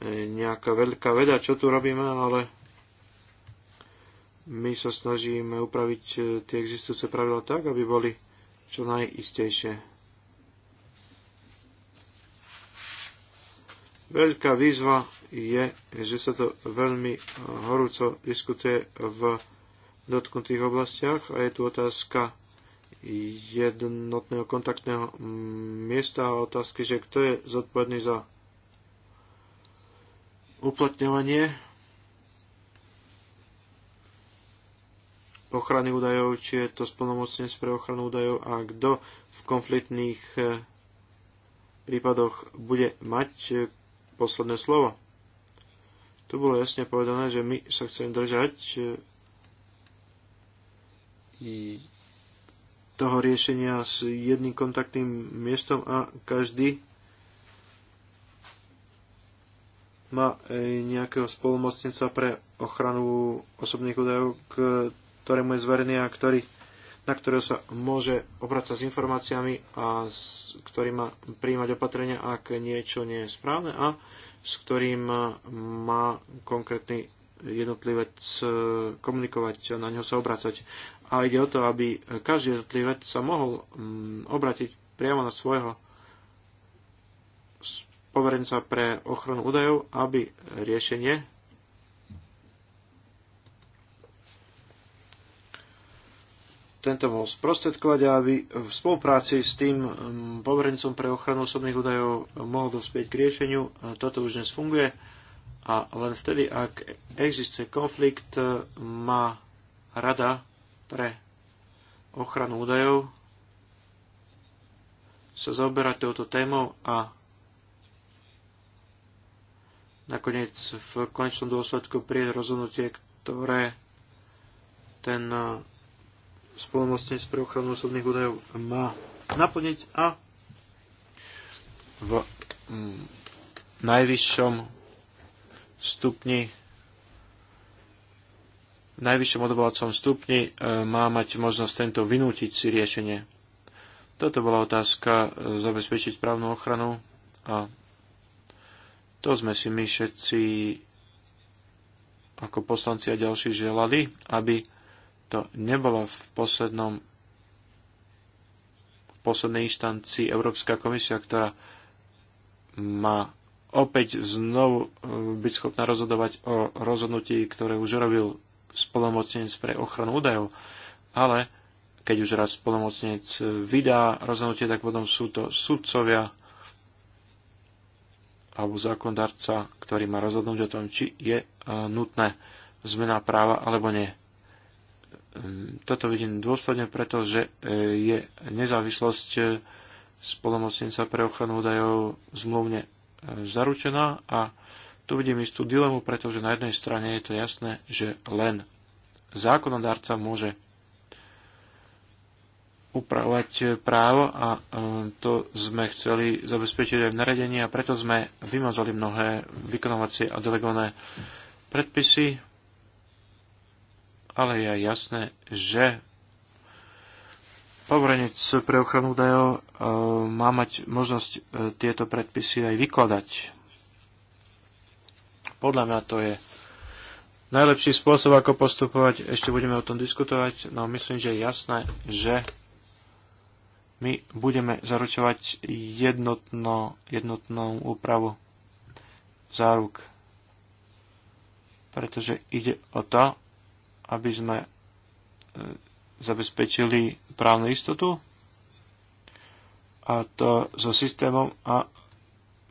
je nejaká veľká veda, čo tu robíme, ale my sa snažíme upraviť e, tie existujúce pravidla tak, aby boli čo najistejšie. Veľká výzva je, že sa to veľmi e, horúco diskutuje v dotknutých oblastiach a je tu otázka jednotného kontaktného miesta a otázky, že kto je zodpovedný za uplatňovanie ochrany údajov, či je to splnomocnec pre ochranu údajov a kto v konfliktných eh, prípadoch bude mať eh, posledné slovo. Tu bolo jasne povedané, že my sa chceme držať eh, toho riešenia s jedným kontaktným miestom a každý má nejakého spolumocnica pre ochranu osobných údajov, ktorému je zverený a ktorý, na ktorého sa môže obracať s informáciami a s ktorým má príjmať opatrenia, ak niečo nie je správne a s ktorým má konkrétny jednotlivec e, komunikovať a na neho sa obracať. A ide o to, aby každý jednotlivec sa mohol mm, obratiť priamo na svojho poverenca pre ochranu údajov, aby riešenie tento bol sprostredkovať a aby v spolupráci s tým mm, poverencom pre ochranu osobných údajov mohol dospieť k riešeniu. Toto už dnes funguje a len vtedy, ak existuje konflikt, e, má rada pre ochranu údajov sa zaoberať touto témou a nakoniec v konečnom dôsledku prieť rozhodnutie, ktoré ten e, spolomocnenec pre ochranu osobných údajov má naplniť a v mm, najvyššom stupni v najvyššom odvolacom stupni e, má mať možnosť tento vynútiť si riešenie. Toto bola otázka e, zabezpečiť právnu ochranu a to sme si my všetci ako poslanci a ďalší želali, aby to nebola v poslednom v poslednej instancii Európska komisia, ktorá má opäť znovu e, byť schopná rozhodovať o rozhodnutí, ktoré už robil spolomocnenec pre ochranu údajov, ale keď už raz spolomocnenec vydá rozhodnutie, tak potom sú to sudcovia alebo zákondarca, ktorý má rozhodnúť o tom, či je e, nutné zmena práva alebo nie. Ehm, toto vidím dôsledne, pretože eh, je nezávislosť eh, spolomocnenca pre ochranu údajov zmluvne eh, zaručená a tu vidím istú dilemu, pretože na jednej strane je to jasné, že len zákonodárca môže upravovať právo a ehm, to sme chceli zabezpečiť aj v naredení a preto sme vymazali mnohé vykonovacie a delegované predpisy ale je jasné, že poverenec pre ochranu údajov e, má mať možnosť e, tieto predpisy aj vykladať. Podľa mňa to je najlepší spôsob, ako postupovať. Ešte budeme o tom diskutovať, no myslím, že je jasné, že my budeme zaručovať jednotno, jednotnú úpravu záruk. Pretože ide o to, aby sme e, zabezpečili právnu istotu a to so systémom a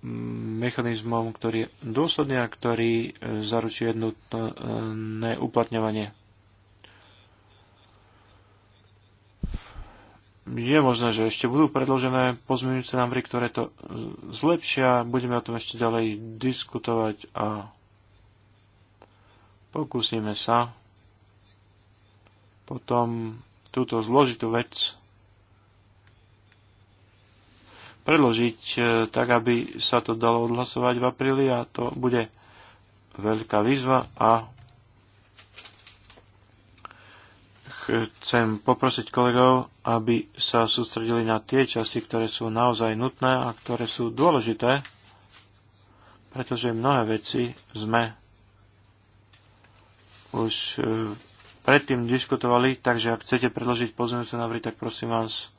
mm, mechanizmom, ktorý je dôsledný a ktorý e, zaručuje jednotné uplatňovanie. Je možné, že ešte budú predložené pozmeňujúce návrhy, ktoré to e, zlepšia. Budeme o tom ešte ďalej diskutovať a pokúsime sa potom túto zložitú vec predložiť e, tak, aby sa to dalo odhlasovať v apríli a to bude veľká výzva a chcem poprosiť kolegov, aby sa sústredili na tie časti, ktoré sú naozaj nutné a ktoré sú dôležité, pretože mnohé veci sme už e, predtým diskutovali, takže ak chcete predložiť pozornosť návrhy, tak prosím vás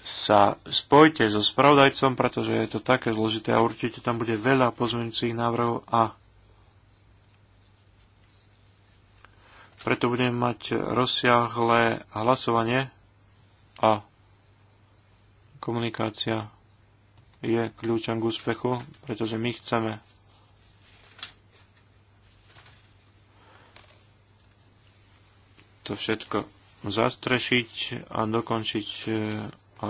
sa spojte so spravodajcom, pretože je to také zložité a určite tam bude veľa pozmeňujúcich návrhov a preto budeme mať rozsiahle hlasovanie a komunikácia je kľúčom k úspechu, pretože my chceme to všetko zastrešiť a dokončiť e, a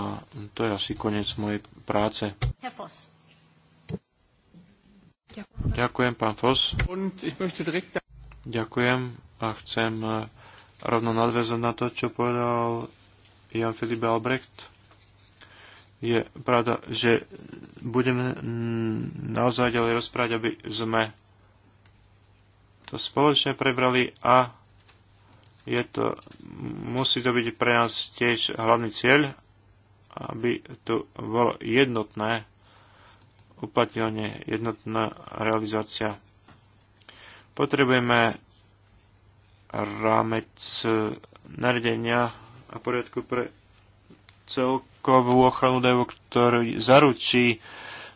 to je asi koniec mojej práce. Ďakujem. pán Fos. Ďakujem a chcem e, rovno nadväzať na to, čo povedal Jan Filip Albrecht. Je pravda, že budeme naozaj ďalej rozprávať, aby sme to spoločne prebrali a je to, musí to byť pre nás tiež hlavný cieľ, aby to bolo jednotné uplatňovanie, jednotná realizácia. Potrebujeme rámec naredenia a poriadku pre celkovú ochranu DEVU, ktorý zaručí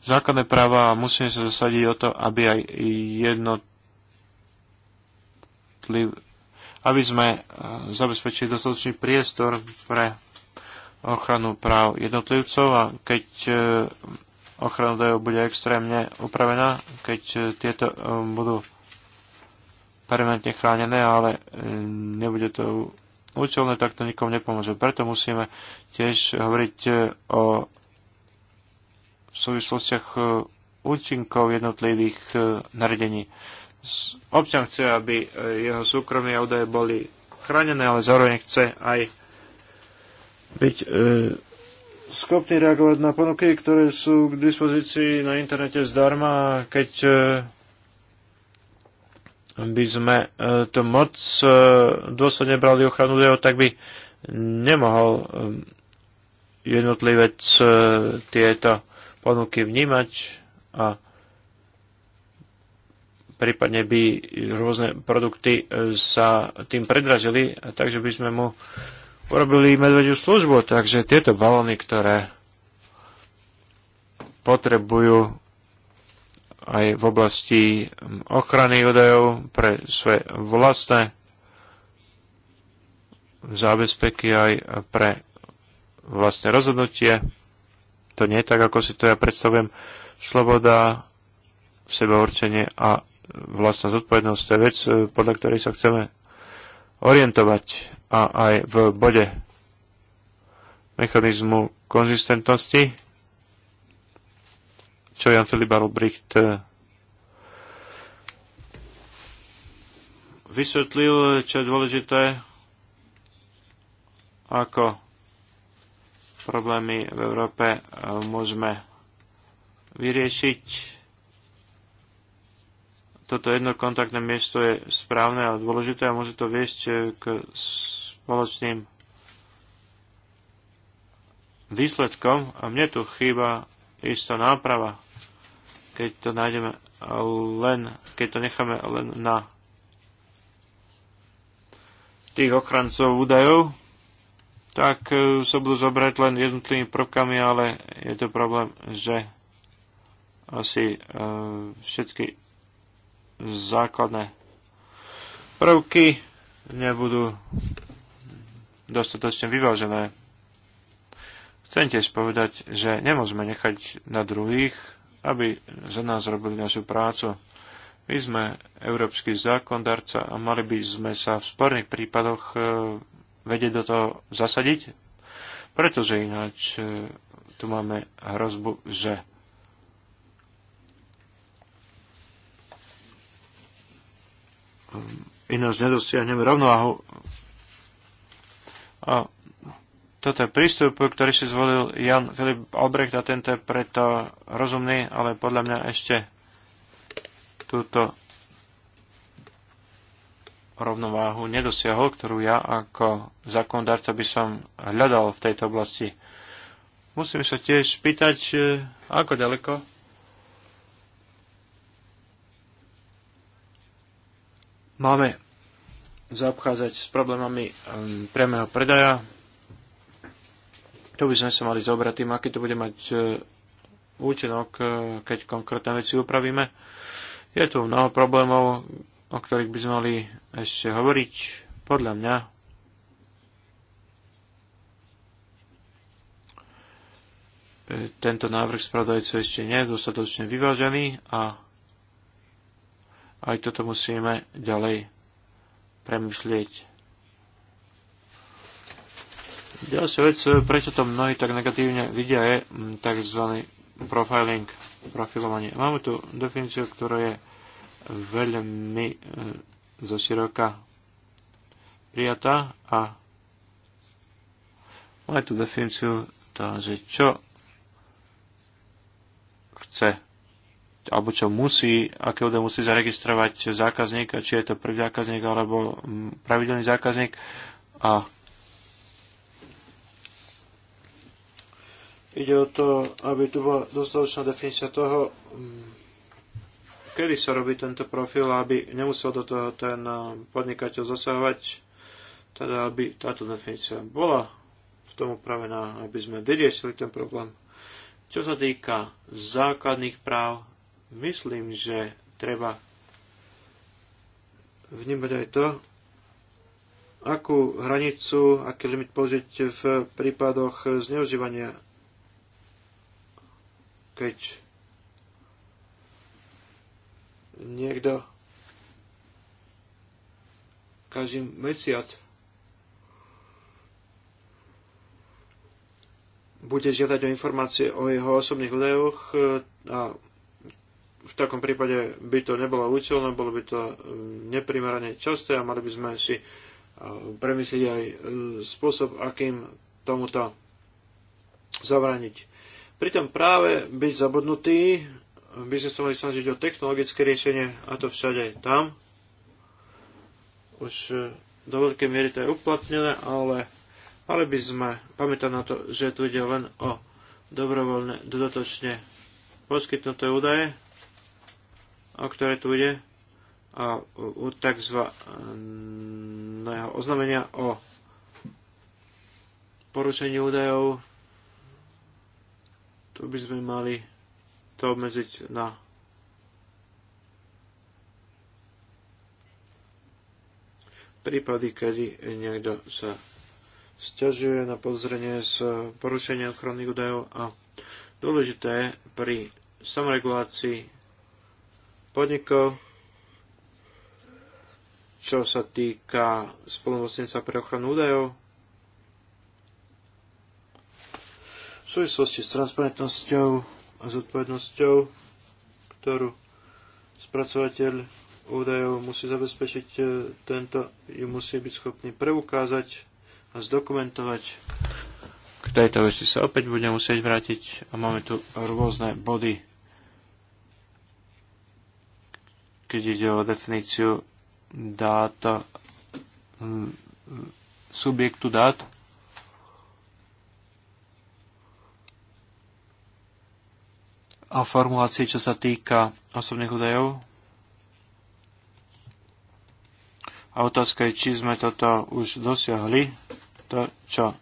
základné práva a musíme sa zasadiť o to, aby aj jednotlivé aby sme e, zabezpečili dostatočný priestor pre ochranu práv jednotlivcov a keď e, ochrana údajov bude extrémne upravená, keď e, tieto budú permanentne chránené, ale nebude to účelné, tak to nikomu nepomôže. Preto musíme tiež hovoriť o v súvislostiach účinkov jednotlivých nariadení občan chce, aby e, jeho súkromie údaje boli chránené, ale zároveň chce aj byť e, schopný reagovať na ponuky, ktoré sú k dispozícii na internete zdarma, keď e, by sme e, to moc e, dôsledne brali ochranu údajov, tak by nemohol e, jednotlivec e, tieto ponuky vnímať a prípadne by rôzne produkty e, sa tým predražili, takže by sme mu urobili medvediu službu. Takže tieto balóny, ktoré potrebujú aj v oblasti ochrany údajov pre svoje vlastné zábezpeky aj pre vlastné rozhodnutie. To nie je tak, ako si to ja predstavujem. Sloboda, sebeurčenie a vlastná zodpovednosť, to je vec, eh, podľa ktorej sa chceme orientovať a aj v bode mechanizmu konzistentnosti, čo Jan Filip Albrecht eh, vysvetlil, čo je dôležité, ako problémy v Európe eh, môžeme vyriešiť toto jedno kontaktné miesto je správne a dôležité a môže to viesť e, k spoločným výsledkom. A mne tu chýba istá náprava, keď to nájdeme len, keď to necháme len na tých ochrancov údajov, tak e, sa budú zobrať len jednotlivými prvkami, ale je to problém, že asi e, všetky základné prvky nebudú dostatočne vyvážené. Chcem tiež povedať, že nemôžeme nechať na druhých, aby za nás robili našu prácu. My sme európsky zákondarca a mali by sme sa v sporných prípadoch e, vedieť do toho zasadiť, pretože ináč e, tu máme hrozbu, že Um, ináč nedosiahneme rovnováhu. A toto je prístup, ktorý si zvolil Jan Filip Albrecht a tento je preto rozumný, ale podľa mňa ešte túto rovnováhu nedosiahol, ktorú ja ako zákonodárca by som hľadal v tejto oblasti. Musím sa tiež spýtať, e, ako ďaleko máme zaobchádzať s problémami um, priamého predaja. Tu by sme sa mali zobrať tým, aký to bude mať e, účinok, e, keď konkrétne veci upravíme. Je tu mnoho problémov, o ktorých by sme mali ešte hovoriť. Podľa mňa e, tento návrh spravodajcu ešte nie je dostatočne vyvážený a aj toto musíme ďalej premyslieť. Ďalšia vec, prečo to mnohí tak negatívne vidia, je mm, tzv. profiling, profilovanie. Máme tu definíciu, ktorá je veľmi e, zoširoka prijatá a máme tu definíciu, že čo chce alebo čo musí, aké údaje musí zaregistrovať zákazník, či je to prvý zákazník alebo mm, pravidelný zákazník. A ide o to, aby tu bola dostatočná definícia toho, mm, kedy sa robí tento profil, aby nemusel do toho ten e, podnikateľ zasahovať, teda aby táto definícia bola v tom upravená, aby sme vyriešili ten problém. Čo sa týka základných práv Myslím, že treba vnímať aj to, akú hranicu, aký limit použiť v prípadoch zneužívania, keď niekto každý mesiac bude žiadať o informácie o jeho osobných údajoch e, a v takom prípade by to nebolo účelné, bolo by to mm, neprimerane časté a mali by sme si e, premyslieť aj e, spôsob, akým tomuto zabrániť. Pritom práve byť zabudnutý by sme sa mali snažiť o technologické riešenie a to všade tam. Už e, do veľkej miery to je uplatnené, ale mali by sme pamätať na to, že tu ide len o dobrovoľné dodatočne poskytnuté údaje o ktoré tu ide, a u tzv. oznámenia o porušení údajov, tu by sme mali to obmedziť na prípady, kedy niekto sa stiažuje na pozrenie z porušenia ochranných údajov a dôležité pri samoregulácii podnikov, čo sa týka spolnomocnenca pre ochranu údajov. V súvislosti s transparentnosťou a zodpovednosťou, ktorú spracovateľ údajov musí zabezpečiť, e, tento ju musí byť schopný preukázať a zdokumentovať. K tejto veci sa opäť budem musieť vrátiť a máme tu rôzne body keď ide o definíciu dáta, mm, subjektu dát, a formulácie, čo sa týka osobných údajov. A otázka je, či sme toto už dosiahli, to, čo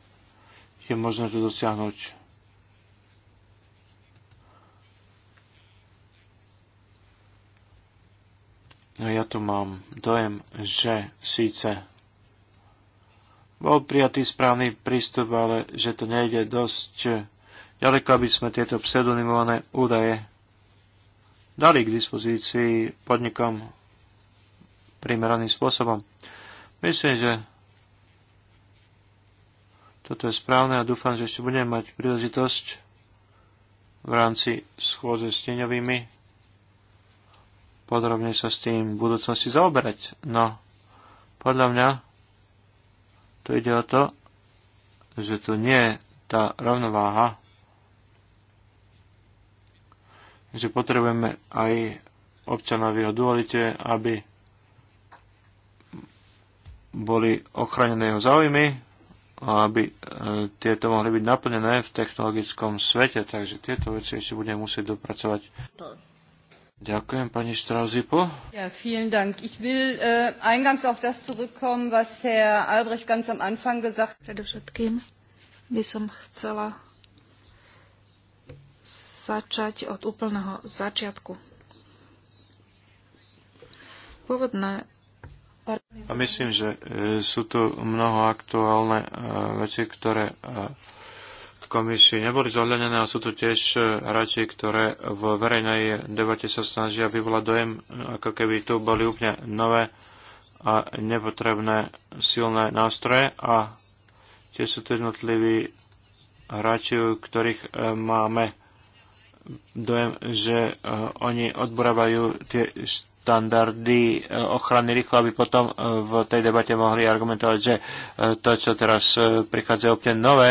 je možné tu dosiahnuť. No Ja tu mám dojem, že síce bol prijatý správny prístup, ale že to nejde dosť ďaleko, aby sme tieto pseudonymované údaje dali k dispozícii podnikom primeraným spôsobom. Myslím, že toto je správne a dúfam, že ešte budeme mať príležitosť v rámci schôze s teňovými podrobne sa s tým v budúcnosti zaoberať. No, podľa mňa to ide o to, že tu nie je tá rovnováha, že potrebujeme aj občanovi o dualite, aby boli ochranené jeho záujmy a aby e, tieto mohli byť naplnené v technologickom svete, takže tieto veci ešte budeme musieť dopracovať. To. Hm. Ďakujem, pani Strauzipo. Ja, vielen Dank. Ich will uh, eingangs auf das zurückkommen, was Herr Albrecht ganz am Anfang gesagt hat. Predovšetkým by som chcela začať od úplného začiatku. Pôvodné organizácie... a myslím, že uh, sú tu mnoho aktuálne uh, veci, ktoré uh, komisii neboli zohľadené a sú tu tiež e, hráči, ktoré v verejnej debate sa snažia vyvolať dojem, ako keby tu boli úplne nové a nepotrebné silné nástroje a tie sú tu jednotliví hráči, ktorých e, máme dojem, že e, oni odborávajú tie štandardy ochrany rýchlo, aby potom v tej debate mohli argumentovať, že to, čo teraz prichádza, je úplne nové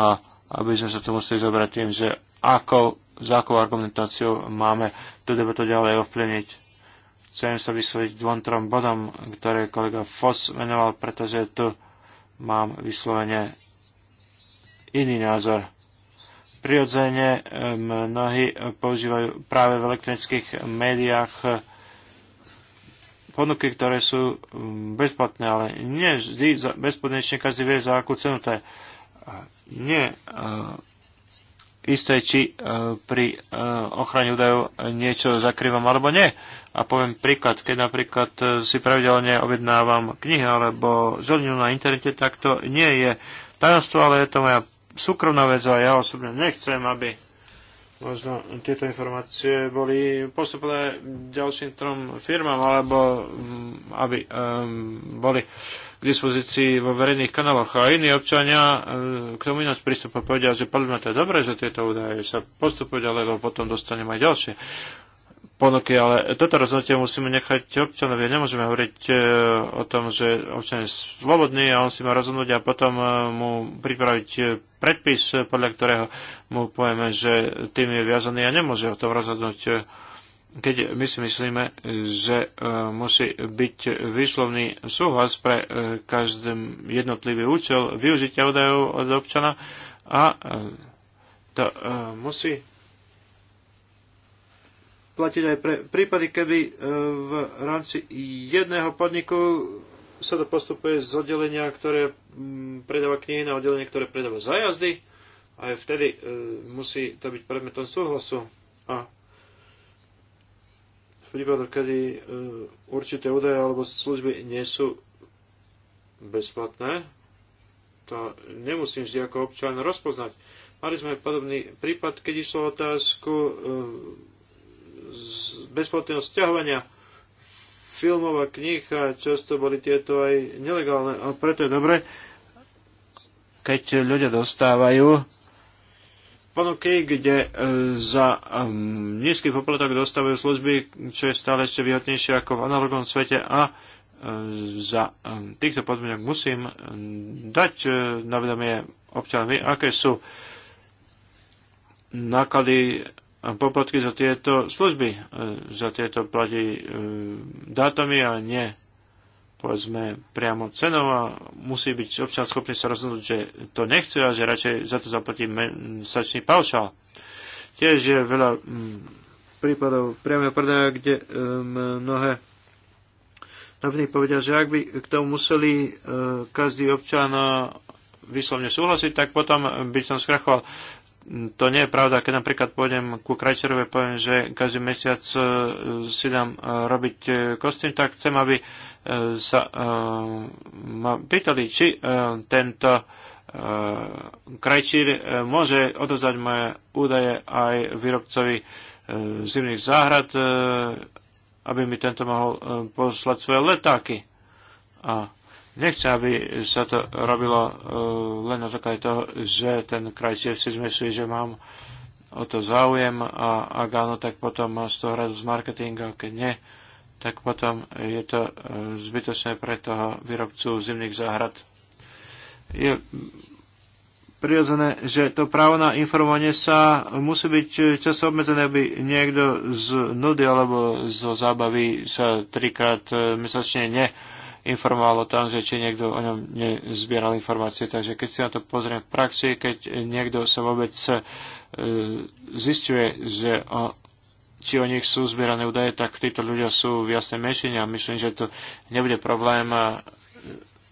a aby sme sa to museli zobrať tým, že ako, za akou argumentáciou máme tú debatu ďalej ovplyvniť. Chcem sa vysloviť dvom, trom bodom, ktoré kolega Foss venoval, pretože tu mám vyslovene iný názor. Prirodzene eh, mnohí používajú práve v elektronických médiách eh, ponuky, ktoré sú mm, bezplatné, ale nie vždy bezpodnečne každý vie, za akú cenu to je nie e, isté, či e, pri e, ochrane údajov niečo zakrývam alebo nie. A poviem príklad, keď napríklad si pravidelne objednávam knihy alebo zeleninu na internete, tak to nie je tajomstvo, ale je to moja súkromná vec a ja osobne nechcem, aby možno tieto informácie boli postupné ďalším trom firmám alebo mm, aby um, boli uh, k dispozícii vo verejných kanáloch. A iní občania e, k tomu ináč prístupu povedia, že podľa mňa to je dobré, že tieto údaje sa postupujú ďalej, lebo potom dostaneme aj ďalšie ponuky, ale toto rozhodnutie musíme nechať občanovi. Nemôžeme hovoriť e, o tom, že občan je slobodný a on si má rozhodnúť a potom e, mu pripraviť predpis, podľa ktorého mu povieme, že tým je viazaný a nemôže o tom rozhodnúť keď my si myslíme, že e, musí byť výslovný súhlas pre e, každý jednotlivý účel využitia údajov od občana a e, to musí platiť aj pre prípady, keby v rámci jedného podniku sa to postupuje z oddelenia, ktoré mm, predáva knihy na oddelenie, ktoré predáva zájazdy. Aj vtedy musí to byť predmetom súhlasu. A prípadoch, kedy e, určité údaje alebo služby nie sú bezplatné, to nemusím vždy ako občan rozpoznať. Mali sme podobný prípad, keď išlo otázku e, bezplatného stiahovania filmov a kníh a často boli tieto aj nelegálne. A preto je dobre, keď ľudia dostávajú ponuky, kde e, za um, nízky poplatok dostávajú služby, čo je stále ešte výhodnejšie ako v analogom svete a e, za um, týchto podmienok musím um, dať e, na vedomie občanmi, aké sú náklady a poplatky za tieto služby. Za tieto platí dátomy a nie povedzme priamo cenou a musí byť občan schopný sa rozhodnúť, že to nechce a že radšej za to zaplatí mesačný paušál. Tiež je veľa mm, prípadov priamého predaja, kde mm, mnohé navždy povedia, že ak by k tomu museli e, každý občan e, vyslovne súhlasiť, tak potom by som skrachoval to nie je pravda, keď napríklad pôjdem ku Krajčerovej, poviem, že každý mesiac e, si dám e, robiť e, kostým, tak chcem, aby sa ma pýtali, či tento Krajčír môže odozvať moje údaje aj výrobcovi zimných záhrad, aby mi tento mohol poslať svoje letáky. A nechce, aby sa to robilo e, len na základe toho, že ten kraj si myslí, že mám o to záujem a ak áno, tak potom z toho radosť z a keď nie, tak potom je to e, zbytočné pre toho výrobcu zimných záhrad. Je prirodzené, že to právo na informovanie sa musí byť často obmedzené, aby niekto z nudy alebo zo zábavy sa trikrát e, mesačne ne informoval o tom, že či niekto o ňom nezbieral informácie. Takže keď si na to pozriem v praxi, keď niekto sa vôbec e, zistuje, že o, či o nich sú zbierané údaje, tak títo ľudia sú v jasnej menšine a myslím, že to nebude problém e,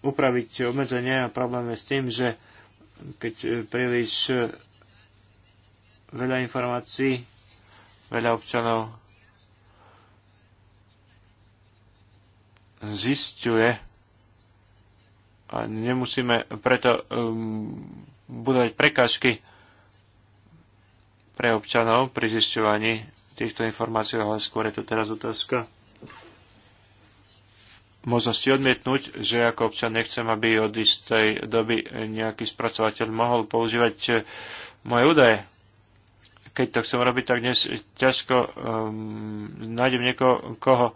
upraviť obmedzenie a problém je s tým, že keď e, príliš veľa informácií, veľa občanov zistuje a nemusíme preto um, budovať prekážky pre občanov pri zisťovaní týchto informácií, ale skôr je tu teraz otázka možnosti odmietnúť, že ako občan nechcem, aby od istej doby nejaký spracovateľ mohol používať eh, moje údaje. Keď to chcem robiť, tak dnes ťažko um, nájdem niekoho, koho uh,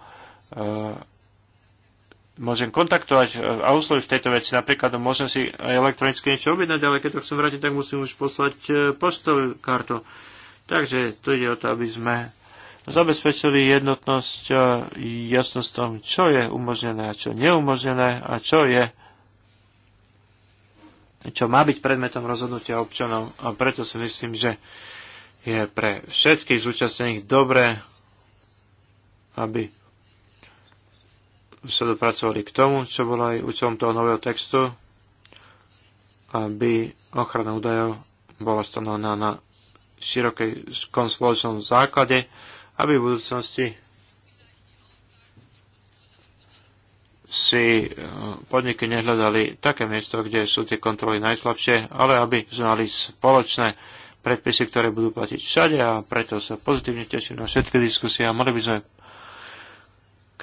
môžem kontaktovať e, a usloviť v tejto veci. Napríklad môžem si elektronicky niečo objednať, ale keď to chcem vrátiť, tak musím už poslať e, poštovú kartu. Takže to ide o to, aby sme zabezpečili jednotnosť a jasnosť tom, čo je umožnené a čo neumožnené a čo je čo má byť predmetom rozhodnutia občanov a preto si myslím, že je pre všetkých zúčastnených dobré, aby sa dopracovali k tomu, čo bolo aj účelom toho nového textu, aby ochrana údajov bola stanovená na širokej spoločnom základe, aby v budúcnosti si e, podniky nehľadali také miesto, kde sú tie kontroly najslabšie, ale aby znali spoločné predpisy, ktoré budú platiť všade a preto sa pozitívne teším na všetky diskusie a mali by sme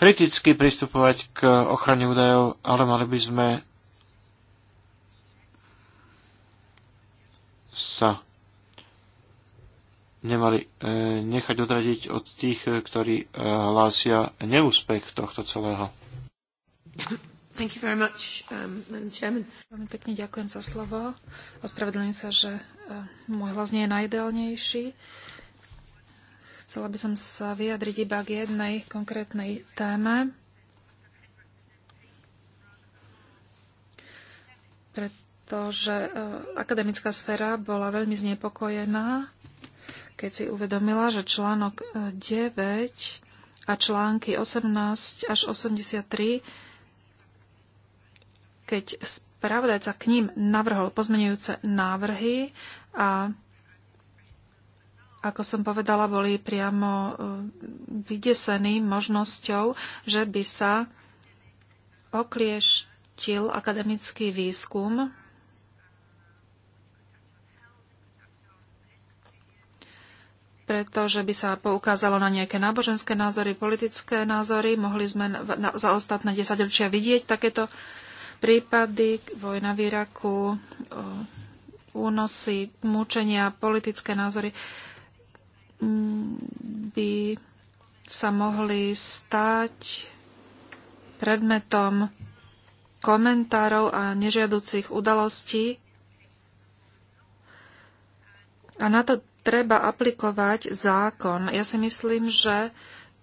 kriticky pristupovať k ochrane údajov, ale mali by sme sa nemali e, nechať odradiť od tých, e, ktorí e, hlásia neúspech tohto celého. Thank you very much, um, Chairman. Veľmi pekne ďakujem za slovo. Ospravedlňujem sa, že e, môj hlas nie je najideálnejší. Chcela by som sa vyjadriť iba k jednej konkrétnej téme, pretože e, akademická sféra bola veľmi znepokojená, keď si uvedomila, že článok 9 e, a články 18 až 83, keď spravodajca k ním navrhol pozmenujúce návrhy a ako som povedala, boli priamo e, vydesení možnosťou, že by sa oklieštil akademický výskum pretože by sa poukázalo na nejaké náboženské názory, politické názory. Mohli sme za ostatné desaťročia vidieť takéto prípady, vojna v Iraku, e, únosy, mučenia, politické názory. Mm, by sa mohli stať predmetom komentárov a nežiaducich udalostí. A na to treba aplikovať zákon. Ja si myslím, že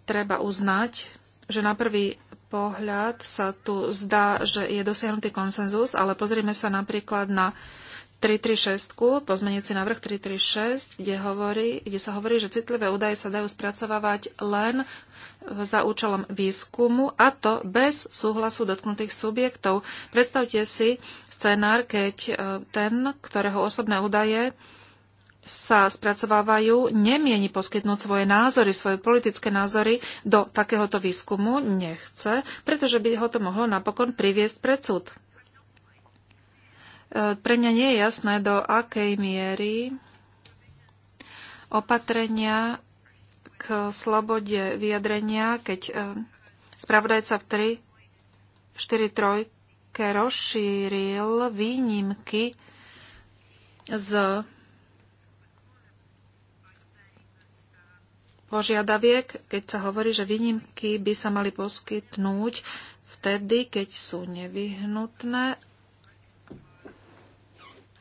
treba uznať, že na prvý pohľad sa tu zdá, že je dosiahnutý konsenzus, ale pozrime sa napríklad na 336, pozmeniaci návrh 336, kde, hovorí, kde sa hovorí, že citlivé údaje sa dajú spracovávať len za účelom výskumu a to bez súhlasu dotknutých subjektov. Predstavte si scenár, keď e, ten, ktorého osobné údaje sa spracovávajú, nemieni poskytnúť svoje názory, svoje politické názory do takéhoto výskumu, nechce, pretože by ho to mohlo napokon priviesť pred súd. Pre mňa nie je jasné, do akej miery opatrenia k slobode vyjadrenia, keď e, spravodajca v 3, v 4, 3 rozšíril výnimky z požiadaviek, keď sa hovorí, že výnimky by sa mali poskytnúť vtedy, keď sú nevyhnutné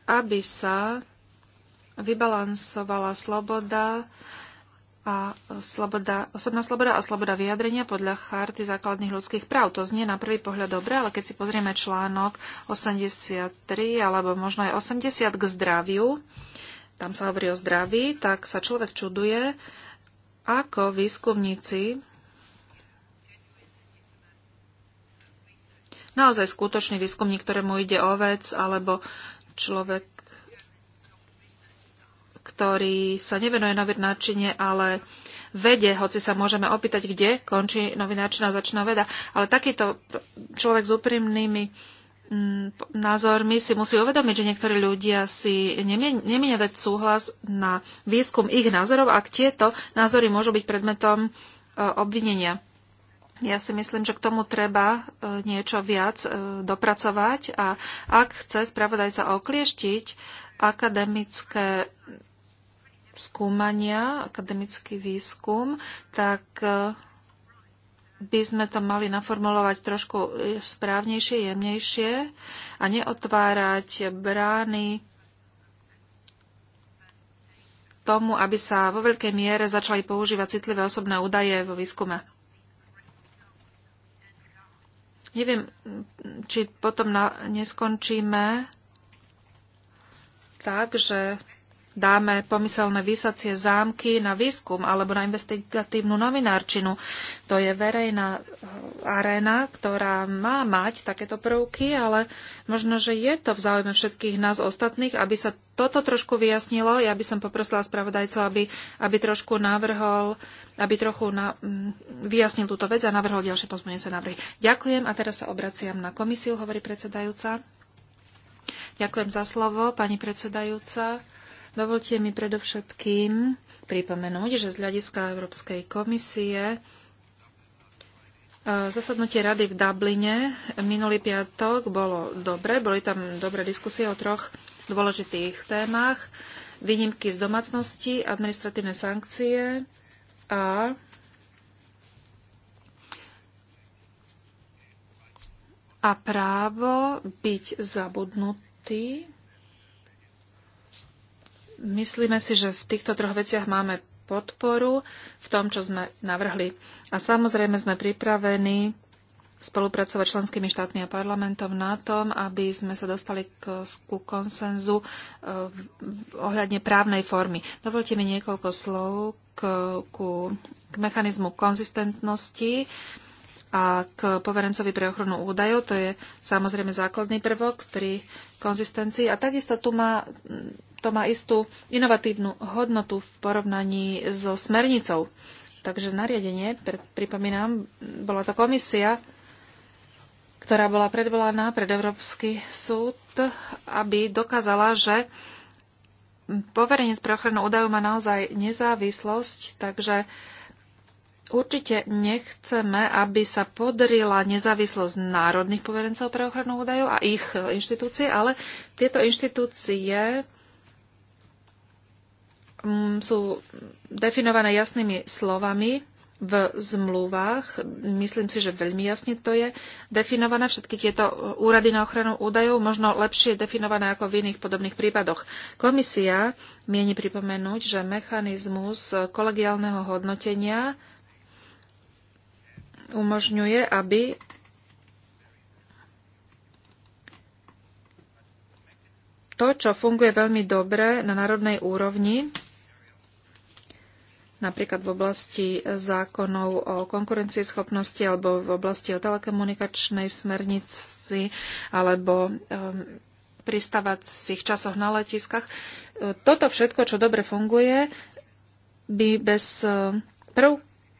aby sa vybalansovala sloboda a sloboda, osobná sloboda a sloboda vyjadrenia podľa charty základných ľudských práv. To znie na prvý pohľad dobre, ale keď si pozrieme článok 83 alebo možno aj 80 k zdraviu, tam sa hovorí o zdraví, tak sa človek čuduje, ako výskumníci naozaj skutočný výskumník, ktorému ide o vec, alebo človek, ktorý sa nevenuje novinárčine, ale vede, hoci sa môžeme opýtať, kde končí novinárčina, začína veda. Ale takýto človek s úprimnými mm, názormi si musí uvedomiť, že niektorí ľudia si nemienia dať súhlas na výskum ich názorov, ak tieto názory môžu byť predmetom e, obvinenia. Ja si myslím, že k tomu treba e, niečo viac e, dopracovať a ak chce spravodajca oklieštiť akademické skúmania, akademický výskum, tak e, by sme to mali naformulovať trošku správnejšie, jemnejšie a neotvárať brány tomu, aby sa vo veľkej miere začali používať citlivé osobné údaje vo výskume. Neviem, či potom na, neskončíme tak, že dáme pomyselné vysacie zámky na výskum alebo na investigatívnu novinárčinu. To je verejná eh, aréna, ktorá má mať takéto prvky, ale možno, že je to v záujme všetkých nás ostatných, aby sa toto trošku vyjasnilo. Ja by som poprosila spravodajcu, aby, aby trošku navrhol, aby trochu na, mm, vyjasnil túto vec a navrhol ďalšie sa návrhy. Ďakujem a teraz sa obraciam na komisiu, hovorí predsedajúca. Ďakujem za slovo, pani predsedajúca. Dovolte mi predovšetkým pripomenúť, že z hľadiska Európskej komisie e, Zasadnutie rady v Dubline minulý piatok bolo dobre. Boli tam dobré diskusie o troch dôležitých témach. Výnimky z domácnosti, administratívne sankcie a a právo byť zabudnutý Myslíme si, že v týchto troch veciach máme podporu v tom, čo sme navrhli. A samozrejme sme pripravení spolupracovať členskými štátmi a parlamentom na tom, aby sme sa dostali k, k konsenzu e, ohľadne právnej formy. Dovolte mi niekoľko slov k, k, k mechanizmu konzistentnosti a k poverencovi pre ochranu údajov. To je samozrejme základný prvok pri konzistencii. A takisto tu má to má istú inovatívnu hodnotu v porovnaní so smernicou. Takže nariadenie, pripomínam, bola to komisia, ktorá bola predvolaná pred Európsky súd, aby dokázala, že poverenec pre ochranu údajov má naozaj nezávislosť, takže určite nechceme, aby sa podrila nezávislosť národných poverencov pre ochranu údajov a ich inštitúcie, ale tieto inštitúcie Mm, sú definované jasnými slovami v zmluvách. Myslím si, že veľmi jasne to je definované. Všetky tieto úrady na ochranu údajov možno lepšie definované ako v iných podobných prípadoch. Komisia mieni pripomenúť, že mechanizmus kolegiálneho hodnotenia umožňuje, aby to, čo funguje veľmi dobre na národnej úrovni, napríklad v oblasti zákonov o konkurencieschopnosti alebo v oblasti o telekomunikačnej smernici alebo ehm, pristávacích časoch na letiskách. E, toto všetko, čo dobre funguje, by bez e, prv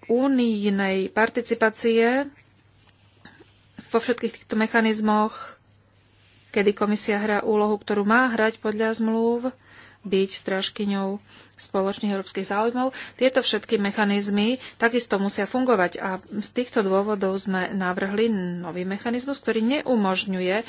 únijnej participácie vo všetkých týchto mechanizmoch, kedy komisia hrá úlohu, ktorú má hrať podľa zmluv, byť strážkyňou spoločných európskych záujmov. Tieto všetky mechanizmy takisto musia fungovať a z týchto dôvodov sme navrhli nový mechanizmus, ktorý neumožňuje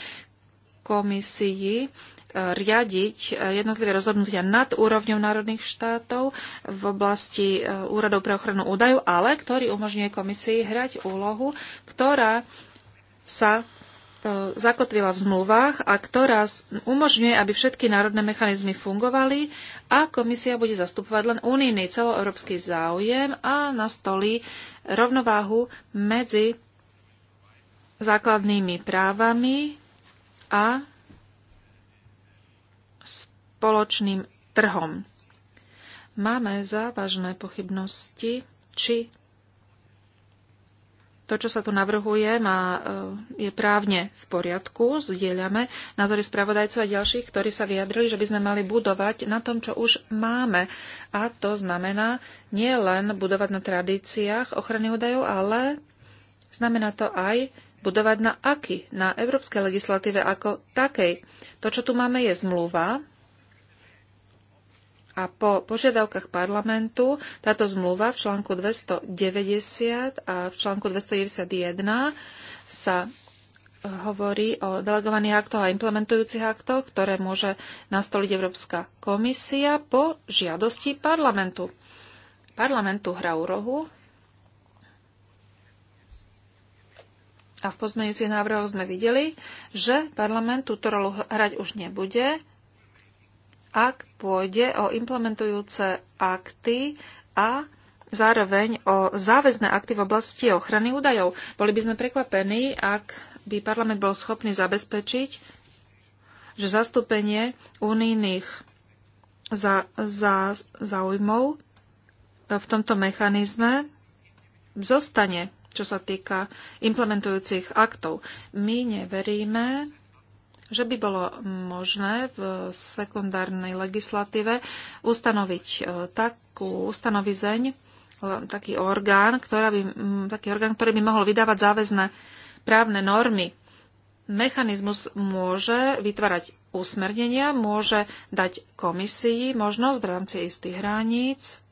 komisii e, riadiť e, jednotlivé rozhodnutia nad úrovňou národných štátov v oblasti e, úradov pre ochranu údajov, ale ktorý umožňuje komisii hrať úlohu, ktorá sa E, zakotvila v zmluvách a ktorá umožňuje, aby všetky národné mechanizmy fungovali a komisia bude zastupovať len unijný celoeurópsky záujem a nastolí rovnováhu medzi základnými právami a spoločným trhom. Máme závažné pochybnosti, či to, čo sa tu navrhuje, má, e, je právne v poriadku, zdieľame názory spravodajcov a ďalších, ktorí sa vyjadrili, že by sme mali budovať na tom, čo už máme. A to znamená nie len budovať na tradíciách ochrany údajov, ale znamená to aj budovať na aký? na európskej legislatíve ako takej. To, čo tu máme, je zmluva, a po požiadavkách parlamentu táto zmluva v článku 290 a v článku 291 sa e, hovorí o delegovaných aktoch a implementujúcich aktoch, ktoré môže nastoliť Európska komisia po žiadosti parlamentu. Parlamentu hra úrohu a v pozmeňujúcich návrhoch sme videli, že parlament túto rolu hrať už nebude, ak pôjde o implementujúce akty a zároveň o záväzné akty v oblasti ochrany údajov. Boli by sme prekvapení, ak by parlament bol schopný zabezpečiť, že zastúpenie unijných za, za, záujmov v tomto mechanizme zostane, čo sa týka implementujúcich aktov. My neveríme, že by bolo možné v sekundárnej legislatíve ustanoviť e, takú ustanovizeň, e, taký orgán, ktorá by, taký orgán, ktorý by mohol vydávať záväzné právne normy. Mechanizmus môže vytvárať usmernenia, môže dať komisii možnosť v rámci istých hraníc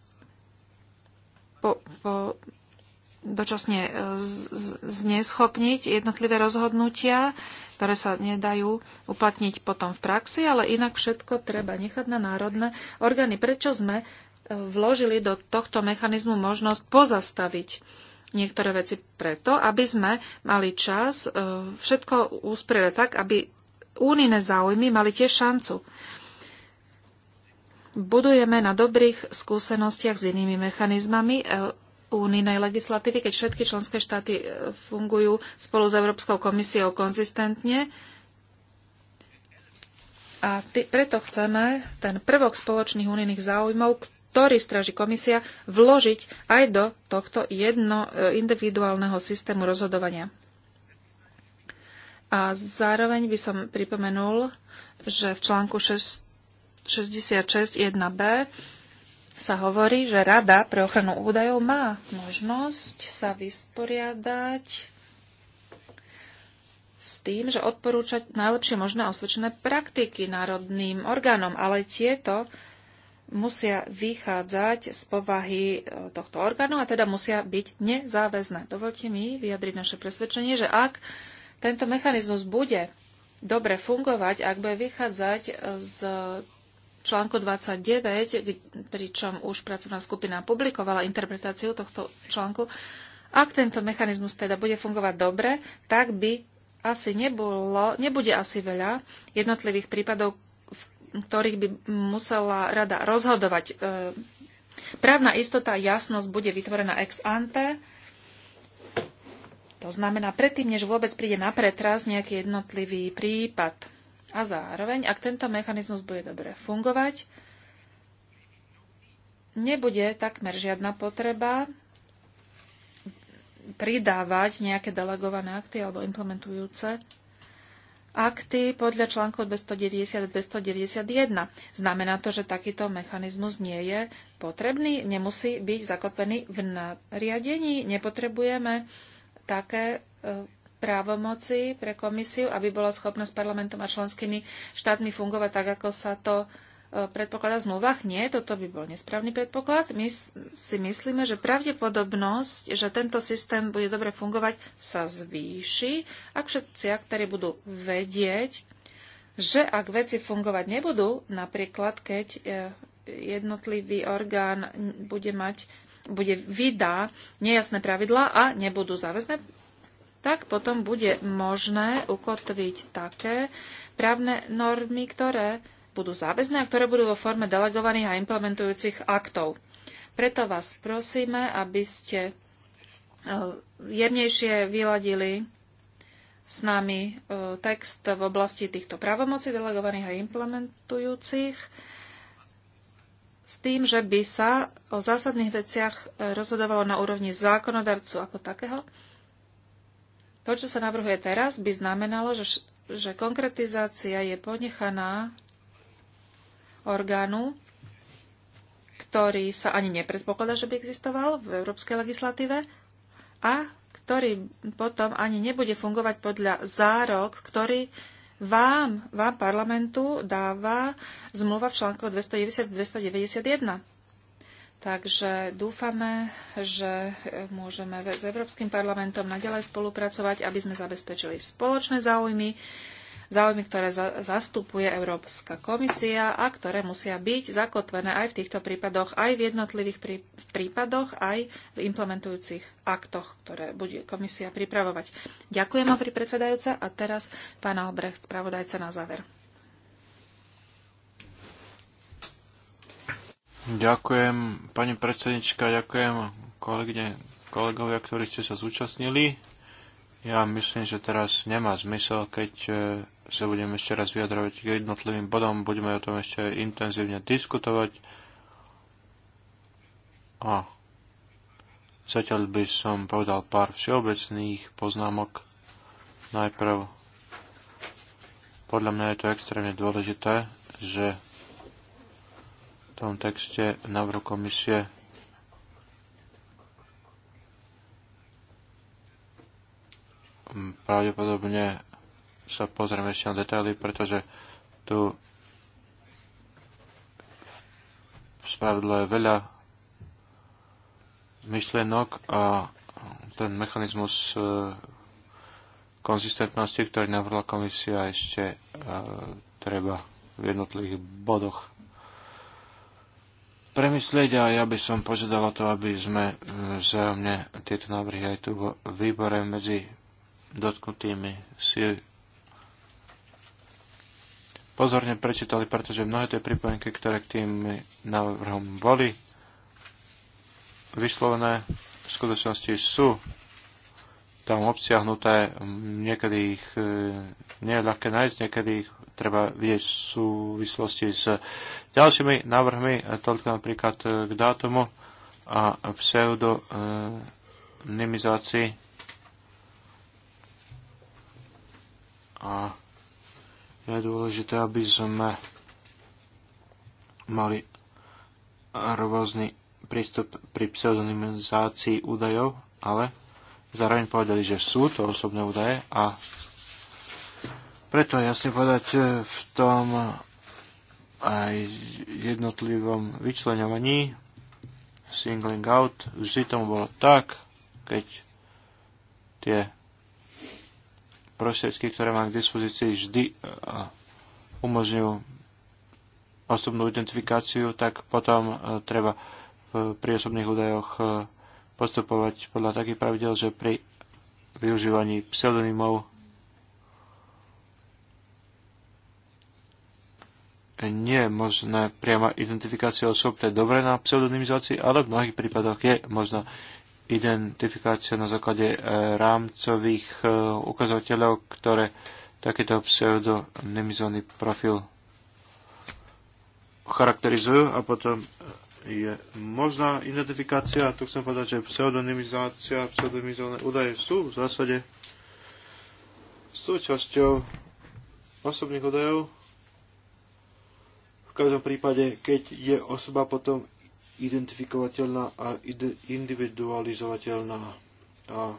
po, po, dočasne e, zneschopniť jednotlivé rozhodnutia, ktoré sa nedajú uplatniť potom v praxi, ale inak všetko treba nechať na národné orgány. Prečo sme e, vložili do tohto mechanizmu možnosť pozastaviť niektoré veci preto, aby sme mali čas e, všetko úsprieť tak, aby únine záujmy mali tiež šancu. Budujeme na dobrých skúsenostiach s inými mechanizmami únijnej legislatívy, keď všetky členské štáty e, fungujú spolu s Európskou komisiou konzistentne. A tý, preto chceme ten prvok spoločných unijných záujmov, ktorý straží komisia, vložiť aj do tohto jedno e, individuálneho systému rozhodovania. A zároveň by som pripomenul, že v článku 6, 66 1b sa hovorí, že Rada pre ochranu údajov má možnosť sa vysporiadať s tým, že odporúčať najlepšie možné osvedčené praktiky národným orgánom, ale tieto musia vychádzať z povahy e, tohto orgánu a teda musia byť nezáväzné. Dovolte mi vyjadriť naše presvedčenie, že ak tento mechanizmus bude dobre fungovať, ak bude vychádzať z článku 29, pričom už pracovná skupina publikovala interpretáciu tohto článku, ak tento mechanizmus teda bude fungovať dobre, tak by asi nebolo, nebude asi veľa jednotlivých prípadov, v ktorých by musela rada rozhodovať. E, právna istota a jasnosť bude vytvorená ex ante, to znamená, predtým, než vôbec príde na pretras nejaký jednotlivý prípad. A zároveň, ak tento mechanizmus bude dobre fungovať, nebude takmer žiadna potreba pridávať nejaké delegované akty alebo implementujúce akty podľa článkov 290 a 291. Znamená to, že takýto mechanizmus nie je potrebný, nemusí byť zakotvený v nariadení, nepotrebujeme také e, právomoci pre komisiu, aby bola schopná s parlamentom a členskými štátmi fungovať tak, ako sa to e, predpokladá v zmluvách. Nie, toto by bol nesprávny predpoklad. My si myslíme, že pravdepodobnosť, že tento systém bude dobre fungovať, sa zvýši, ak všetci aktéry budú vedieť, že ak veci fungovať nebudú, napríklad keď e, jednotlivý orgán bude mať bude vydá nejasné pravidlá a nebudú záväzné tak potom bude možné ukotviť také právne normy, ktoré budú záväzné a ktoré budú vo forme delegovaných a implementujúcich aktov. Preto vás prosíme, aby ste e, jemnejšie vyladili s nami e, text v oblasti týchto právomocí delegovaných a implementujúcich s tým, že by sa o zásadných veciach e, rozhodovalo na úrovni zákonodarcu ako takého to, čo sa navrhuje teraz, by znamenalo, že, že konkretizácia je ponechaná orgánu, ktorý sa ani nepredpokladá, že by existoval v európskej legislatíve a ktorý potom ani nebude fungovať podľa zárok, ktorý vám, vám parlamentu dáva zmluva v článku 290-291. Takže dúfame, že môžeme s Európskym parlamentom naďalej spolupracovať, aby sme zabezpečili spoločné záujmy, záujmy, ktoré za- zastupuje Európska komisia a ktoré musia byť zakotvené aj v týchto prípadoch, aj v jednotlivých prí- prípadoch, aj v implementujúcich aktoch, ktoré bude komisia pripravovať. Ďakujem, pri predsedajúca. A teraz pán Albrecht, spravodajca na záver. Ďakujem, pani predsednička, ďakujem kolegyne, kolegovia, ktorí ste sa zúčastnili. Ja myslím, že teraz nemá zmysel, keď e, sa budeme ešte raz vyjadrovať k jednotlivým bodom, budeme o tom ešte intenzívne diskutovať. A zatiaľ by som povedal pár všeobecných poznámok. Najprv, podľa mňa je to extrémne dôležité, že tom texte návrhu komisie pravdepodobne sa pozrieme ešte na detaily, pretože tu spravidlo je veľa myšlienok a ten mechanizmus e, konzistentnosti, ktorý navrhla komisia, ešte e, treba v jednotlivých bodoch premyslieť a ja by som požiadal o to, aby sme e, vzájomne tieto návrhy aj tu vo výbore medzi dotknutými si pozorne prečítali, pretože mnohé tie pripojenky, ktoré k tým návrhom boli vyslovené, v skutočnosti sú tam obsiahnuté. Niekedy ich e, nie je ľahké nájsť, niekedy ich treba vidieť v súvislosti s ďalšími návrhmi, toľko napríklad k dátumu a pseudonymizácii a je dôležité, aby sme mali rôzny prístup pri pseudonymizácii údajov, ale zároveň povedali, že sú to osobné údaje a preto jasne povedať e, v tom aj jednotlivom vyčlenovaní singling out, vždy tomu bolo tak, keď tie prostriedky, ktoré mám k dispozícii, vždy e, umožňujú osobnú identifikáciu, tak potom e, treba v osobných údajoch postupovať podľa takých pravidel, že pri využívaní pseudonymov nie je možné priama identifikácia osôb, to je dobré na pseudonymizácii, ale v mnohých prípadoch je možná identifikácia na základe e, rámcových e, ukazovateľov, ktoré takýto pseudonymizovaný profil charakterizujú a potom e, je možná identifikácia, a tu chcem povedať, že pseudonymizácia, a pseudonymizované údaje sú v zásade súčasťou osobných údajov, každom prípade, keď je osoba potom identifikovateľná a individualizovateľná. A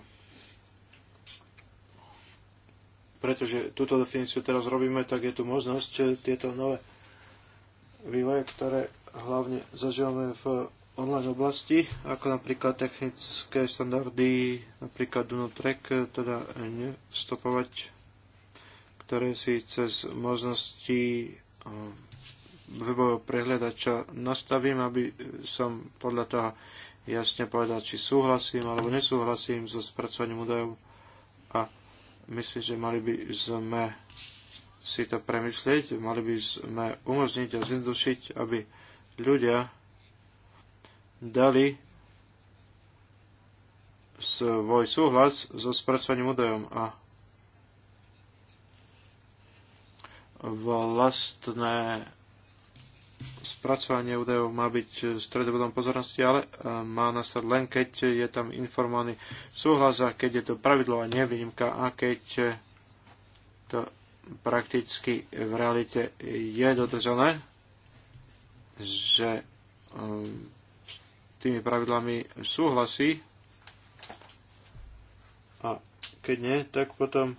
pretože túto definíciu teraz robíme, tak je tu možnosť tieto nové vývoje, ktoré hlavne zažívame v online oblasti, ako napríklad technické štandardy, napríklad Dunotrek, teda nestopovať, ktoré si cez možnosti webového prehľadača nastavím, aby som podľa toho jasne povedal, či súhlasím alebo nesúhlasím so spracovaním údajov a myslím, že mali by sme si to premyslieť, mali by sme umožniť a zjednodušiť, aby ľudia dali svoj súhlas so spracovaním údajom a vlastné spracovanie údajov má byť stredobodom pozornosti, ale e, má nastať len, keď je tam informovaný súhlas a keď je to pravidlová nevýnimka a keď to prakticky v realite je dodržané, že e, s tými pravidlami súhlasí a keď nie, tak potom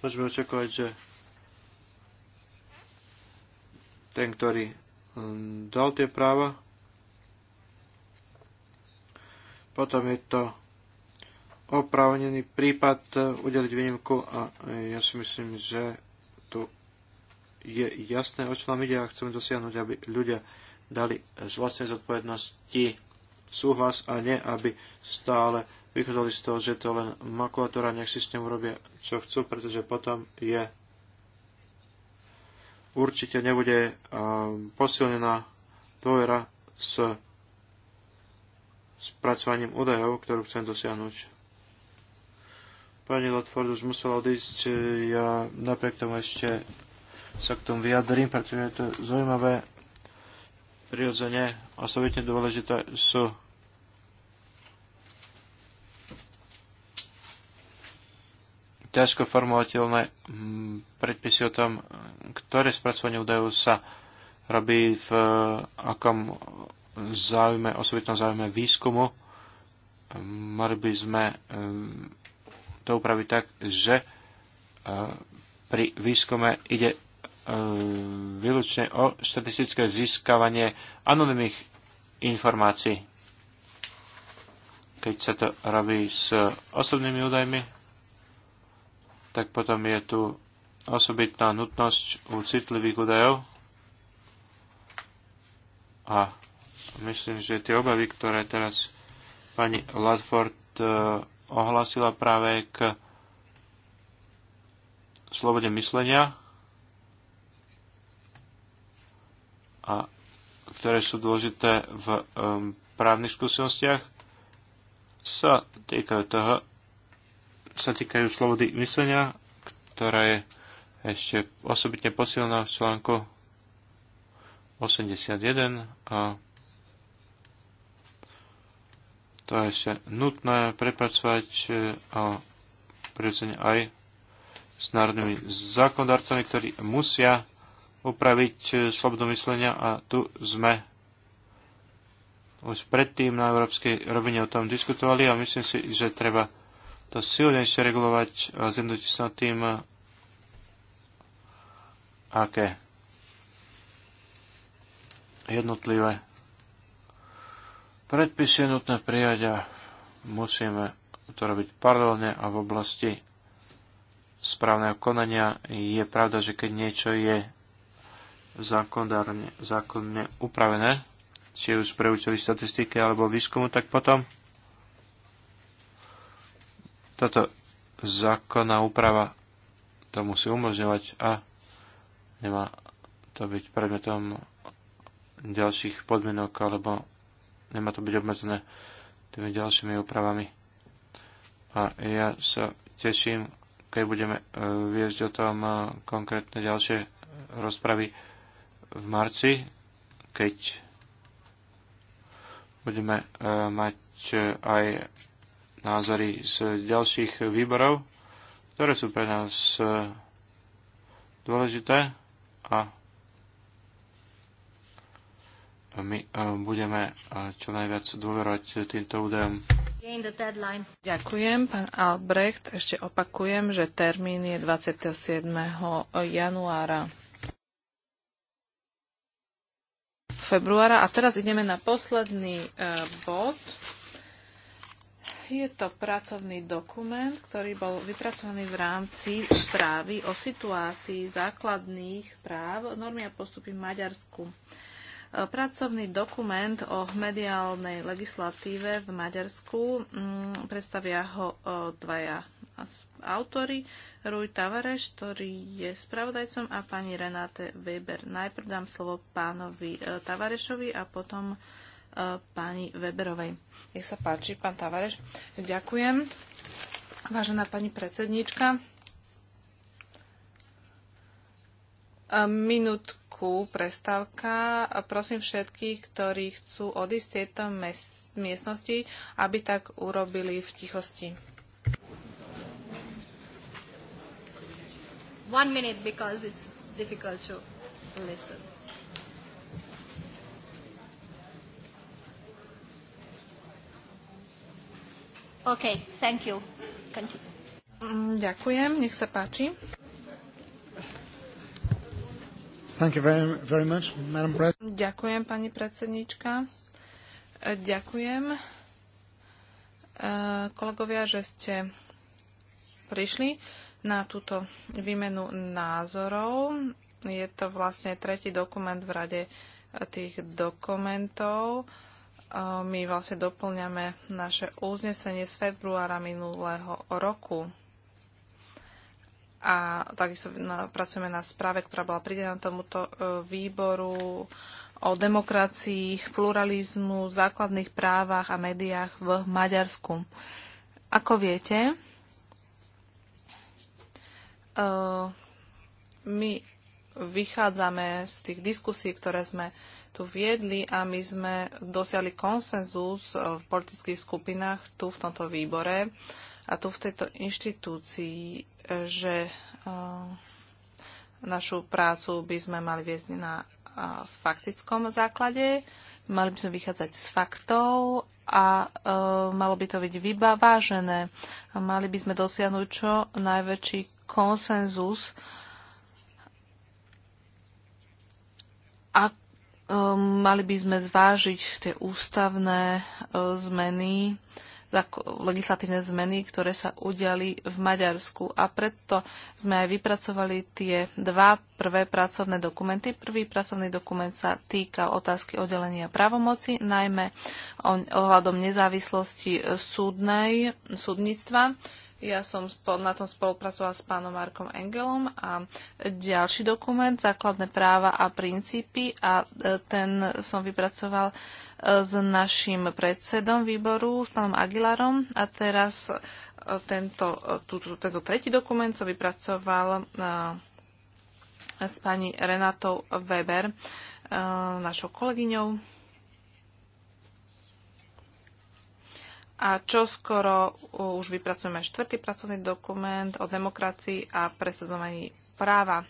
môžeme očakovať, že ten, ktorý Hm, dal tie práva. Potom je to oprávnený prípad e, udeliť výnimku a e, ja si myslím, že tu je jasné, o čo nám ide a chceme dosiahnuť, aby ľudia dali z vlastnej zodpovednosti súhlas a nie, aby stále vychádzali z toho, že to len makulatúra, nech si s ňou robia, čo chcú, pretože potom je určite nebude eh, posilnená dôvera s spracovaním údajov, ktorú chcem dosiahnuť. Pani Lotford už musela odísť, eh, ja napriek tomu ešte sa k tomu vyjadrím, pretože je to zaujímavé. Prirodzene osobitne dôležité sú ťažko formovateľné mm, predpisy o tom, ktoré spracovanie údajov sa robí v eh, akom záujme, osobitnom záujme výskumu. Mm, mali by sme eh, to upraviť tak, že eh, pri výskume ide výlučne o štatistické získavanie anonimných informácií, keď sa to robí s osobnými údajmi tak potom je tu osobitná nutnosť u citlivých údajov a myslím, že tie obavy, ktoré teraz pani Ladford e, ohlasila práve k slobode myslenia a ktoré sú dôležité v um, právnych skúsenostiach, sa týkajú toho, sa týkajú slobody myslenia, ktorá je ešte osobitne posilná v článku 81 a to je ešte nutné prepracovať e, a prirodzene aj s národnými zákonodarcami, ktorí musia upraviť e, slobodu myslenia a tu sme už predtým na európskej rovine o tom diskutovali a myslím si, že treba to silnejšie regulovať a e, zjednotiť sa tým, e, aké jednotlivé predpisy je nutné prijať a musíme to robiť paralelne a v oblasti správneho konania je pravda, že keď niečo je zákonne upravené, či už pre účely štatistiky alebo výskumu, tak potom táto zákonná úprava to musí umožňovať a nemá to byť predmetom ďalších podmienok alebo nemá to byť obmedzené tými ďalšími úpravami. A ja sa teším, keď budeme e, viesť o tom e, konkrétne ďalšie rozpravy v marci, keď budeme e, mať aj názory z ďalších výborov, ktoré sú pre nás e, dôležité a my e, budeme e, čo najviac dôverovať týmto údajom. Ďakujem, pán Albrecht. Ešte opakujem, že termín je 27. januára februára. A teraz ideme na posledný bod je to pracovný dokument, ktorý bol vypracovaný v rámci správy o situácii základných práv, normy a postupy v Maďarsku. E, pracovný dokument o mediálnej legislatíve v Maďarsku mm, predstavia ho e, dvaja autory, Rúj Tavareš, ktorý je spravodajcom, a pani Renate Weber. Najprv dám slovo pánovi e, Tavarešovi a potom pani Weberovej. Nech sa páči, pán Tavareš. Ďakujem. Vážená pani predsedníčka, minútku prestávka. Prosím všetkých, ktorí chcú odísť z tejto miestnosti, aby tak urobili v tichosti. One minute because it's difficult to listen. OK, thank you. Continue. Mm, ďakujem, nech sa páči. Thank you very, very much, Madam Ďakujem, pani predsedníčka. E, ďakujem, e, kolegovia, že ste prišli na túto výmenu názorov. Je to vlastne tretí dokument v rade e, tých dokumentov my vlastne doplňame naše uznesenie z februára minulého roku. A takisto pracujeme na správe, ktorá bola pridená tomuto e, výboru o demokracii, pluralizmu, základných právach a médiách v Maďarsku. Ako viete, e, my vychádzame z tých diskusí, ktoré sme tu viedli a my sme dosiahli konsenzus v politických skupinách tu v tomto výbore a tu v tejto inštitúcii, že našu prácu by sme mali viesť na faktickom základe, mali by sme vychádzať z faktov a e, malo by to byť vybavážené. Mali by sme dosiahnuť čo najväčší konsenzus, A Um, mali by sme zvážiť tie ústavné uh, zmeny, legislatívne zmeny, ktoré sa udiali v Maďarsku. A preto sme aj vypracovali tie dva prvé pracovné dokumenty. Prvý pracovný dokument sa týka otázky oddelenia právomoci, najmä ohľadom nezávislosti eh, súdnej, súdnictva ja som na tom spolupracovala s pánom Markom Engelom a ďalší dokument, základné práva a princípy a e, ten som vypracoval e, s našim predsedom výboru, s pánom Aguilarom a teraz e, tento, túto, tento tretí dokument som vypracoval s pani Renatou Weber, našou kolegyňou A čo skoro už vypracujeme štvrtý pracovný dokument o demokracii a presadzovaní práva.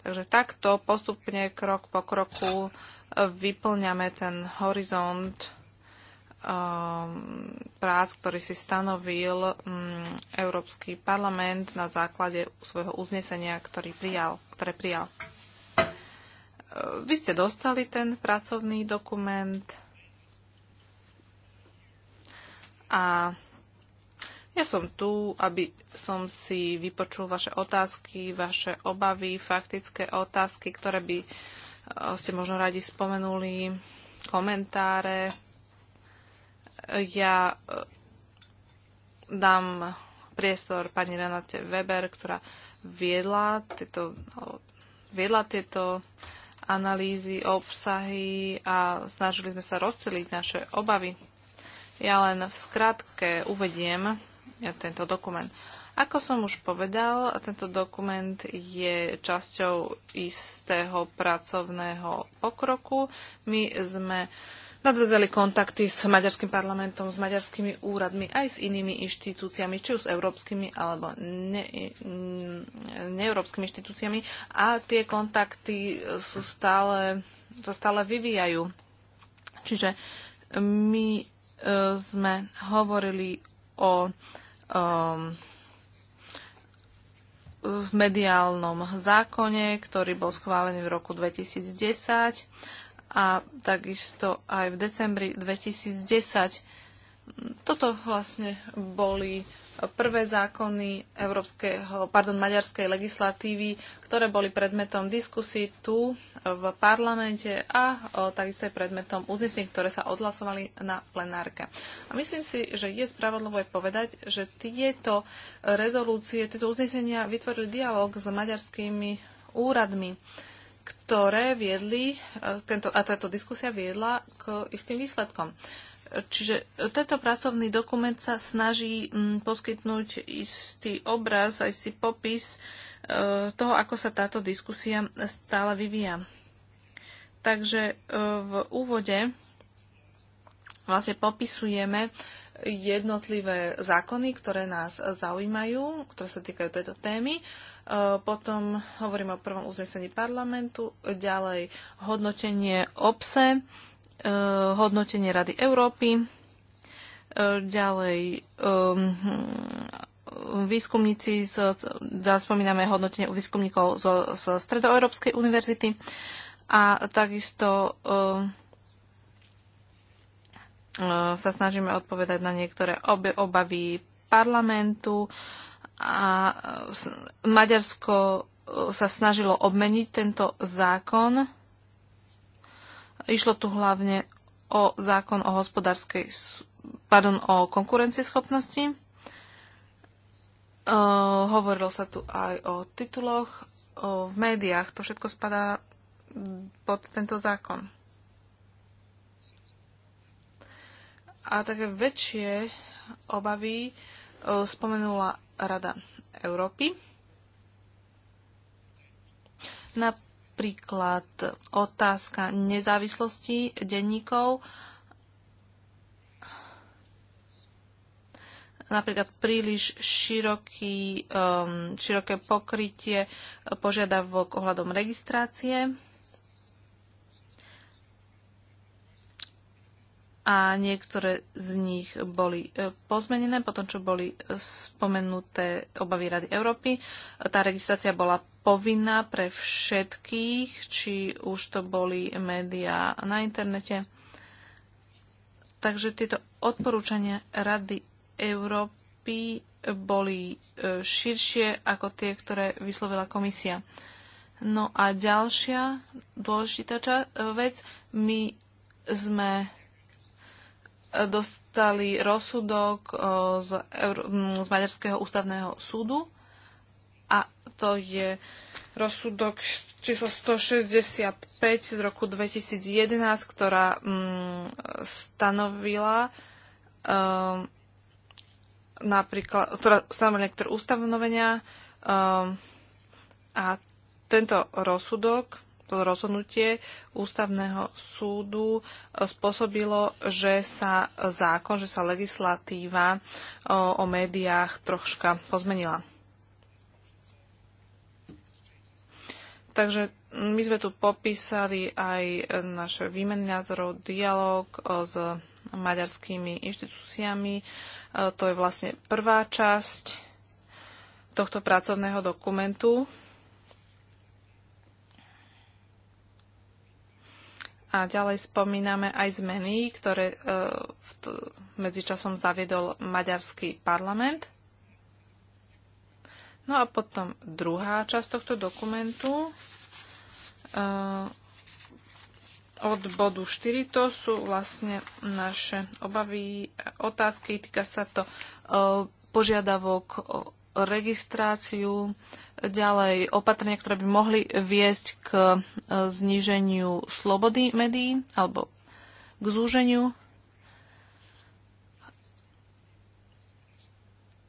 Takže takto postupne, krok po kroku, vyplňame ten horizont um, prác, ktorý si stanovil um, Európsky parlament na základe svojho uznesenia, ktorý prijal, ktoré prijal. Uh, vy ste dostali ten pracovný dokument a ja som tu, aby som si vypočul vaše otázky, vaše obavy, faktické otázky, ktoré by e, ste možno radi spomenuli, komentáre. Ja e, dám priestor pani Renate Weber, ktorá viedla tieto, viedla tieto analýzy, obsahy a snažili sme sa rozceliť naše obavy. Ja len v skratke uvediem tento dokument. Ako som už povedal, tento dokument je časťou istého pracovného pokroku. My sme nadvezali kontakty s maďarským parlamentom, s maďarskými úradmi, aj s inými inštitúciami, či už s európskymi alebo ne, neeurópskymi inštitúciami. A tie kontakty sú stále, sa stále vyvíjajú. Čiže my Eh, sme hovorili o um, v mediálnom zákone, ktorý bol schválený v roku 2010 a takisto aj v decembri 2010. Toto vlastne boli prvé zákony európskeho, pardon, maďarskej legislatívy, ktoré boli predmetom diskusí tu v parlamente a o, takisto aj predmetom uznesení, ktoré sa odhlasovali na plenárke. A myslím si, že je spravodlivé povedať, že tieto rezolúcie, tieto uznesenia vytvorili dialog s maďarskými úradmi ktoré viedli, e, tento, a táto diskusia viedla k istým výsledkom. Čiže tento pracovný dokument sa snaží mm, poskytnúť istý obraz a istý popis e, toho, ako sa táto diskusia stále vyvíja. Takže e, v úvode vlastne popisujeme jednotlivé zákony, ktoré nás zaujímajú, ktoré sa týkajú tejto témy. E, potom hovorím o prvom uznesení parlamentu, ďalej hodnotenie obse, Eh, hodnotenie Rady Európy, eh, ďalej ehm, výskumníci, z, da spomíname hodnotenie výskumníkov zo, zo Stredoeurópskej univerzity a takisto ehm, eh, sa snažíme odpovedať na niektoré obavy parlamentu a Maďarsko sa snažilo obmeniť tento zákon Išlo tu hlavne o zákon o hospodárskej, pardon, o konkurencieschopnosti. E, hovorilo sa tu aj o tituloch, o, v médiách. To všetko spadá pod tento zákon. A také väčšie obavy e, spomenula Rada Európy. Na Napríklad otázka nezávislosti denníkov, napríklad príliš široký, um, široké pokrytie požiadavok ohľadom registrácie a niektoré z nich boli e, pozmenené potom, čo boli spomenuté obavy Rady Európy. Tá registrácia bola povinná pre všetkých, či už to boli médiá na internete. Takže tieto odporúčania Rady Európy boli e, širšie ako tie, ktoré vyslovila komisia. No a ďalšia dôležitá vec, my sme dostali rozsudok e, z, z Maďarského ústavného súdu a to je rozsudok číslo 165 z roku 2011, ktorá mm, stanovila um, napríklad, ktorá stanovila niektoré ustanovenia um, a tento rozsudok to rozhodnutie ústavného súdu e, spôsobilo, že sa zákon, že sa legislatíva o, e, o médiách troška pozmenila. Takže my sme tu popísali aj naše výmeny názorov, dialog e, s maďarskými inštitúciami. E, to je vlastne prvá časť tohto pracovného dokumentu. A ďalej spomíname aj zmeny, ktoré e, medzičasom zaviedol maďarský parlament. No a potom druhá časť tohto dokumentu eh, od bodu 4 to sú vlastne naše obavy, otázky, týka sa to eh, požiadavok o registráciu, ďalej opatrenia, ktoré by mohli viesť k eh, zníženiu slobody médií alebo k zúženiu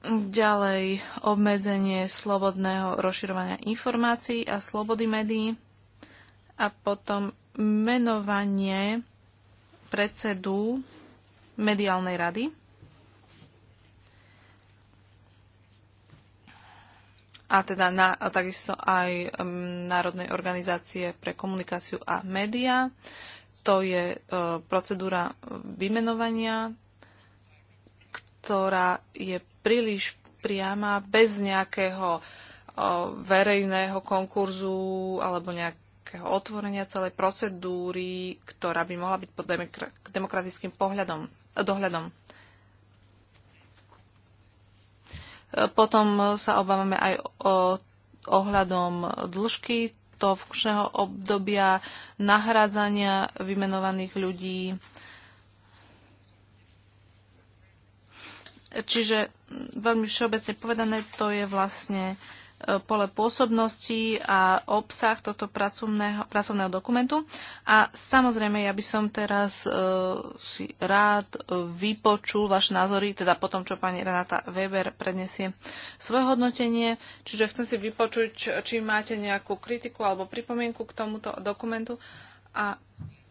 Ďalej obmedzenie slobodného rozširovania informácií a slobody médií a potom menovanie predsedu mediálnej rady. A teda na, a takisto aj um, Národnej organizácie pre komunikáciu a médiá, To je uh, procedúra vymenovania ktorá je príliš priama, bez nejakého verejného konkurzu alebo nejakého otvorenia celej procedúry, ktorá by mohla byť pod demokratickým pohľadom, dohľadom. Potom sa obávame aj o, ohľadom dĺžky toho funkčného obdobia, nahrádzania vymenovaných ľudí, Čiže mm, veľmi všeobecne povedané, to je vlastne e, pole pôsobnosti a obsah tohto pracovného, pracovného dokumentu. A samozrejme, ja by som teraz e, si rád vypočul vaše názory, teda po tom, čo pani Renata Weber prednesie svoje hodnotenie. Čiže chcem si vypočuť, či máte nejakú kritiku alebo pripomienku k tomuto dokumentu. A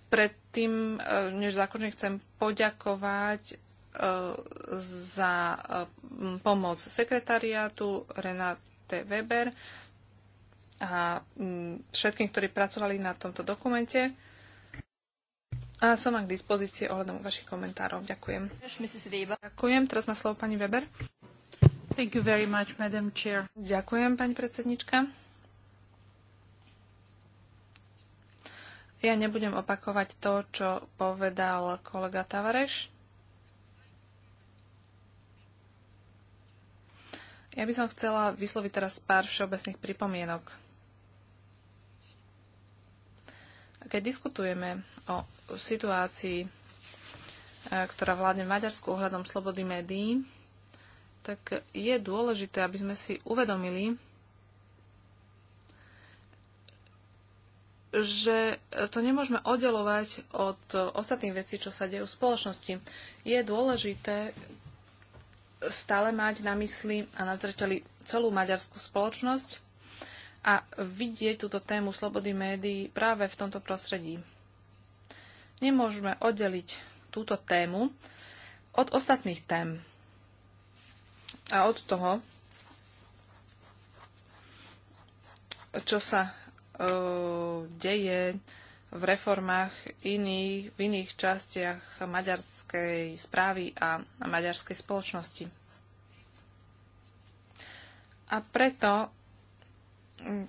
predtým, e, než zakončím, chcem poďakovať za pomoc sekretariátu Renate Weber a všetkým, ktorí pracovali na tomto dokumente. A som vám k dispozícii ohľadom vašich komentárov. Ďakujem. Ďakujem. Teraz má slovo pani Weber. Thank you very much, Madam Chair. Ďakujem, pani predsednička. Ja nebudem opakovať to, čo povedal kolega Tavareš. Ja by som chcela vysloviť teraz pár všeobecných pripomienok. Keď diskutujeme o situácii, e, ktorá vládne v Maďarsku ohľadom slobody médií, tak je dôležité, aby sme si uvedomili, že to nemôžeme oddelovať od ostatných vecí, čo sa dejú v spoločnosti. Je dôležité stále mať na mysli a na zreteli celú maďarskú spoločnosť a vidieť túto tému slobody médií práve v tomto prostredí. Nemôžeme oddeliť túto tému od ostatných tém a od toho, čo sa e, deje v reformách iných, v iných častiach maďarskej správy a maďarskej spoločnosti. A preto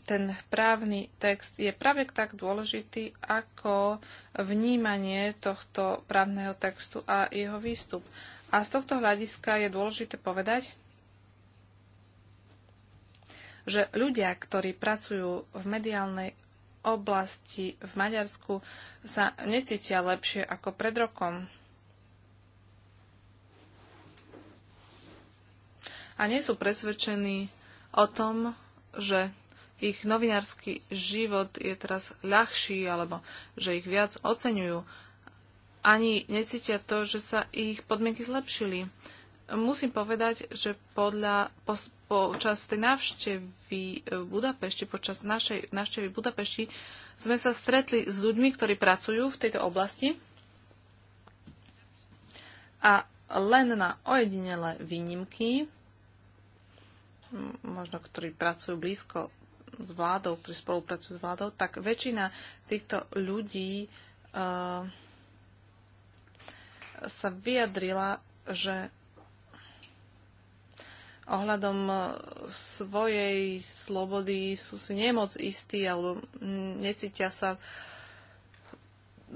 ten právny text je práve tak dôležitý ako vnímanie tohto právneho textu a jeho výstup. A z tohto hľadiska je dôležité povedať, že ľudia, ktorí pracujú v mediálnej oblasti v Maďarsku sa necítia lepšie ako pred rokom. A nie sú presvedčení o tom, že ich novinársky život je teraz ľahší alebo že ich viac oceňujú. Ani necítia to, že sa ich podmienky zlepšili. Musím povedať, že podľa, po, počas tej návštevy v e, Budapešti, počas našej návštevy v Budapešti, sme sa stretli s ľuďmi, ktorí pracujú v tejto oblasti a len na ojedinelé výnimky, možno ktorí pracujú blízko s vládou, ktorí spolupracujú s vládou, tak väčšina týchto ľudí uh, sa vyjadrila, že ohľadom e, svojej slobody sú si nemoc istí alebo mm, necítia sa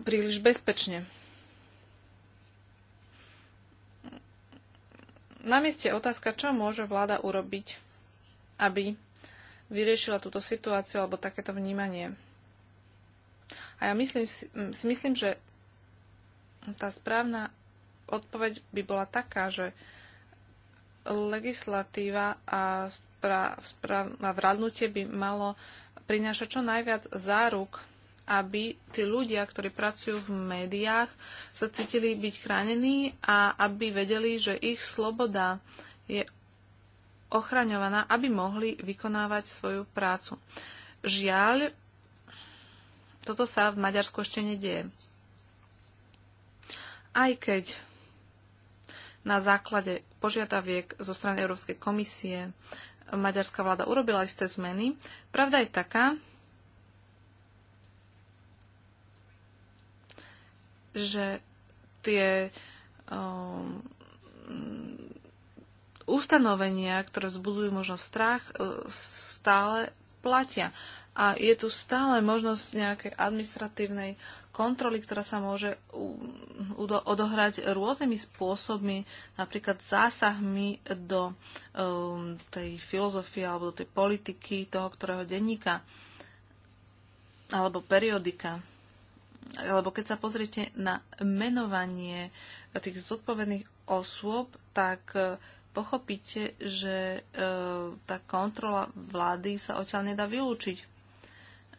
príliš bezpečne. Na mieste otázka, čo môže vláda urobiť, aby vyriešila túto situáciu alebo takéto vnímanie. A ja myslím, si myslím, že tá správna odpoveď by bola taká, že legislatíva a spra- vradnutie by malo prinášať čo najviac záruk, aby tí ľudia, ktorí pracujú v médiách, sa cítili byť chránení a aby vedeli, že ich sloboda je ochraňovaná, aby mohli vykonávať svoju prácu. Žiaľ, toto sa v Maďarsku ešte nedieje. Aj keď na základe požiadaviek zo strany Európskej komisie maďarská vláda urobila isté zmeny. Pravda je taká, že tie um, ustanovenia, ktoré zbudujú možno strach, uh, stále platia. A je tu stále možnosť nejakej administratívnej kontroly, ktorá sa môže odohrať rôznymi spôsobmi, napríklad zásahmi do um, tej filozofie alebo do tej politiky toho, ktorého denníka alebo periodika. Lebo keď sa pozriete na menovanie tých zodpovedných osôb, tak e, pochopíte, že e, tá kontrola vlády sa odtiaľ nedá vylúčiť.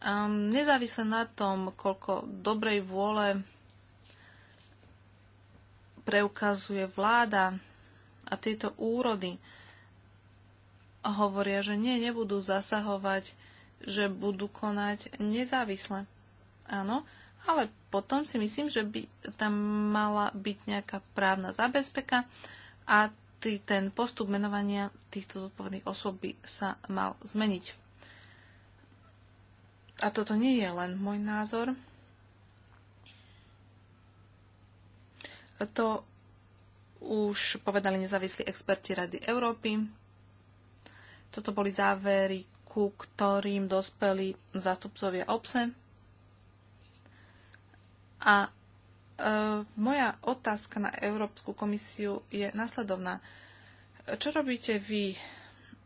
Um, nezávisle na tom, koľko dobrej vôle preukazuje vláda a tieto úrody hovoria, že nie, nebudú zasahovať, že budú konať nezávisle. Áno, ale potom si myslím, že by tam mala byť nejaká právna zabezpeka a ten postup menovania týchto zodpovedných osôb by sa mal zmeniť a toto nie je len môj názor, to už povedali nezávislí experti Rady Európy. Toto boli závery, ku ktorým dospeli zástupcovia obse. A e, moja otázka na Európsku komisiu je nasledovná. Čo robíte vy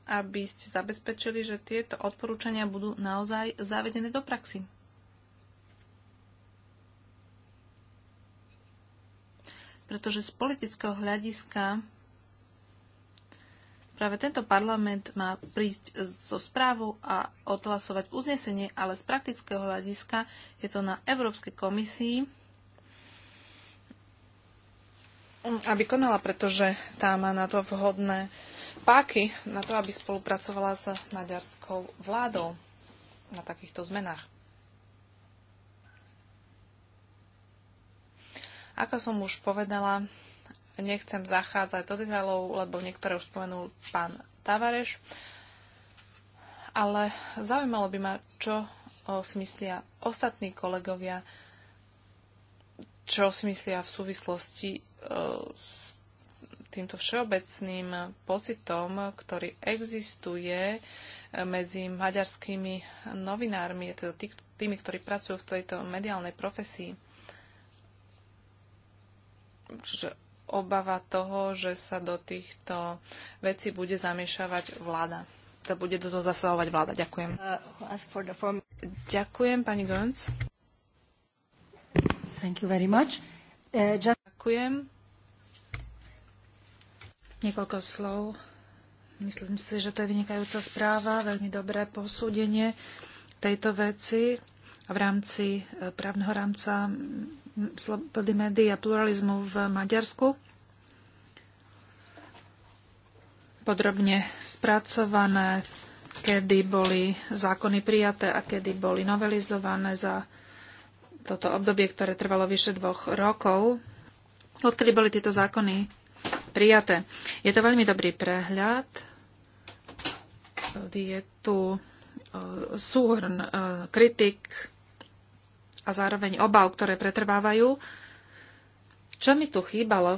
aby ste zabezpečili, že tieto odporúčania budú naozaj zavedené do praxi. Pretože z politického hľadiska práve tento parlament má prísť so správou a odhlasovať uznesenie, ale z praktického hľadiska je to na Európskej komisii, aby konala, pretože tá má na to vhodné páky na to, aby spolupracovala s maďarskou vládou na takýchto zmenách. Ako som už povedala, nechcem zachádzať do detailov, lebo niektoré už spomenul pán Tavareš, ale zaujímalo by ma, čo si myslia ostatní kolegovia, čo si myslia v súvislosti s týmto všeobecným pocitom, ktorý existuje eh, medzi maďarskými novinármi, teda tými, ktorí pracujú v tejto mediálnej profesii. Čiže obava toho, že sa do týchto vecí bude zamiešavať vláda. To teda bude do toho zasahovať vláda. Ďakujem. Uh, Ďakujem, pani Gönc. Thank you very much. Uh, just... Ďakujem. Niekoľko slov. Myslím si, že to je vynikajúca správa, veľmi dobré posúdenie tejto veci v rámci e, právneho rámca slobody médií a pluralizmu v Maďarsku. Podrobne spracované, kedy boli zákony prijaté a kedy boli novelizované za toto obdobie, ktoré trvalo vyše dvoch rokov. Odkedy boli tieto zákony prijaté. Je to veľmi dobrý prehľad. Je tu e, súhrn e, kritik a zároveň obav, ktoré pretrvávajú. Čo mi tu chýbalo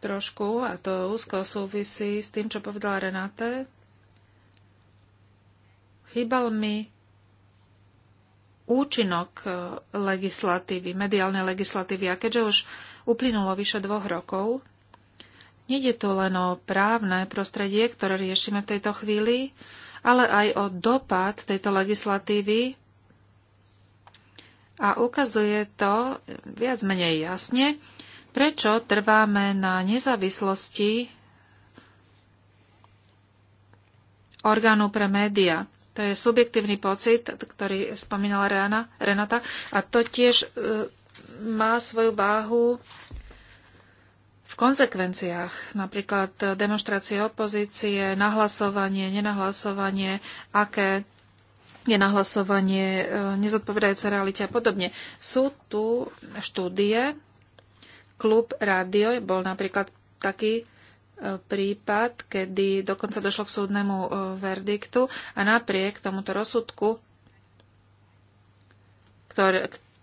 trošku, a to úzko súvisí s tým, čo povedala Renate, chýbal mi účinok e, legislatívy, mediálnej legislatívy. A keďže už uplynulo vyše dvoch rokov, Nede to len o právne prostredie, ktoré riešime v tejto chvíli, ale aj o dopad tejto legislatívy a ukazuje to viac menej jasne, prečo trváme na nezávislosti orgánu pre média. To je subjektívny pocit, ktorý spomínala Renata a to tiež e, má svoju váhu konsekvenciách, napríklad demonstrácie opozície, nahlasovanie, nenahlasovanie, aké je nahlasovanie e, nezodpovedajúce realite a podobne. Sú tu štúdie, klub rádio bol napríklad taký e, prípad, kedy dokonca došlo k súdnemu e, verdiktu a napriek tomuto rozsudku,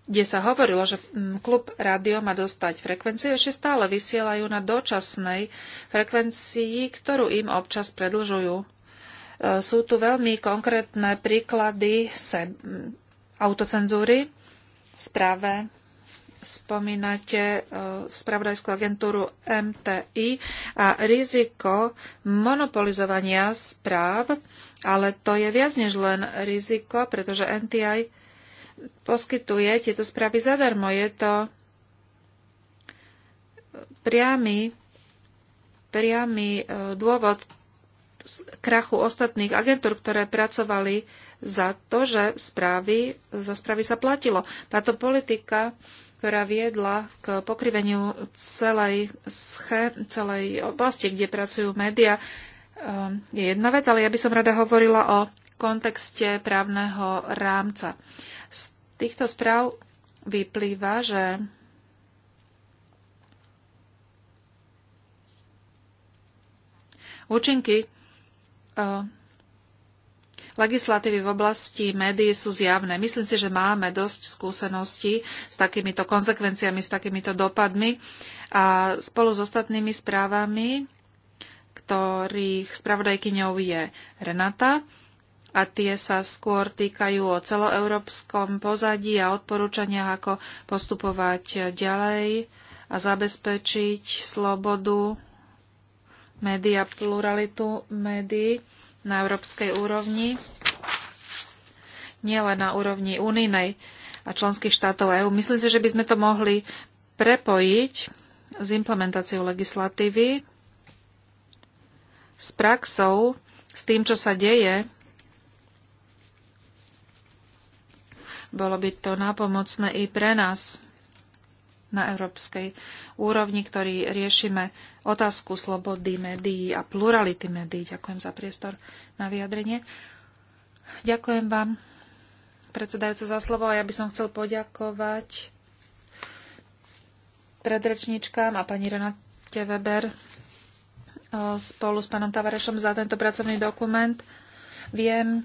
kde sa hovorilo, že mm, klub rádio má dostať frekvenciu, ešte stále vysielajú na dočasnej frekvencii, ktorú im občas predlžujú. E, sú tu veľmi konkrétne príklady se autocenzúry. V správe spomínate e, spravodajskú agentúru MTI a riziko monopolizovania správ, ale to je viac než len riziko, pretože NTI poskytuje tieto správy zadarmo. Je to priamy, priamy e, dôvod krachu ostatných agentúr, ktoré pracovali za to, že správy, za správy sa platilo. Táto politika, ktorá viedla k pokriveniu celej, sche, celej oblasti, kde pracujú médiá, e, je jedna vec, ale ja by som rada hovorila o kontexte právneho rámca týchto správ vyplýva, že účinky e, legislatívy v oblasti médií sú zjavné. Myslím si, že máme dosť skúseností s takýmito konsekvenciami, s takýmito dopadmi a spolu s ostatnými správami, ktorých spravodajkyňou je Renata, a tie sa skôr týkajú o celoeurópskom pozadí a odporúčaniach, ako postupovať ďalej a zabezpečiť slobodu médií a pluralitu médií na európskej úrovni, nielen na úrovni únijnej a členských štátov EÚ. Myslím si, že by sme to mohli prepojiť s implementáciou legislatívy, s praxou, s tým, čo sa deje Bolo by to napomocné i pre nás na európskej úrovni, ktorý riešime otázku slobody médií a plurality médií. Ďakujem za priestor na vyjadrenie. Ďakujem vám, predsedajúce, za slovo a ja by som chcel poďakovať predrečníčkám a pani Renate Weber eh, spolu s pánom Tavarešom za tento pracovný dokument. Viem,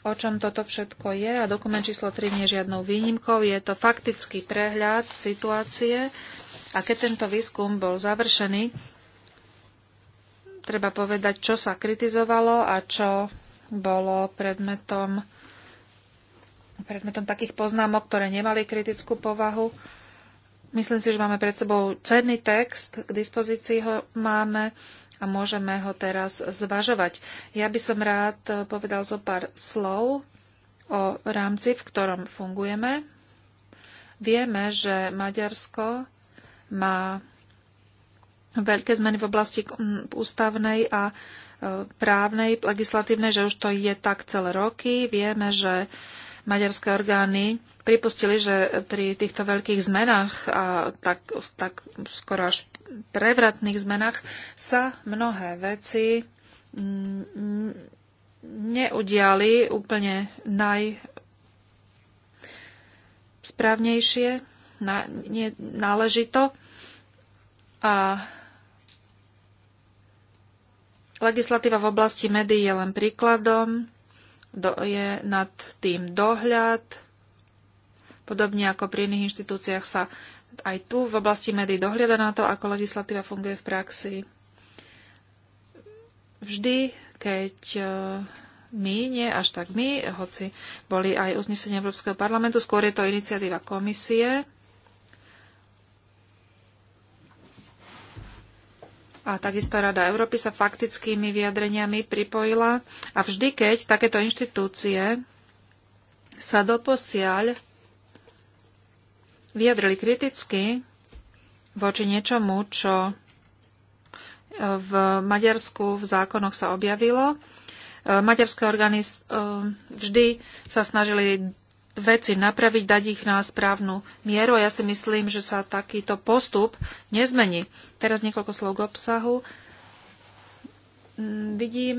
o čom toto všetko je a dokument číslo 3 nie je žiadnou výnimkou. Je to faktický prehľad situácie a keď tento výskum bol završený, treba povedať, čo sa kritizovalo a čo bolo predmetom, predmetom takých poznámok, ktoré nemali kritickú povahu. Myslím si, že máme pred sebou cenný text, k dispozícii ho máme a môžeme ho teraz zvažovať. Ja by som rád povedal zo pár slov o rámci, v ktorom fungujeme. Vieme, že Maďarsko má veľké zmeny v oblasti ústavnej a e, právnej, legislatívnej, že už to je tak celé roky. Vieme, že maďarské orgány pripustili, že pri týchto veľkých zmenách a tak, tak skoro až prevratných zmenách sa mnohé veci mm, neudiali úplne najsprávnejšie, na, nie, náležito a legislatíva v oblasti médií je len príkladom, do, je nad tým dohľad, Podobne ako pri iných inštitúciách sa aj tu v oblasti médií dohliada na to, ako legislatíva funguje v praxi. Vždy, keď e, my, nie až tak my, hoci boli aj uznesenia Európskeho parlamentu, skôr je to iniciatíva komisie. A takisto Rada Európy sa faktickými vyjadreniami pripojila. A vždy, keď takéto inštitúcie sa doposiaľ vyjadrili kriticky voči niečomu, čo e, v Maďarsku v zákonoch sa objavilo. E, maďarské orgány e, vždy sa snažili veci napraviť, dať ich na správnu mieru a ja si myslím, že sa takýto postup nezmení. Teraz niekoľko slov k obsahu. Mm, vidím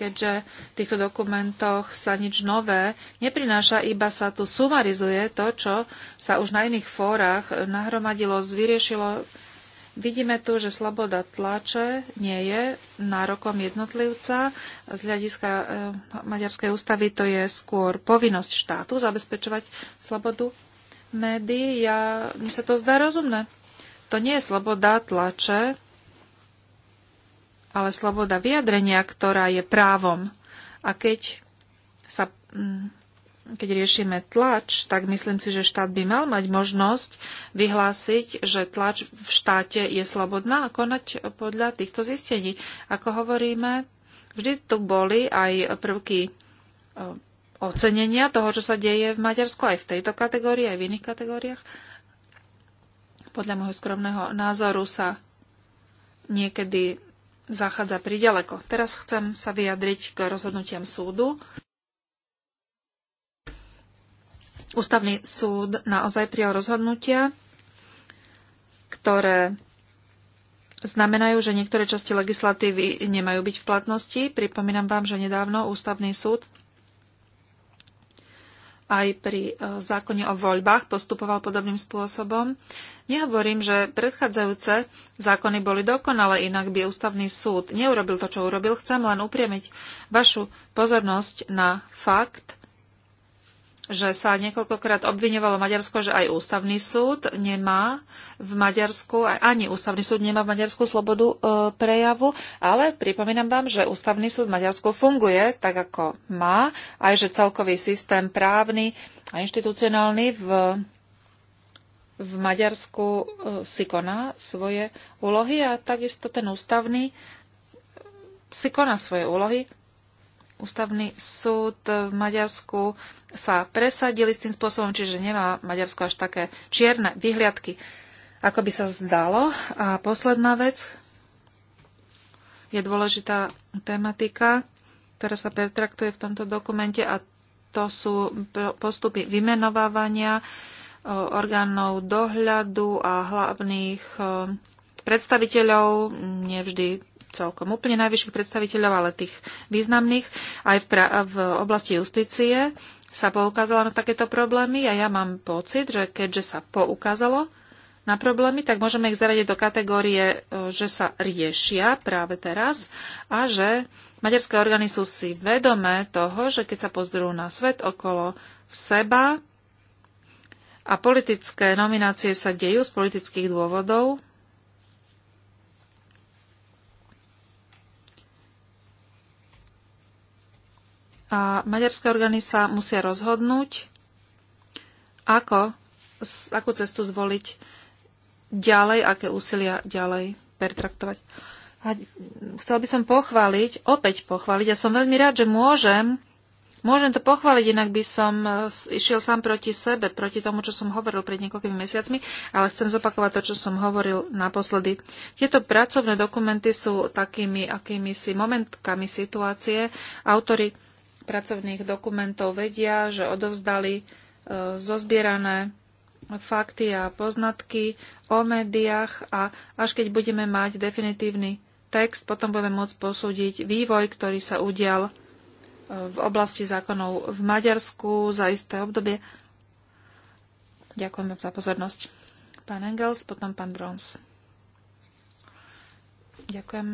keďže v týchto dokumentoch sa nič nové neprináša, iba sa tu sumarizuje to, čo sa už na iných fórach nahromadilo, zvyriešilo. Vidíme tu, že sloboda tlače nie je nárokom jednotlivca. Z hľadiska eh, Maďarskej ústavy to je skôr povinnosť štátu zabezpečovať slobodu médií. Ja, mi sa to zdá rozumné. To nie je sloboda tlače, ale sloboda vyjadrenia, ktorá je právom. A keď, sa, mm, keď riešime tlač, tak myslím si, že štát by mal mať možnosť vyhlásiť, že tlač v štáte je slobodná a konať podľa týchto zistení. Ako hovoríme, vždy tu boli aj prvky e, ocenenia toho, čo sa deje v Maďarsku aj v tejto kategórii, aj v iných kategóriách. Podľa môjho skromného názoru sa niekedy zachádza priďaleko. Teraz chcem sa vyjadriť k rozhodnutiam súdu. Ústavný súd naozaj prijal rozhodnutia, ktoré znamenajú, že niektoré časti legislatívy nemajú byť v platnosti. Pripomínam vám, že nedávno Ústavný súd aj pri eh, zákone o voľbách postupoval podobným spôsobom. Nehovorím, že predchádzajúce zákony boli dokonale, inak by ústavný súd neurobil to, čo urobil. Chcem len upriemiť vašu pozornosť na fakt, že sa niekoľkokrát obviňovalo Maďarsko, že aj ústavný súd nemá v Maďarsku, ani ústavný súd nemá v Maďarsku slobodu e, prejavu, ale pripomínam vám, že ústavný súd v Maďarsku funguje tak, ako má, aj že celkový systém právny a inštitucionálny v v Maďarsku e, si koná svoje úlohy a takisto ten ústavný si koná svoje úlohy. Ústavný súd v Maďarsku sa presadili s tým spôsobom, čiže nemá Maďarsko až také čierne vyhliadky, ako by sa zdalo. A posledná vec je dôležitá tematika, ktorá sa pretraktuje v tomto dokumente a to sú postupy vymenovávania orgánov dohľadu a hlavných predstaviteľov, nevždy celkom úplne najvyšších predstaviteľov, ale tých významných, aj v, v oblasti justície sa poukázalo na takéto problémy a ja mám pocit, že keďže sa poukázalo na problémy, tak môžeme ich zaradiť do kategórie, e, že sa riešia práve teraz a že maďarské orgány sú si vedomé toho, že keď sa pozrú na svet okolo seba, a politické nominácie sa dejú z politických dôvodov. A maďarské orgány sa musia rozhodnúť, ako, akú cestu zvoliť ďalej, aké úsilia ďalej pertraktovať. A chcel by som pochváliť, opäť pochváliť, ja som veľmi rád, že môžem Môžem to pochváliť, inak by som e, išiel sám proti sebe, proti tomu, čo som hovoril pred niekoľkými mesiacmi, ale chcem zopakovať to, čo som hovoril naposledy. Tieto pracovné dokumenty sú takými akými si momentkami situácie. Autory pracovných dokumentov vedia, že odovzdali e, zozbierané fakty a poznatky o médiách a až keď budeme mať definitívny text, potom budeme môcť posúdiť vývoj, ktorý sa udial v oblasti zákonov v Maďarsku za isté obdobie. Ďakujem za pozornosť. Pán Engels, potom pán Brons. Ďakujem,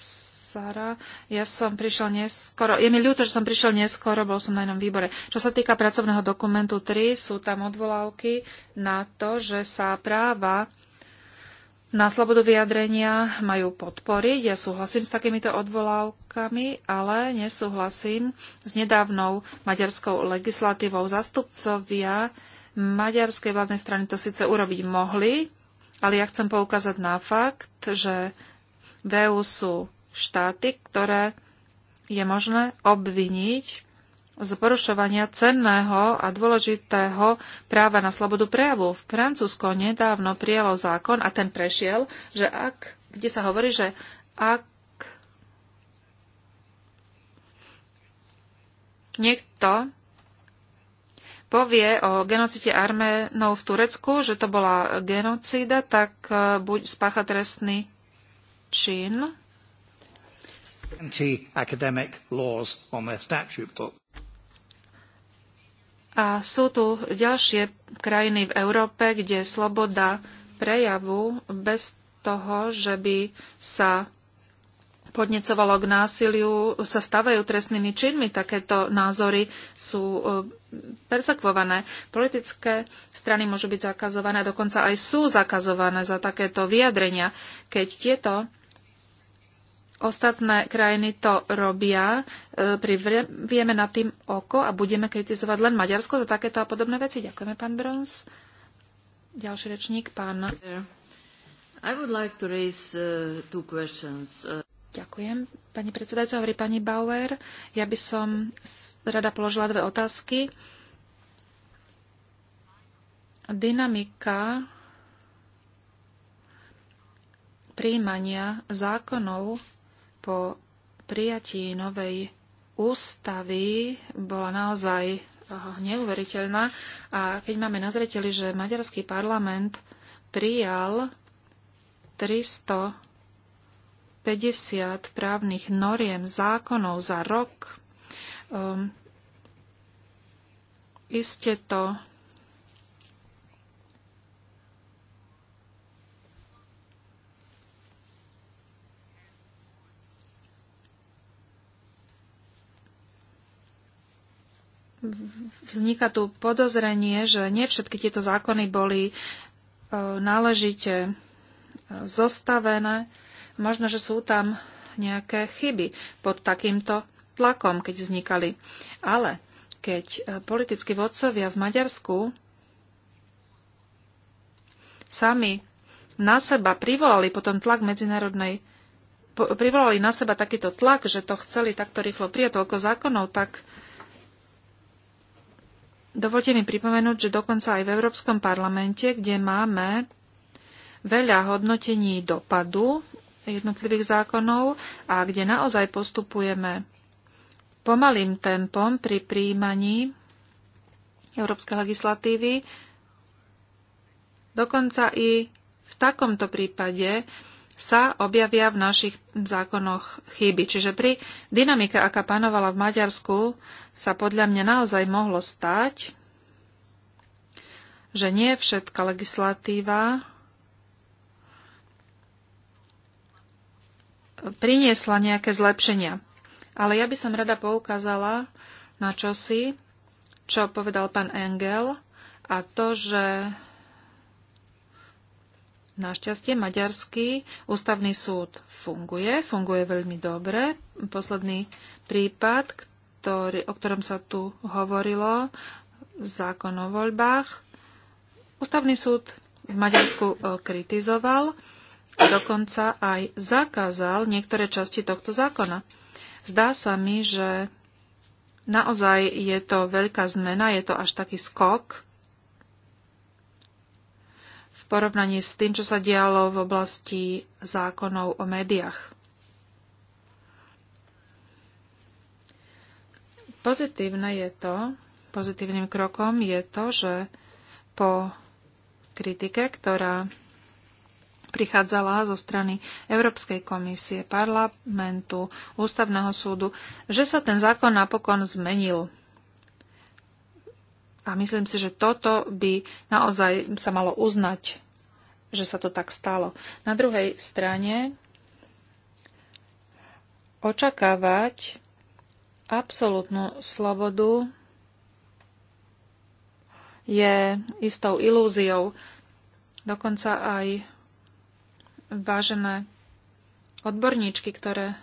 Sara. Ja som prišiel neskoro. Je mi ľúto, že som prišiel neskoro, bol som na inom výbore. Čo sa týka pracovného dokumentu 3, sú tam odvolávky na to, že sa práva na slobodu vyjadrenia majú podporiť. Ja súhlasím s takýmito odvolávkami, ale nesúhlasím s nedávnou maďarskou legislatívou. Zastupcovia maďarskej vládnej strany to síce urobiť mohli, ale ja chcem poukázať na fakt, že VEU sú štáty, ktoré je možné obviniť z porušovania cenného a dôležitého práva na slobodu prejavu. V Francúzsko nedávno prijalo zákon a ten prešiel, že ak, kde sa hovorí, že ak niekto povie o genocide Arménov v Turecku, že to bola genocída, tak e, buď spácha trestný čin. Anti-academic laws on their statute book. A sú tu ďalšie krajiny v Európe, kde sloboda prejavu bez toho, že by sa podnecovalo k násiliu, sa stavajú trestnými činmi. Takéto názory sú e, persekvované. Politické strany môžu byť zakazované, dokonca aj sú zakazované za takéto vyjadrenia. Keď tieto Ostatné krajiny to robia, e, privrieme nad tým oko a budeme kritizovať len Maďarsko za takéto a podobné veci. Ďakujeme, pán Brons. Ďalší rečník, pán. I would like to raise, uh, two questions. Uh, Ďakujem. Pani predsedajúca, hovorí pani Bauer. Ja by som rada položila dve otázky. Dynamika príjmania zákonov po prijatí novej ústavy bola naozaj eh, neuveriteľná. A keď máme na zreteli, že maďarský parlament prijal 350 právnych noriem zákonov za rok, um, iste to vzniká tu podozrenie, že nie všetky tieto zákony boli e, náležite e, zostavené. Možno, že sú tam nejaké chyby pod takýmto tlakom, keď vznikali. Ale keď e, politickí vodcovia v Maďarsku sami na seba privolali potom tlak medzinárodnej privolali na seba takýto tlak, že to chceli takto rýchlo prijať toľko zákonov, tak Dovolte mi pripomenúť, že dokonca aj v Európskom parlamente, kde máme veľa hodnotení dopadu jednotlivých zákonov a kde naozaj postupujeme pomalým tempom pri príjmaní európskej legislatívy, dokonca i v takomto prípade sa objavia v našich zákonoch chyby. Čiže pri dynamike, aká panovala v Maďarsku, sa podľa mňa naozaj mohlo stať, že nie všetká legislatíva priniesla nejaké zlepšenia. Ale ja by som rada poukázala na čosi, čo povedal pán Engel, a to, že Našťastie Maďarský ústavný súd funguje, funguje veľmi dobre. Posledný prípad, ktorý, o ktorom sa tu hovorilo, zákon o voľbách, ústavný súd v Maďarsku e, kritizoval a dokonca aj zakázal niektoré časti tohto zákona. Zdá sa mi, že naozaj je to veľká zmena, je to až taký skok porovnaní s tým, čo sa dialo v oblasti zákonov o médiách. Pozitívne je to, pozitívnym krokom je to, že po kritike, ktorá prichádzala zo strany Európskej komisie, parlamentu, ústavného súdu, že sa ten zákon napokon zmenil. A myslím si, že toto by naozaj sa malo uznať, že sa to tak stalo. Na druhej strane očakávať absolútnu slobodu je istou ilúziou. Dokonca aj vážené odborníčky, ktoré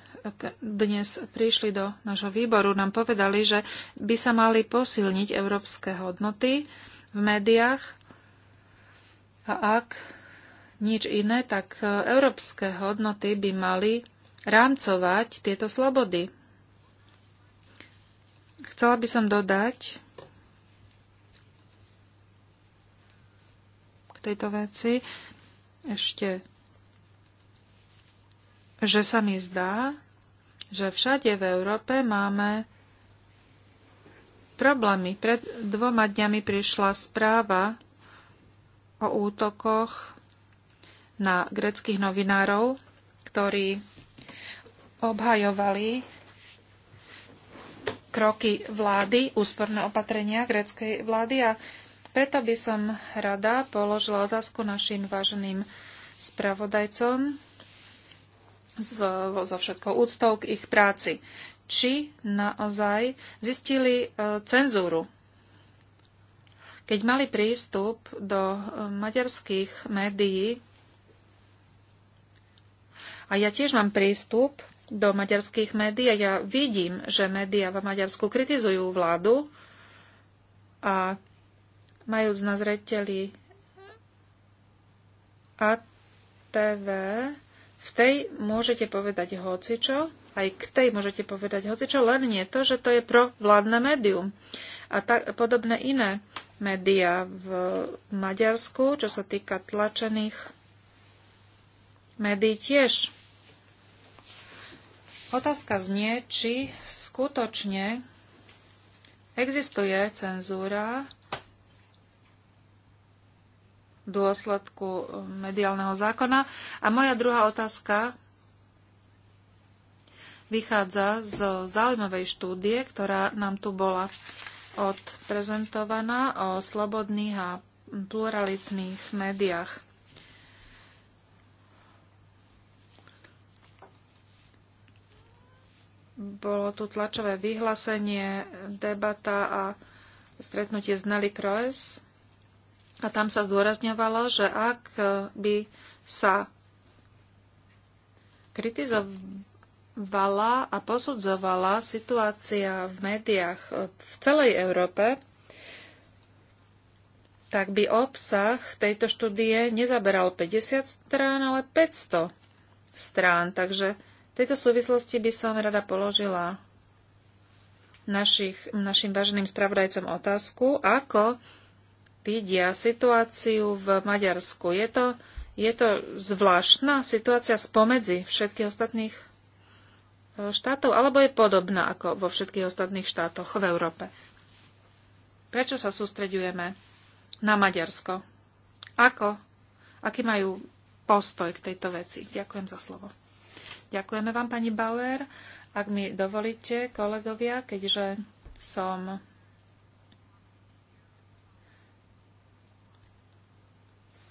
dnes prišli do nášho výboru, nám povedali, že by sa mali posilniť európske hodnoty v médiách a ak nič iné, tak e, európske hodnoty by mali rámcovať tieto slobody. Chcela by som dodať k tejto veci ešte, že sa mi zdá, že všade v Európe máme problémy. Pred dvoma dňami prišla správa o útokoch na greckých novinárov, ktorí obhajovali kroky vlády, úsporné opatrenia gréckej vlády a preto by som rada položila otázku našim váženým spravodajcom, so, so všetkou úctou k ich práci. Či naozaj zistili e, cenzúru. Keď mali prístup do e, maďarských médií, a ja tiež mám prístup do maďarských médií a ja vidím, že médiá v Maďarsku kritizujú vládu a majúc na zreteli ATV, v tej môžete povedať hocičo, aj k tej môžete povedať hocičo, len nie to, že to je pro vládne médium. A tak, podobné iné médiá v Maďarsku, čo sa týka tlačených médií tiež. Otázka znie, či skutočne existuje cenzúra dôsledku um, mediálneho zákona. A moja druhá otázka vychádza z zaujímavej štúdie, ktorá nám tu bola odprezentovaná o slobodných a pluralitných médiách. Bolo tu tlačové vyhlásenie, debata a stretnutie s Nelly Kroes a tam sa zdôrazňovalo, že ak e, by sa kritizovala a posudzovala situácia v médiách e, v celej Európe, tak by obsah tejto štúdie nezaberal 50 strán, ale 500 strán. Takže v tejto súvislosti by som rada položila našich, našim váženým spravodajcom otázku, ako vidia situáciu v Maďarsku. Je to, je to zvláštna situácia spomedzi všetkých ostatných e, štátov, alebo je podobná ako vo všetkých ostatných štátoch v Európe? Prečo sa sústreďujeme na Maďarsko? Ako? Aký majú postoj k tejto veci? Ďakujem za slovo. Ďakujeme vám, pani Bauer. Ak mi dovolíte, kolegovia, keďže som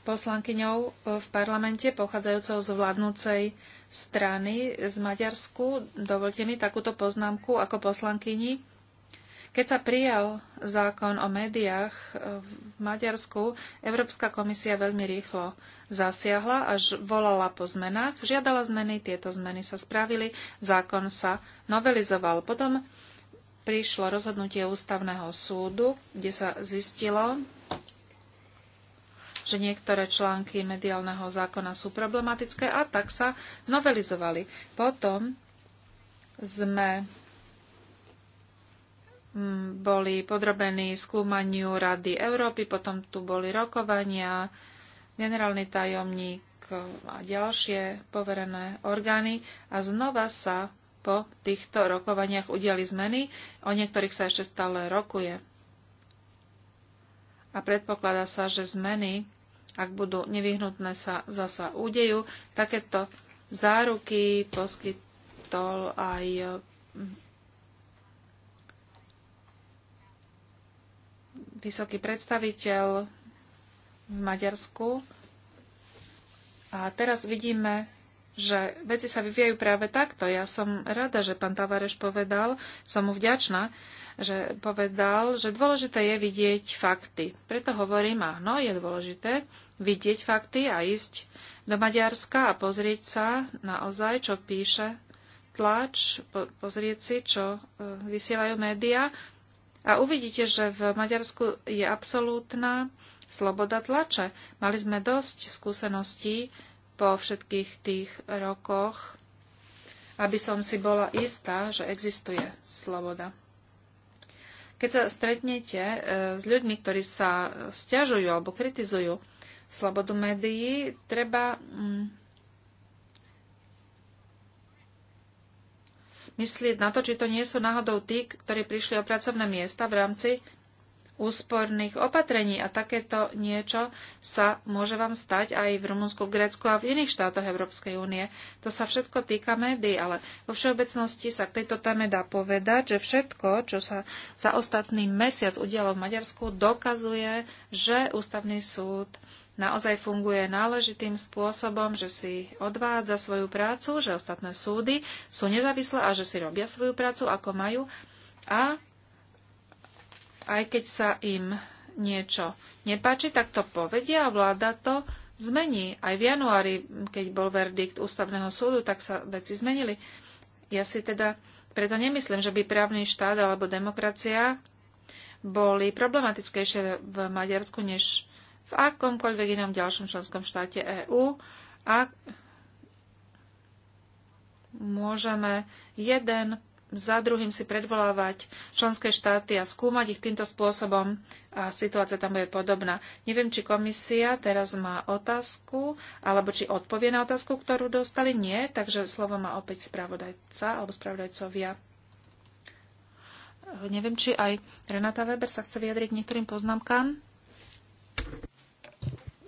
poslankyňou e, v parlamente, pochádzajúcou z vládnúcej strany z Maďarsku. Dovolte mi takúto poznámku ako poslankyni. Keď sa prijal zákon o médiách e, v Maďarsku, Európska komisia veľmi rýchlo zasiahla až volala po zmenách. Žiadala zmeny, tieto zmeny sa spravili, zákon sa novelizoval. Potom prišlo rozhodnutie ústavného súdu, kde sa zistilo, že niektoré články mediálneho zákona sú problematické a tak sa novelizovali. Potom sme mm, boli podrobení skúmaniu Rady Európy, potom tu boli rokovania, generálny tajomník a ďalšie poverené orgány a znova sa po týchto rokovaniach udiali zmeny, o niektorých sa ešte stále rokuje. A predpokladá sa, že zmeny ak budú nevyhnutné sa zasa udejú. Takéto záruky poskytol aj mm, vysoký predstaviteľ v Maďarsku. A teraz vidíme, že veci sa vyvíjajú práve takto. Ja som rada, že pán Tavareš povedal, som mu vďačná, že povedal, že dôležité je vidieť fakty. Preto hovorím, áno, je dôležité vidieť fakty a ísť do Maďarska a pozrieť sa naozaj, čo píše tlač, po, pozrieť si, čo e, vysielajú médiá a uvidíte, že v Maďarsku je absolútna sloboda tlače. Mali sme dosť skúseností po všetkých tých rokoch, aby som si bola istá, že existuje sloboda. Keď sa stretnete e, s ľuďmi, ktorí sa stiažujú alebo kritizujú slobodu médií, treba mm, myslieť na to, či to nie sú náhodou tí, ktorí prišli o pracovné miesta v rámci úsporných opatrení a takéto niečo sa môže vám stať aj v Rumunsku, v Grécku a v iných štátoch Európskej únie. To sa všetko týka médií, ale vo všeobecnosti sa k tejto téme dá povedať, že všetko, čo sa za ostatný mesiac udialo v Maďarsku, dokazuje, že ústavný súd naozaj funguje náležitým spôsobom, že si odvádza svoju prácu, že ostatné súdy sú nezávislé a že si robia svoju prácu, ako majú. A aj keď sa im niečo nepáči, tak to povedia a vláda to zmení. Aj v januári, keď bol verdikt ústavného súdu, tak sa veci zmenili. Ja si teda preto nemyslím, že by právny štát alebo demokracia boli problematickejšie v Maďarsku než v akomkoľvek inom ďalšom členskom štáte EÚ a môžeme jeden za druhým si predvolávať členské štáty a skúmať ich týmto spôsobom a situácia tam bude podobná. Neviem, či komisia teraz má otázku, alebo či odpovie na otázku, ktorú dostali. Nie, takže slovo má opäť spravodajca alebo spravodajcovia. Neviem, či aj Renata Weber sa chce vyjadriť niektorým poznámkám.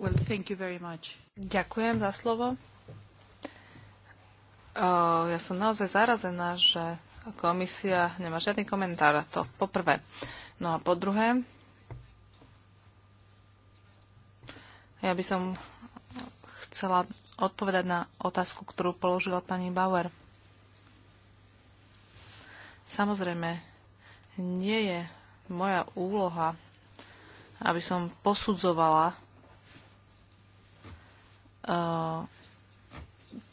Well, thank you very much. Ďakujem za slovo. ja som naozaj zarazená, že komisia nemá žiadny komentár. To po prvé. No a po druhé, ja by som chcela odpovedať na otázku, ktorú položila pani Bauer. Samozrejme, nie je moja úloha, aby som posudzovala Uh,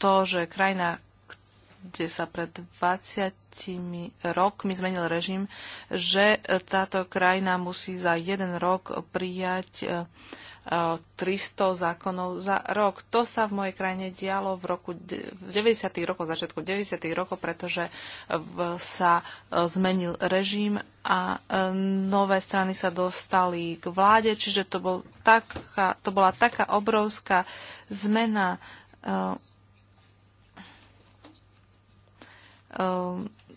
to, že krajina, kde sa pred 20 rokmi zmenil režim, že táto krajina musí za jeden rok prijať uh, 300 zákonov za rok. To sa v mojej krajine dialo v, roku, v 90. rokoch, začiatku 90. rokov, pretože sa e, zmenil režim a e, nové strany sa dostali k vláde, čiže to, bol taká, to bola taká obrovská zmena e,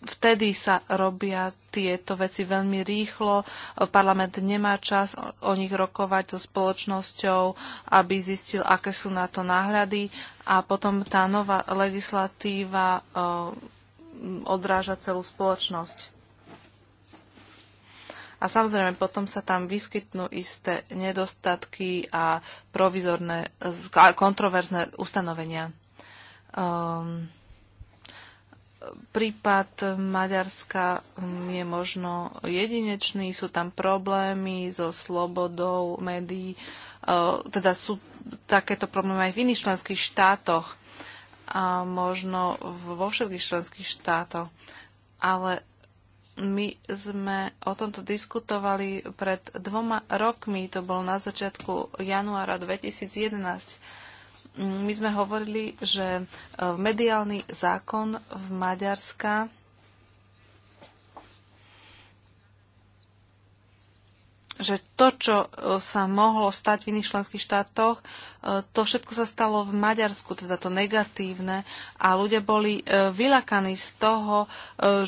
vtedy sa robia tieto veci veľmi rýchlo. Parlament nemá čas o nich rokovať so spoločnosťou, aby zistil, aké sú na to náhľady a potom tá nová legislatíva e, odráža celú spoločnosť. A samozrejme, potom sa tam vyskytnú isté nedostatky a provizorné, kontroverzné ustanovenia. Um, prípad Maďarska hm, je možno jedinečný, sú tam problémy so slobodou médií, e, teda sú takéto problémy aj v iných členských štátoch a možno vo všetkých členských štátoch. Ale my sme o tomto diskutovali pred dvoma rokmi, to bolo na začiatku januára 2011 Mm, my sme hovorili, že e, mediálny zákon v Maďarska že to, čo e, sa mohlo stať v iných členských štátoch, e, to všetko sa stalo v Maďarsku, teda to negatívne a ľudia boli vylakaní z toho,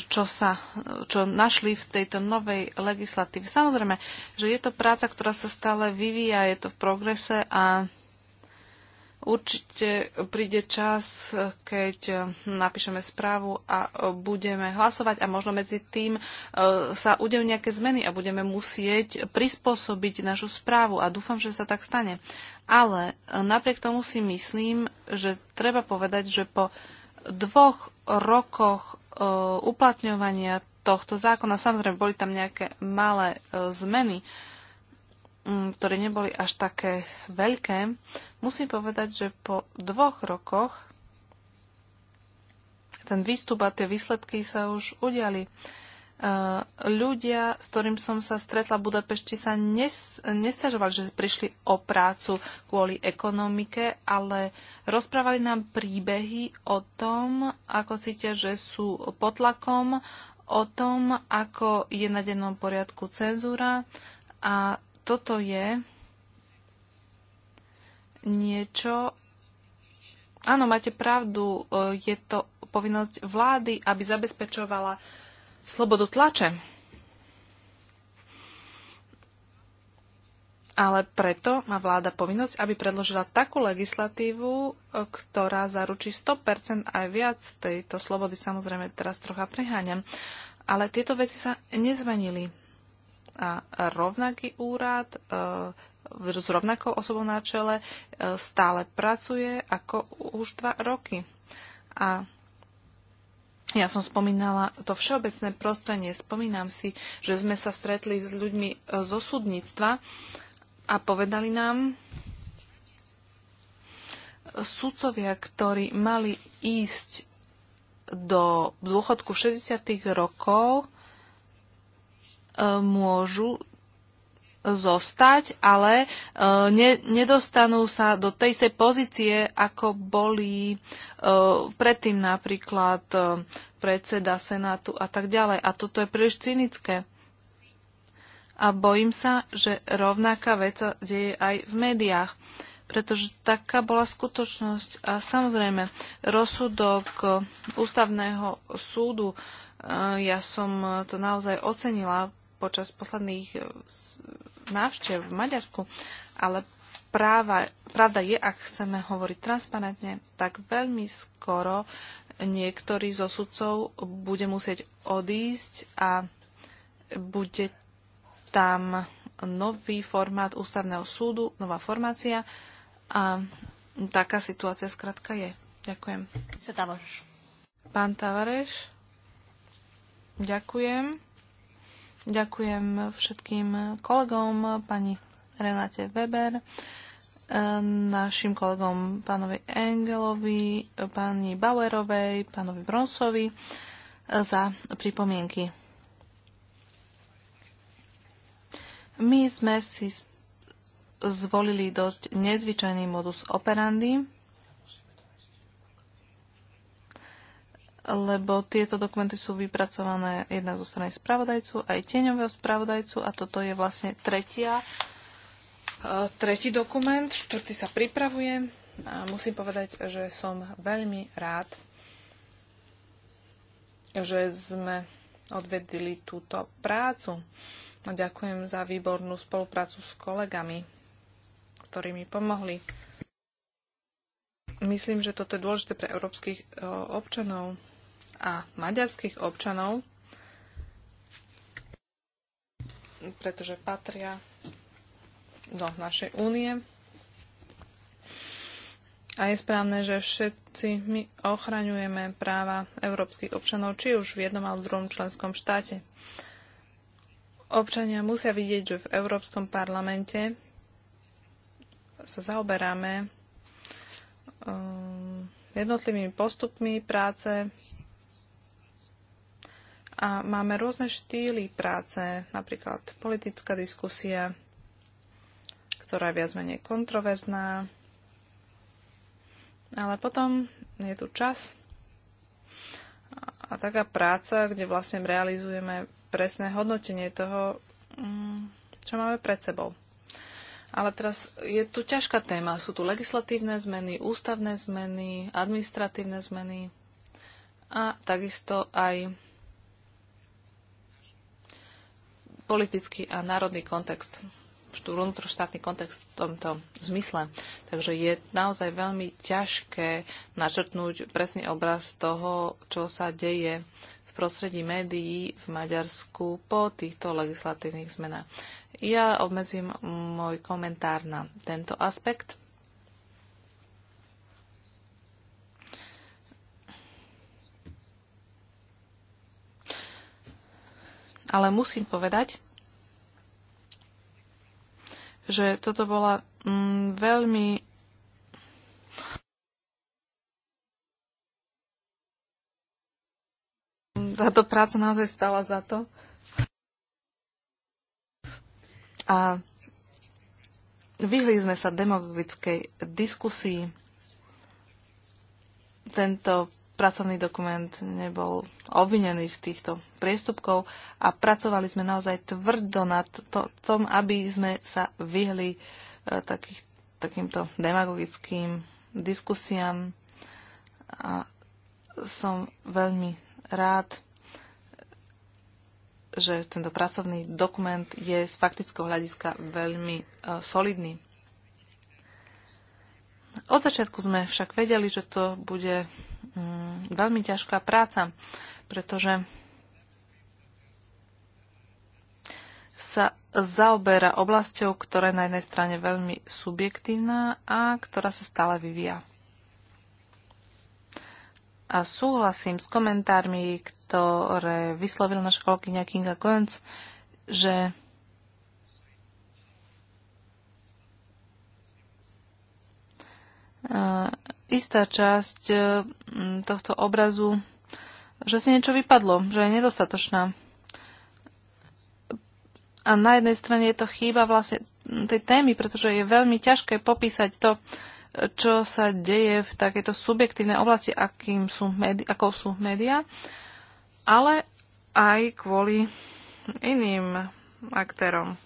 čo, sa, čo našli v tejto novej legislatíve. Samozrejme, že je to práca, ktorá sa stále vyvíja, je to v progrese a Určite príde čas, keď napíšeme správu a budeme hlasovať a možno medzi tým e, sa udejú nejaké zmeny a budeme musieť prispôsobiť našu správu a dúfam, že sa tak stane. Ale napriek tomu si myslím, že treba povedať, že po dvoch rokoch e, uplatňovania tohto zákona, samozrejme boli tam nejaké malé e, zmeny, Mm, ktoré neboli až také veľké, musím povedať, že po dvoch rokoch ten výstup a tie výsledky sa už udiali. E, ľudia, s ktorým som sa stretla v Budapešti, sa nes, nestiažovali, že prišli o prácu kvôli ekonomike, ale rozprávali nám príbehy o tom, ako cítia, že sú pod tlakom, o tom, ako je na dennom poriadku cenzúra a toto je niečo... Áno, máte pravdu, e, je to povinnosť vlády, aby zabezpečovala slobodu tlače. Ale preto má vláda povinnosť, aby predložila takú legislatívu, e, ktorá zaručí 100% aj viac tejto slobody. Samozrejme, teraz trocha preháňam. Ale tieto veci sa nezmenili a rovnaký úrad e, s rovnakou osobou na čele e, stále pracuje ako už dva roky. A ja som spomínala to všeobecné prostredie. Spomínam si, že sme sa stretli s ľuďmi e, zo súdnictva a povedali nám, sudcovia, ktorí mali ísť do dôchodku 60. rokov, môžu zostať, ale e, ne, nedostanú sa do tej sej pozície, ako boli e, predtým napríklad e, predseda Senátu a tak ďalej. A toto je príliš cynické. A bojím sa, že rovnaká vec sa deje aj v médiách, pretože taká bola skutočnosť. A samozrejme, rozsudok ústavného súdu, ja som to naozaj ocenila, počas posledných e, návštev v Maďarsku, ale práva, pravda je, ak chceme hovoriť transparentne, tak veľmi skoro niektorý zo sudcov bude musieť odísť a bude tam nový formát ústavného súdu, nová formácia a taká situácia skrátka je. Ďakujem. Pán Tavareš, ďakujem. Ďakujem všetkým kolegom, pani Renate Weber, e, našim kolegom pánovi Engelovi, pani Bauerovej, pánovi Bronsovi e, za pripomienky. My sme si zvolili dosť nezvyčajný modus operandi lebo tieto dokumenty sú vypracované jednak zo strany spravodajcu, aj tieňového spravodajcu a toto je vlastne tretia, e, tretí dokument, štvrtý sa pripravuje a musím povedať, že som veľmi rád, že sme odvedili túto prácu. A ďakujem za výbornú spoluprácu s kolegami, ktorí mi pomohli. Myslím, že toto je dôležité pre európskych e, občanov a maďarských občanov, pretože patria do našej únie. A je správne, že všetci my ochraňujeme práva európskych občanov, či už v jednom alebo druhom členskom štáte. Občania musia vidieť, že v Európskom parlamente sa zaoberáme um, jednotlivými postupmi práce a máme rôzne štýly práce, napríklad politická diskusia, ktorá je viac menej kontroverzná. Ale potom je tu čas a taká práca, kde vlastne realizujeme presné hodnotenie toho, mm, čo máme pred sebou. Ale teraz je tu ťažká téma. Sú tu legislatívne zmeny, ústavné zmeny, administratívne zmeny a takisto aj politický a národný kontext, vnútroštátny kontext v tomto zmysle. Takže je naozaj veľmi ťažké načrtnúť presný obraz toho, čo sa deje v prostredí médií v Maďarsku po týchto legislatívnych zmenách. Ja obmedzím môj komentár na tento aspekt ale musím povedať, že toto bola mm, veľmi táto práca naozaj stala za to. A vyhli sme sa demagogickej diskusii. Tento pracovný dokument nebol obvinený z týchto priestupkov a pracovali sme naozaj tvrdo na to, tom, aby sme sa vyhli e, takých, takýmto demagogickým diskusiám a som veľmi rád, že tento pracovný dokument je z faktického hľadiska veľmi e, solidný. Od začiatku sme však vedeli, že to bude Mm, veľmi ťažká práca, pretože sa zaoberá oblasťou, ktorá je na jednej strane veľmi subjektívna a ktorá sa stále vyvíja. A súhlasím s komentármi, ktoré vyslovil naša kolegyňa Kinga Gönc, že istá časť e, tohto obrazu, že si niečo vypadlo, že je nedostatočná. A na jednej strane je to chýba vlastne tej témy, pretože je veľmi ťažké popísať to, čo sa deje v takejto subjektívnej oblasti, akým sú médi- ako sú médiá, ale aj kvôli iným aktérom.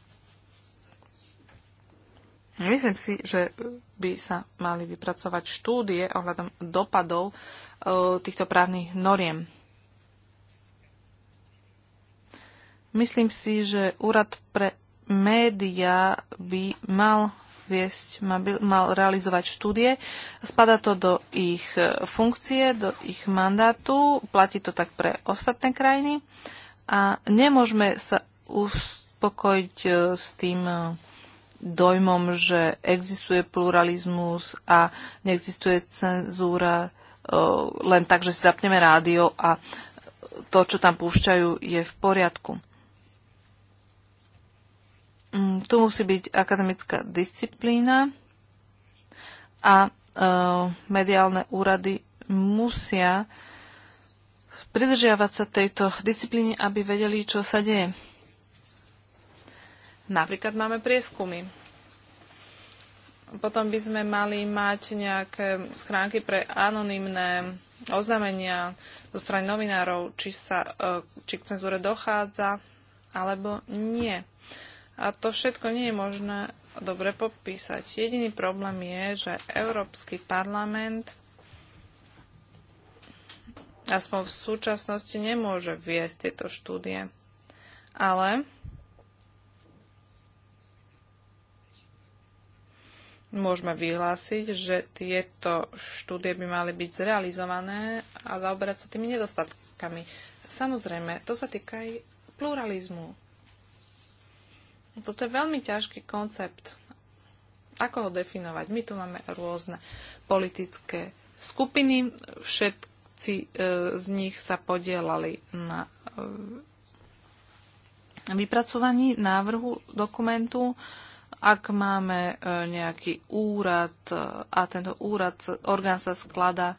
Myslím si, že by sa mali vypracovať štúdie ohľadom dopadov e, týchto právnych noriem. Myslím si, že úrad pre média by mal viesť, mal realizovať štúdie. Spada to do ich e, funkcie, do ich mandátu, platí to tak pre ostatné krajiny a nemôžeme sa uspokojiť e, s tým dojmom, že existuje pluralizmus a neexistuje cenzúra e, len tak, že si zapneme rádio a to, čo tam púšťajú, je v poriadku. Mm, tu musí byť akademická disciplína a e, mediálne úrady musia pridržiavať sa tejto disciplíny, aby vedeli, čo sa deje. Napríklad máme prieskumy. Potom by sme mali mať nejaké schránky pre anonymné oznámenia zo strany novinárov, či, sa, e, či k cenzúre dochádza alebo nie. A to všetko nie je možné dobre popísať. Jediný problém je, že Európsky parlament aspoň v súčasnosti nemôže viesť tieto štúdie. Ale môžeme vyhlásiť, že tieto štúdie by mali byť zrealizované a zaoberať sa tými nedostatkami. Samozrejme, to sa týka aj pluralizmu. Toto je veľmi ťažký koncept. Ako ho definovať? My tu máme rôzne politické skupiny. Všetci e, z nich sa podielali na e, vypracovaní návrhu dokumentu. E, ak máme e, nejaký úrad e, a tento úrad, orgán sa skladá e,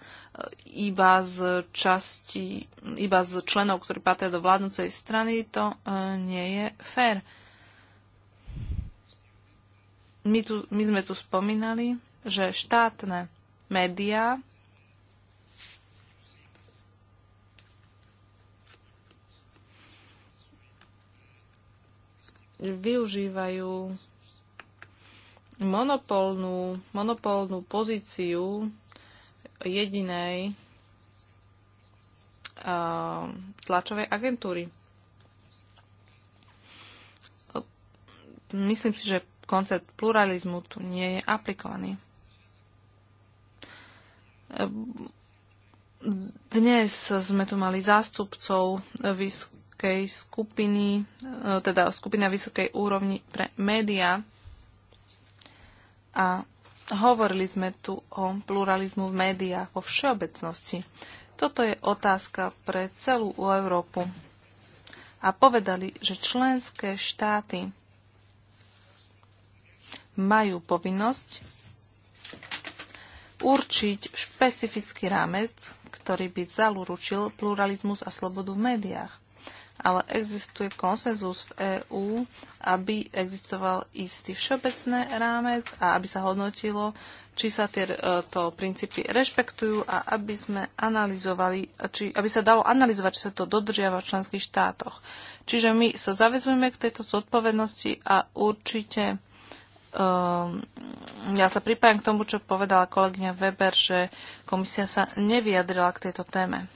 iba z časti, iba z členov, ktorí patria do vládnúcej strany, to nie je fér. My, tu, my sme tu spomínali, že štátne médiá využívajú monopolnú, monopolnú pozíciu jedinej uh, tlačovej agentúry. Myslím si, že koncept pluralizmu tu nie je aplikovaný. Dnes sme tu mali zástupcov vysokej skupiny, e, teda skupina vysokej úrovni pre médiá, a hovorili sme tu o pluralizmu v médiách vo všeobecnosti. Toto je otázka pre celú Európu. A povedali, že členské štáty majú povinnosť určiť špecifický rámec, ktorý by zaluručil pluralizmus a slobodu v médiách ale existuje konsenzus v EÚ, aby existoval istý všeobecný rámec a aby sa hodnotilo, či sa tieto e, princípy rešpektujú a aby sme analyzovali, či, aby sa dalo analyzovať, či sa to dodržiava v členských štátoch. Čiže my sa zavezujeme k tejto zodpovednosti a určite um, ja sa pripájam k tomu, čo povedala kolegyňa Weber, že komisia sa nevyjadrila k tejto téme.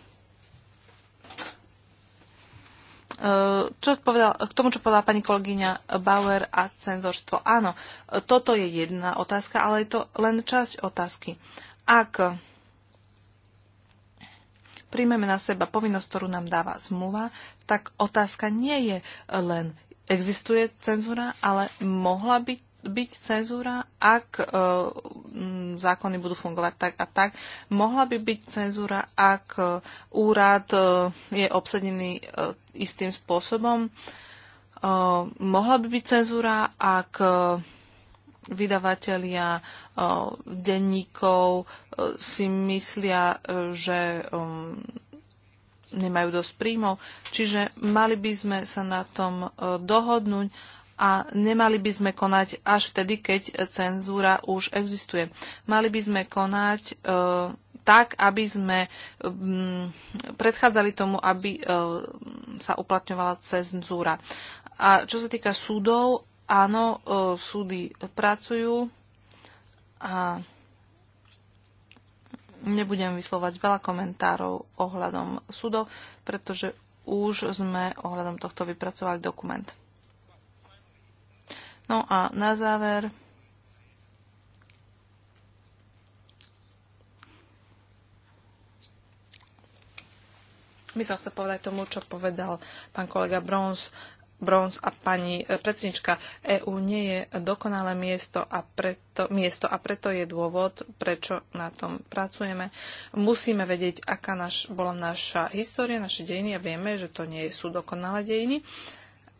Ehm, čo povedal, k tomu, čo povedala pani kolegyňa Bauer a cenzorstvo. Áno, toto je jedna otázka, ale je to len časť otázky. Ak príjmeme na seba povinnosť, ktorú nám dáva zmluva, tak otázka nie je len existuje cenzúra, ale mohla by byť cenzúra, ak e, m, zákony budú fungovať tak a tak. Mohla by byť cenzúra, ak e, úrad e, je obsadený e, istým spôsobom. Mohla by byť cenzúra, ak vydavatelia denníkov si myslia, e, že nemajú dosť príjmov. Čiže mali by sme sa na tom dohodnúť a nemali by sme konať až vtedy, keď cenzúra už existuje. Mali by sme konať tak, aby sme mm, predchádzali tomu, aby e, sa uplatňovala cenzúra. A čo sa týka súdov, áno, e, súdy pracujú a nebudem vyslovať veľa komentárov ohľadom súdov, pretože už sme ohľadom tohto vypracovali dokument. No a na záver by som chcel povedať tomu, čo povedal pán kolega Brons, Brons a pani e, predsednička. EÚ nie je dokonalé miesto a, preto, miesto a preto je dôvod, prečo na tom pracujeme. Musíme vedieť, aká naš, bola naša história, naše dejiny a vieme, že to nie sú dokonalé dejiny.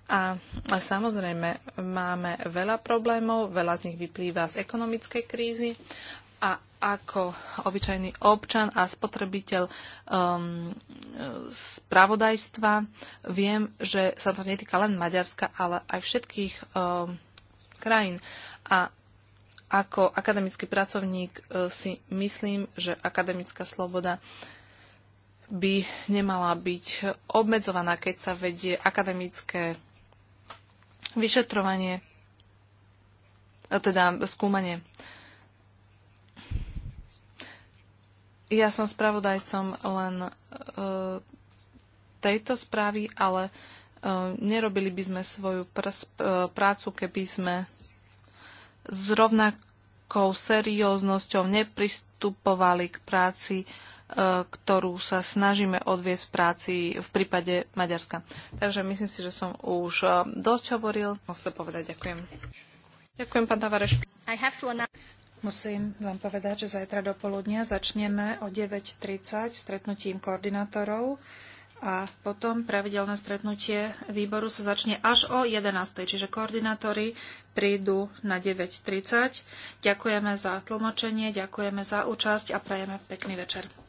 A, a samozrejme, máme veľa problémov, veľa z nich vyplýva z ekonomickej krízy a ako obyčajný občan a spotrebiteľ um, spravodajstva viem, že sa to netýka len Maďarska, ale aj všetkých um, krajín. A ako akademický pracovník uh, si myslím, že akademická sloboda by nemala byť obmedzovaná, keď sa vedie akademické vyšetrovanie, teda skúmanie. Uh, Ja som spravodajcom len e, tejto správy, ale e, nerobili by sme svoju e, prácu, keby sme s rovnakou serióznosťou nepristupovali k práci, ktorú sa snažíme odviesť v práci v prípade Maďarska. Takže myslím si, že som už dosť hovoril. Chcem povedať ďakujem. Ďakujem, pán Tavareš. Musím vám povedať, že zajtra do poludnia začneme o 9.30 stretnutím koordinátorov a potom pravidelné stretnutie výboru sa začne až o 11.00, čiže koordinátori prídu na 9.30. Ďakujeme za tlmočenie, ďakujeme za účasť a prajeme pekný večer.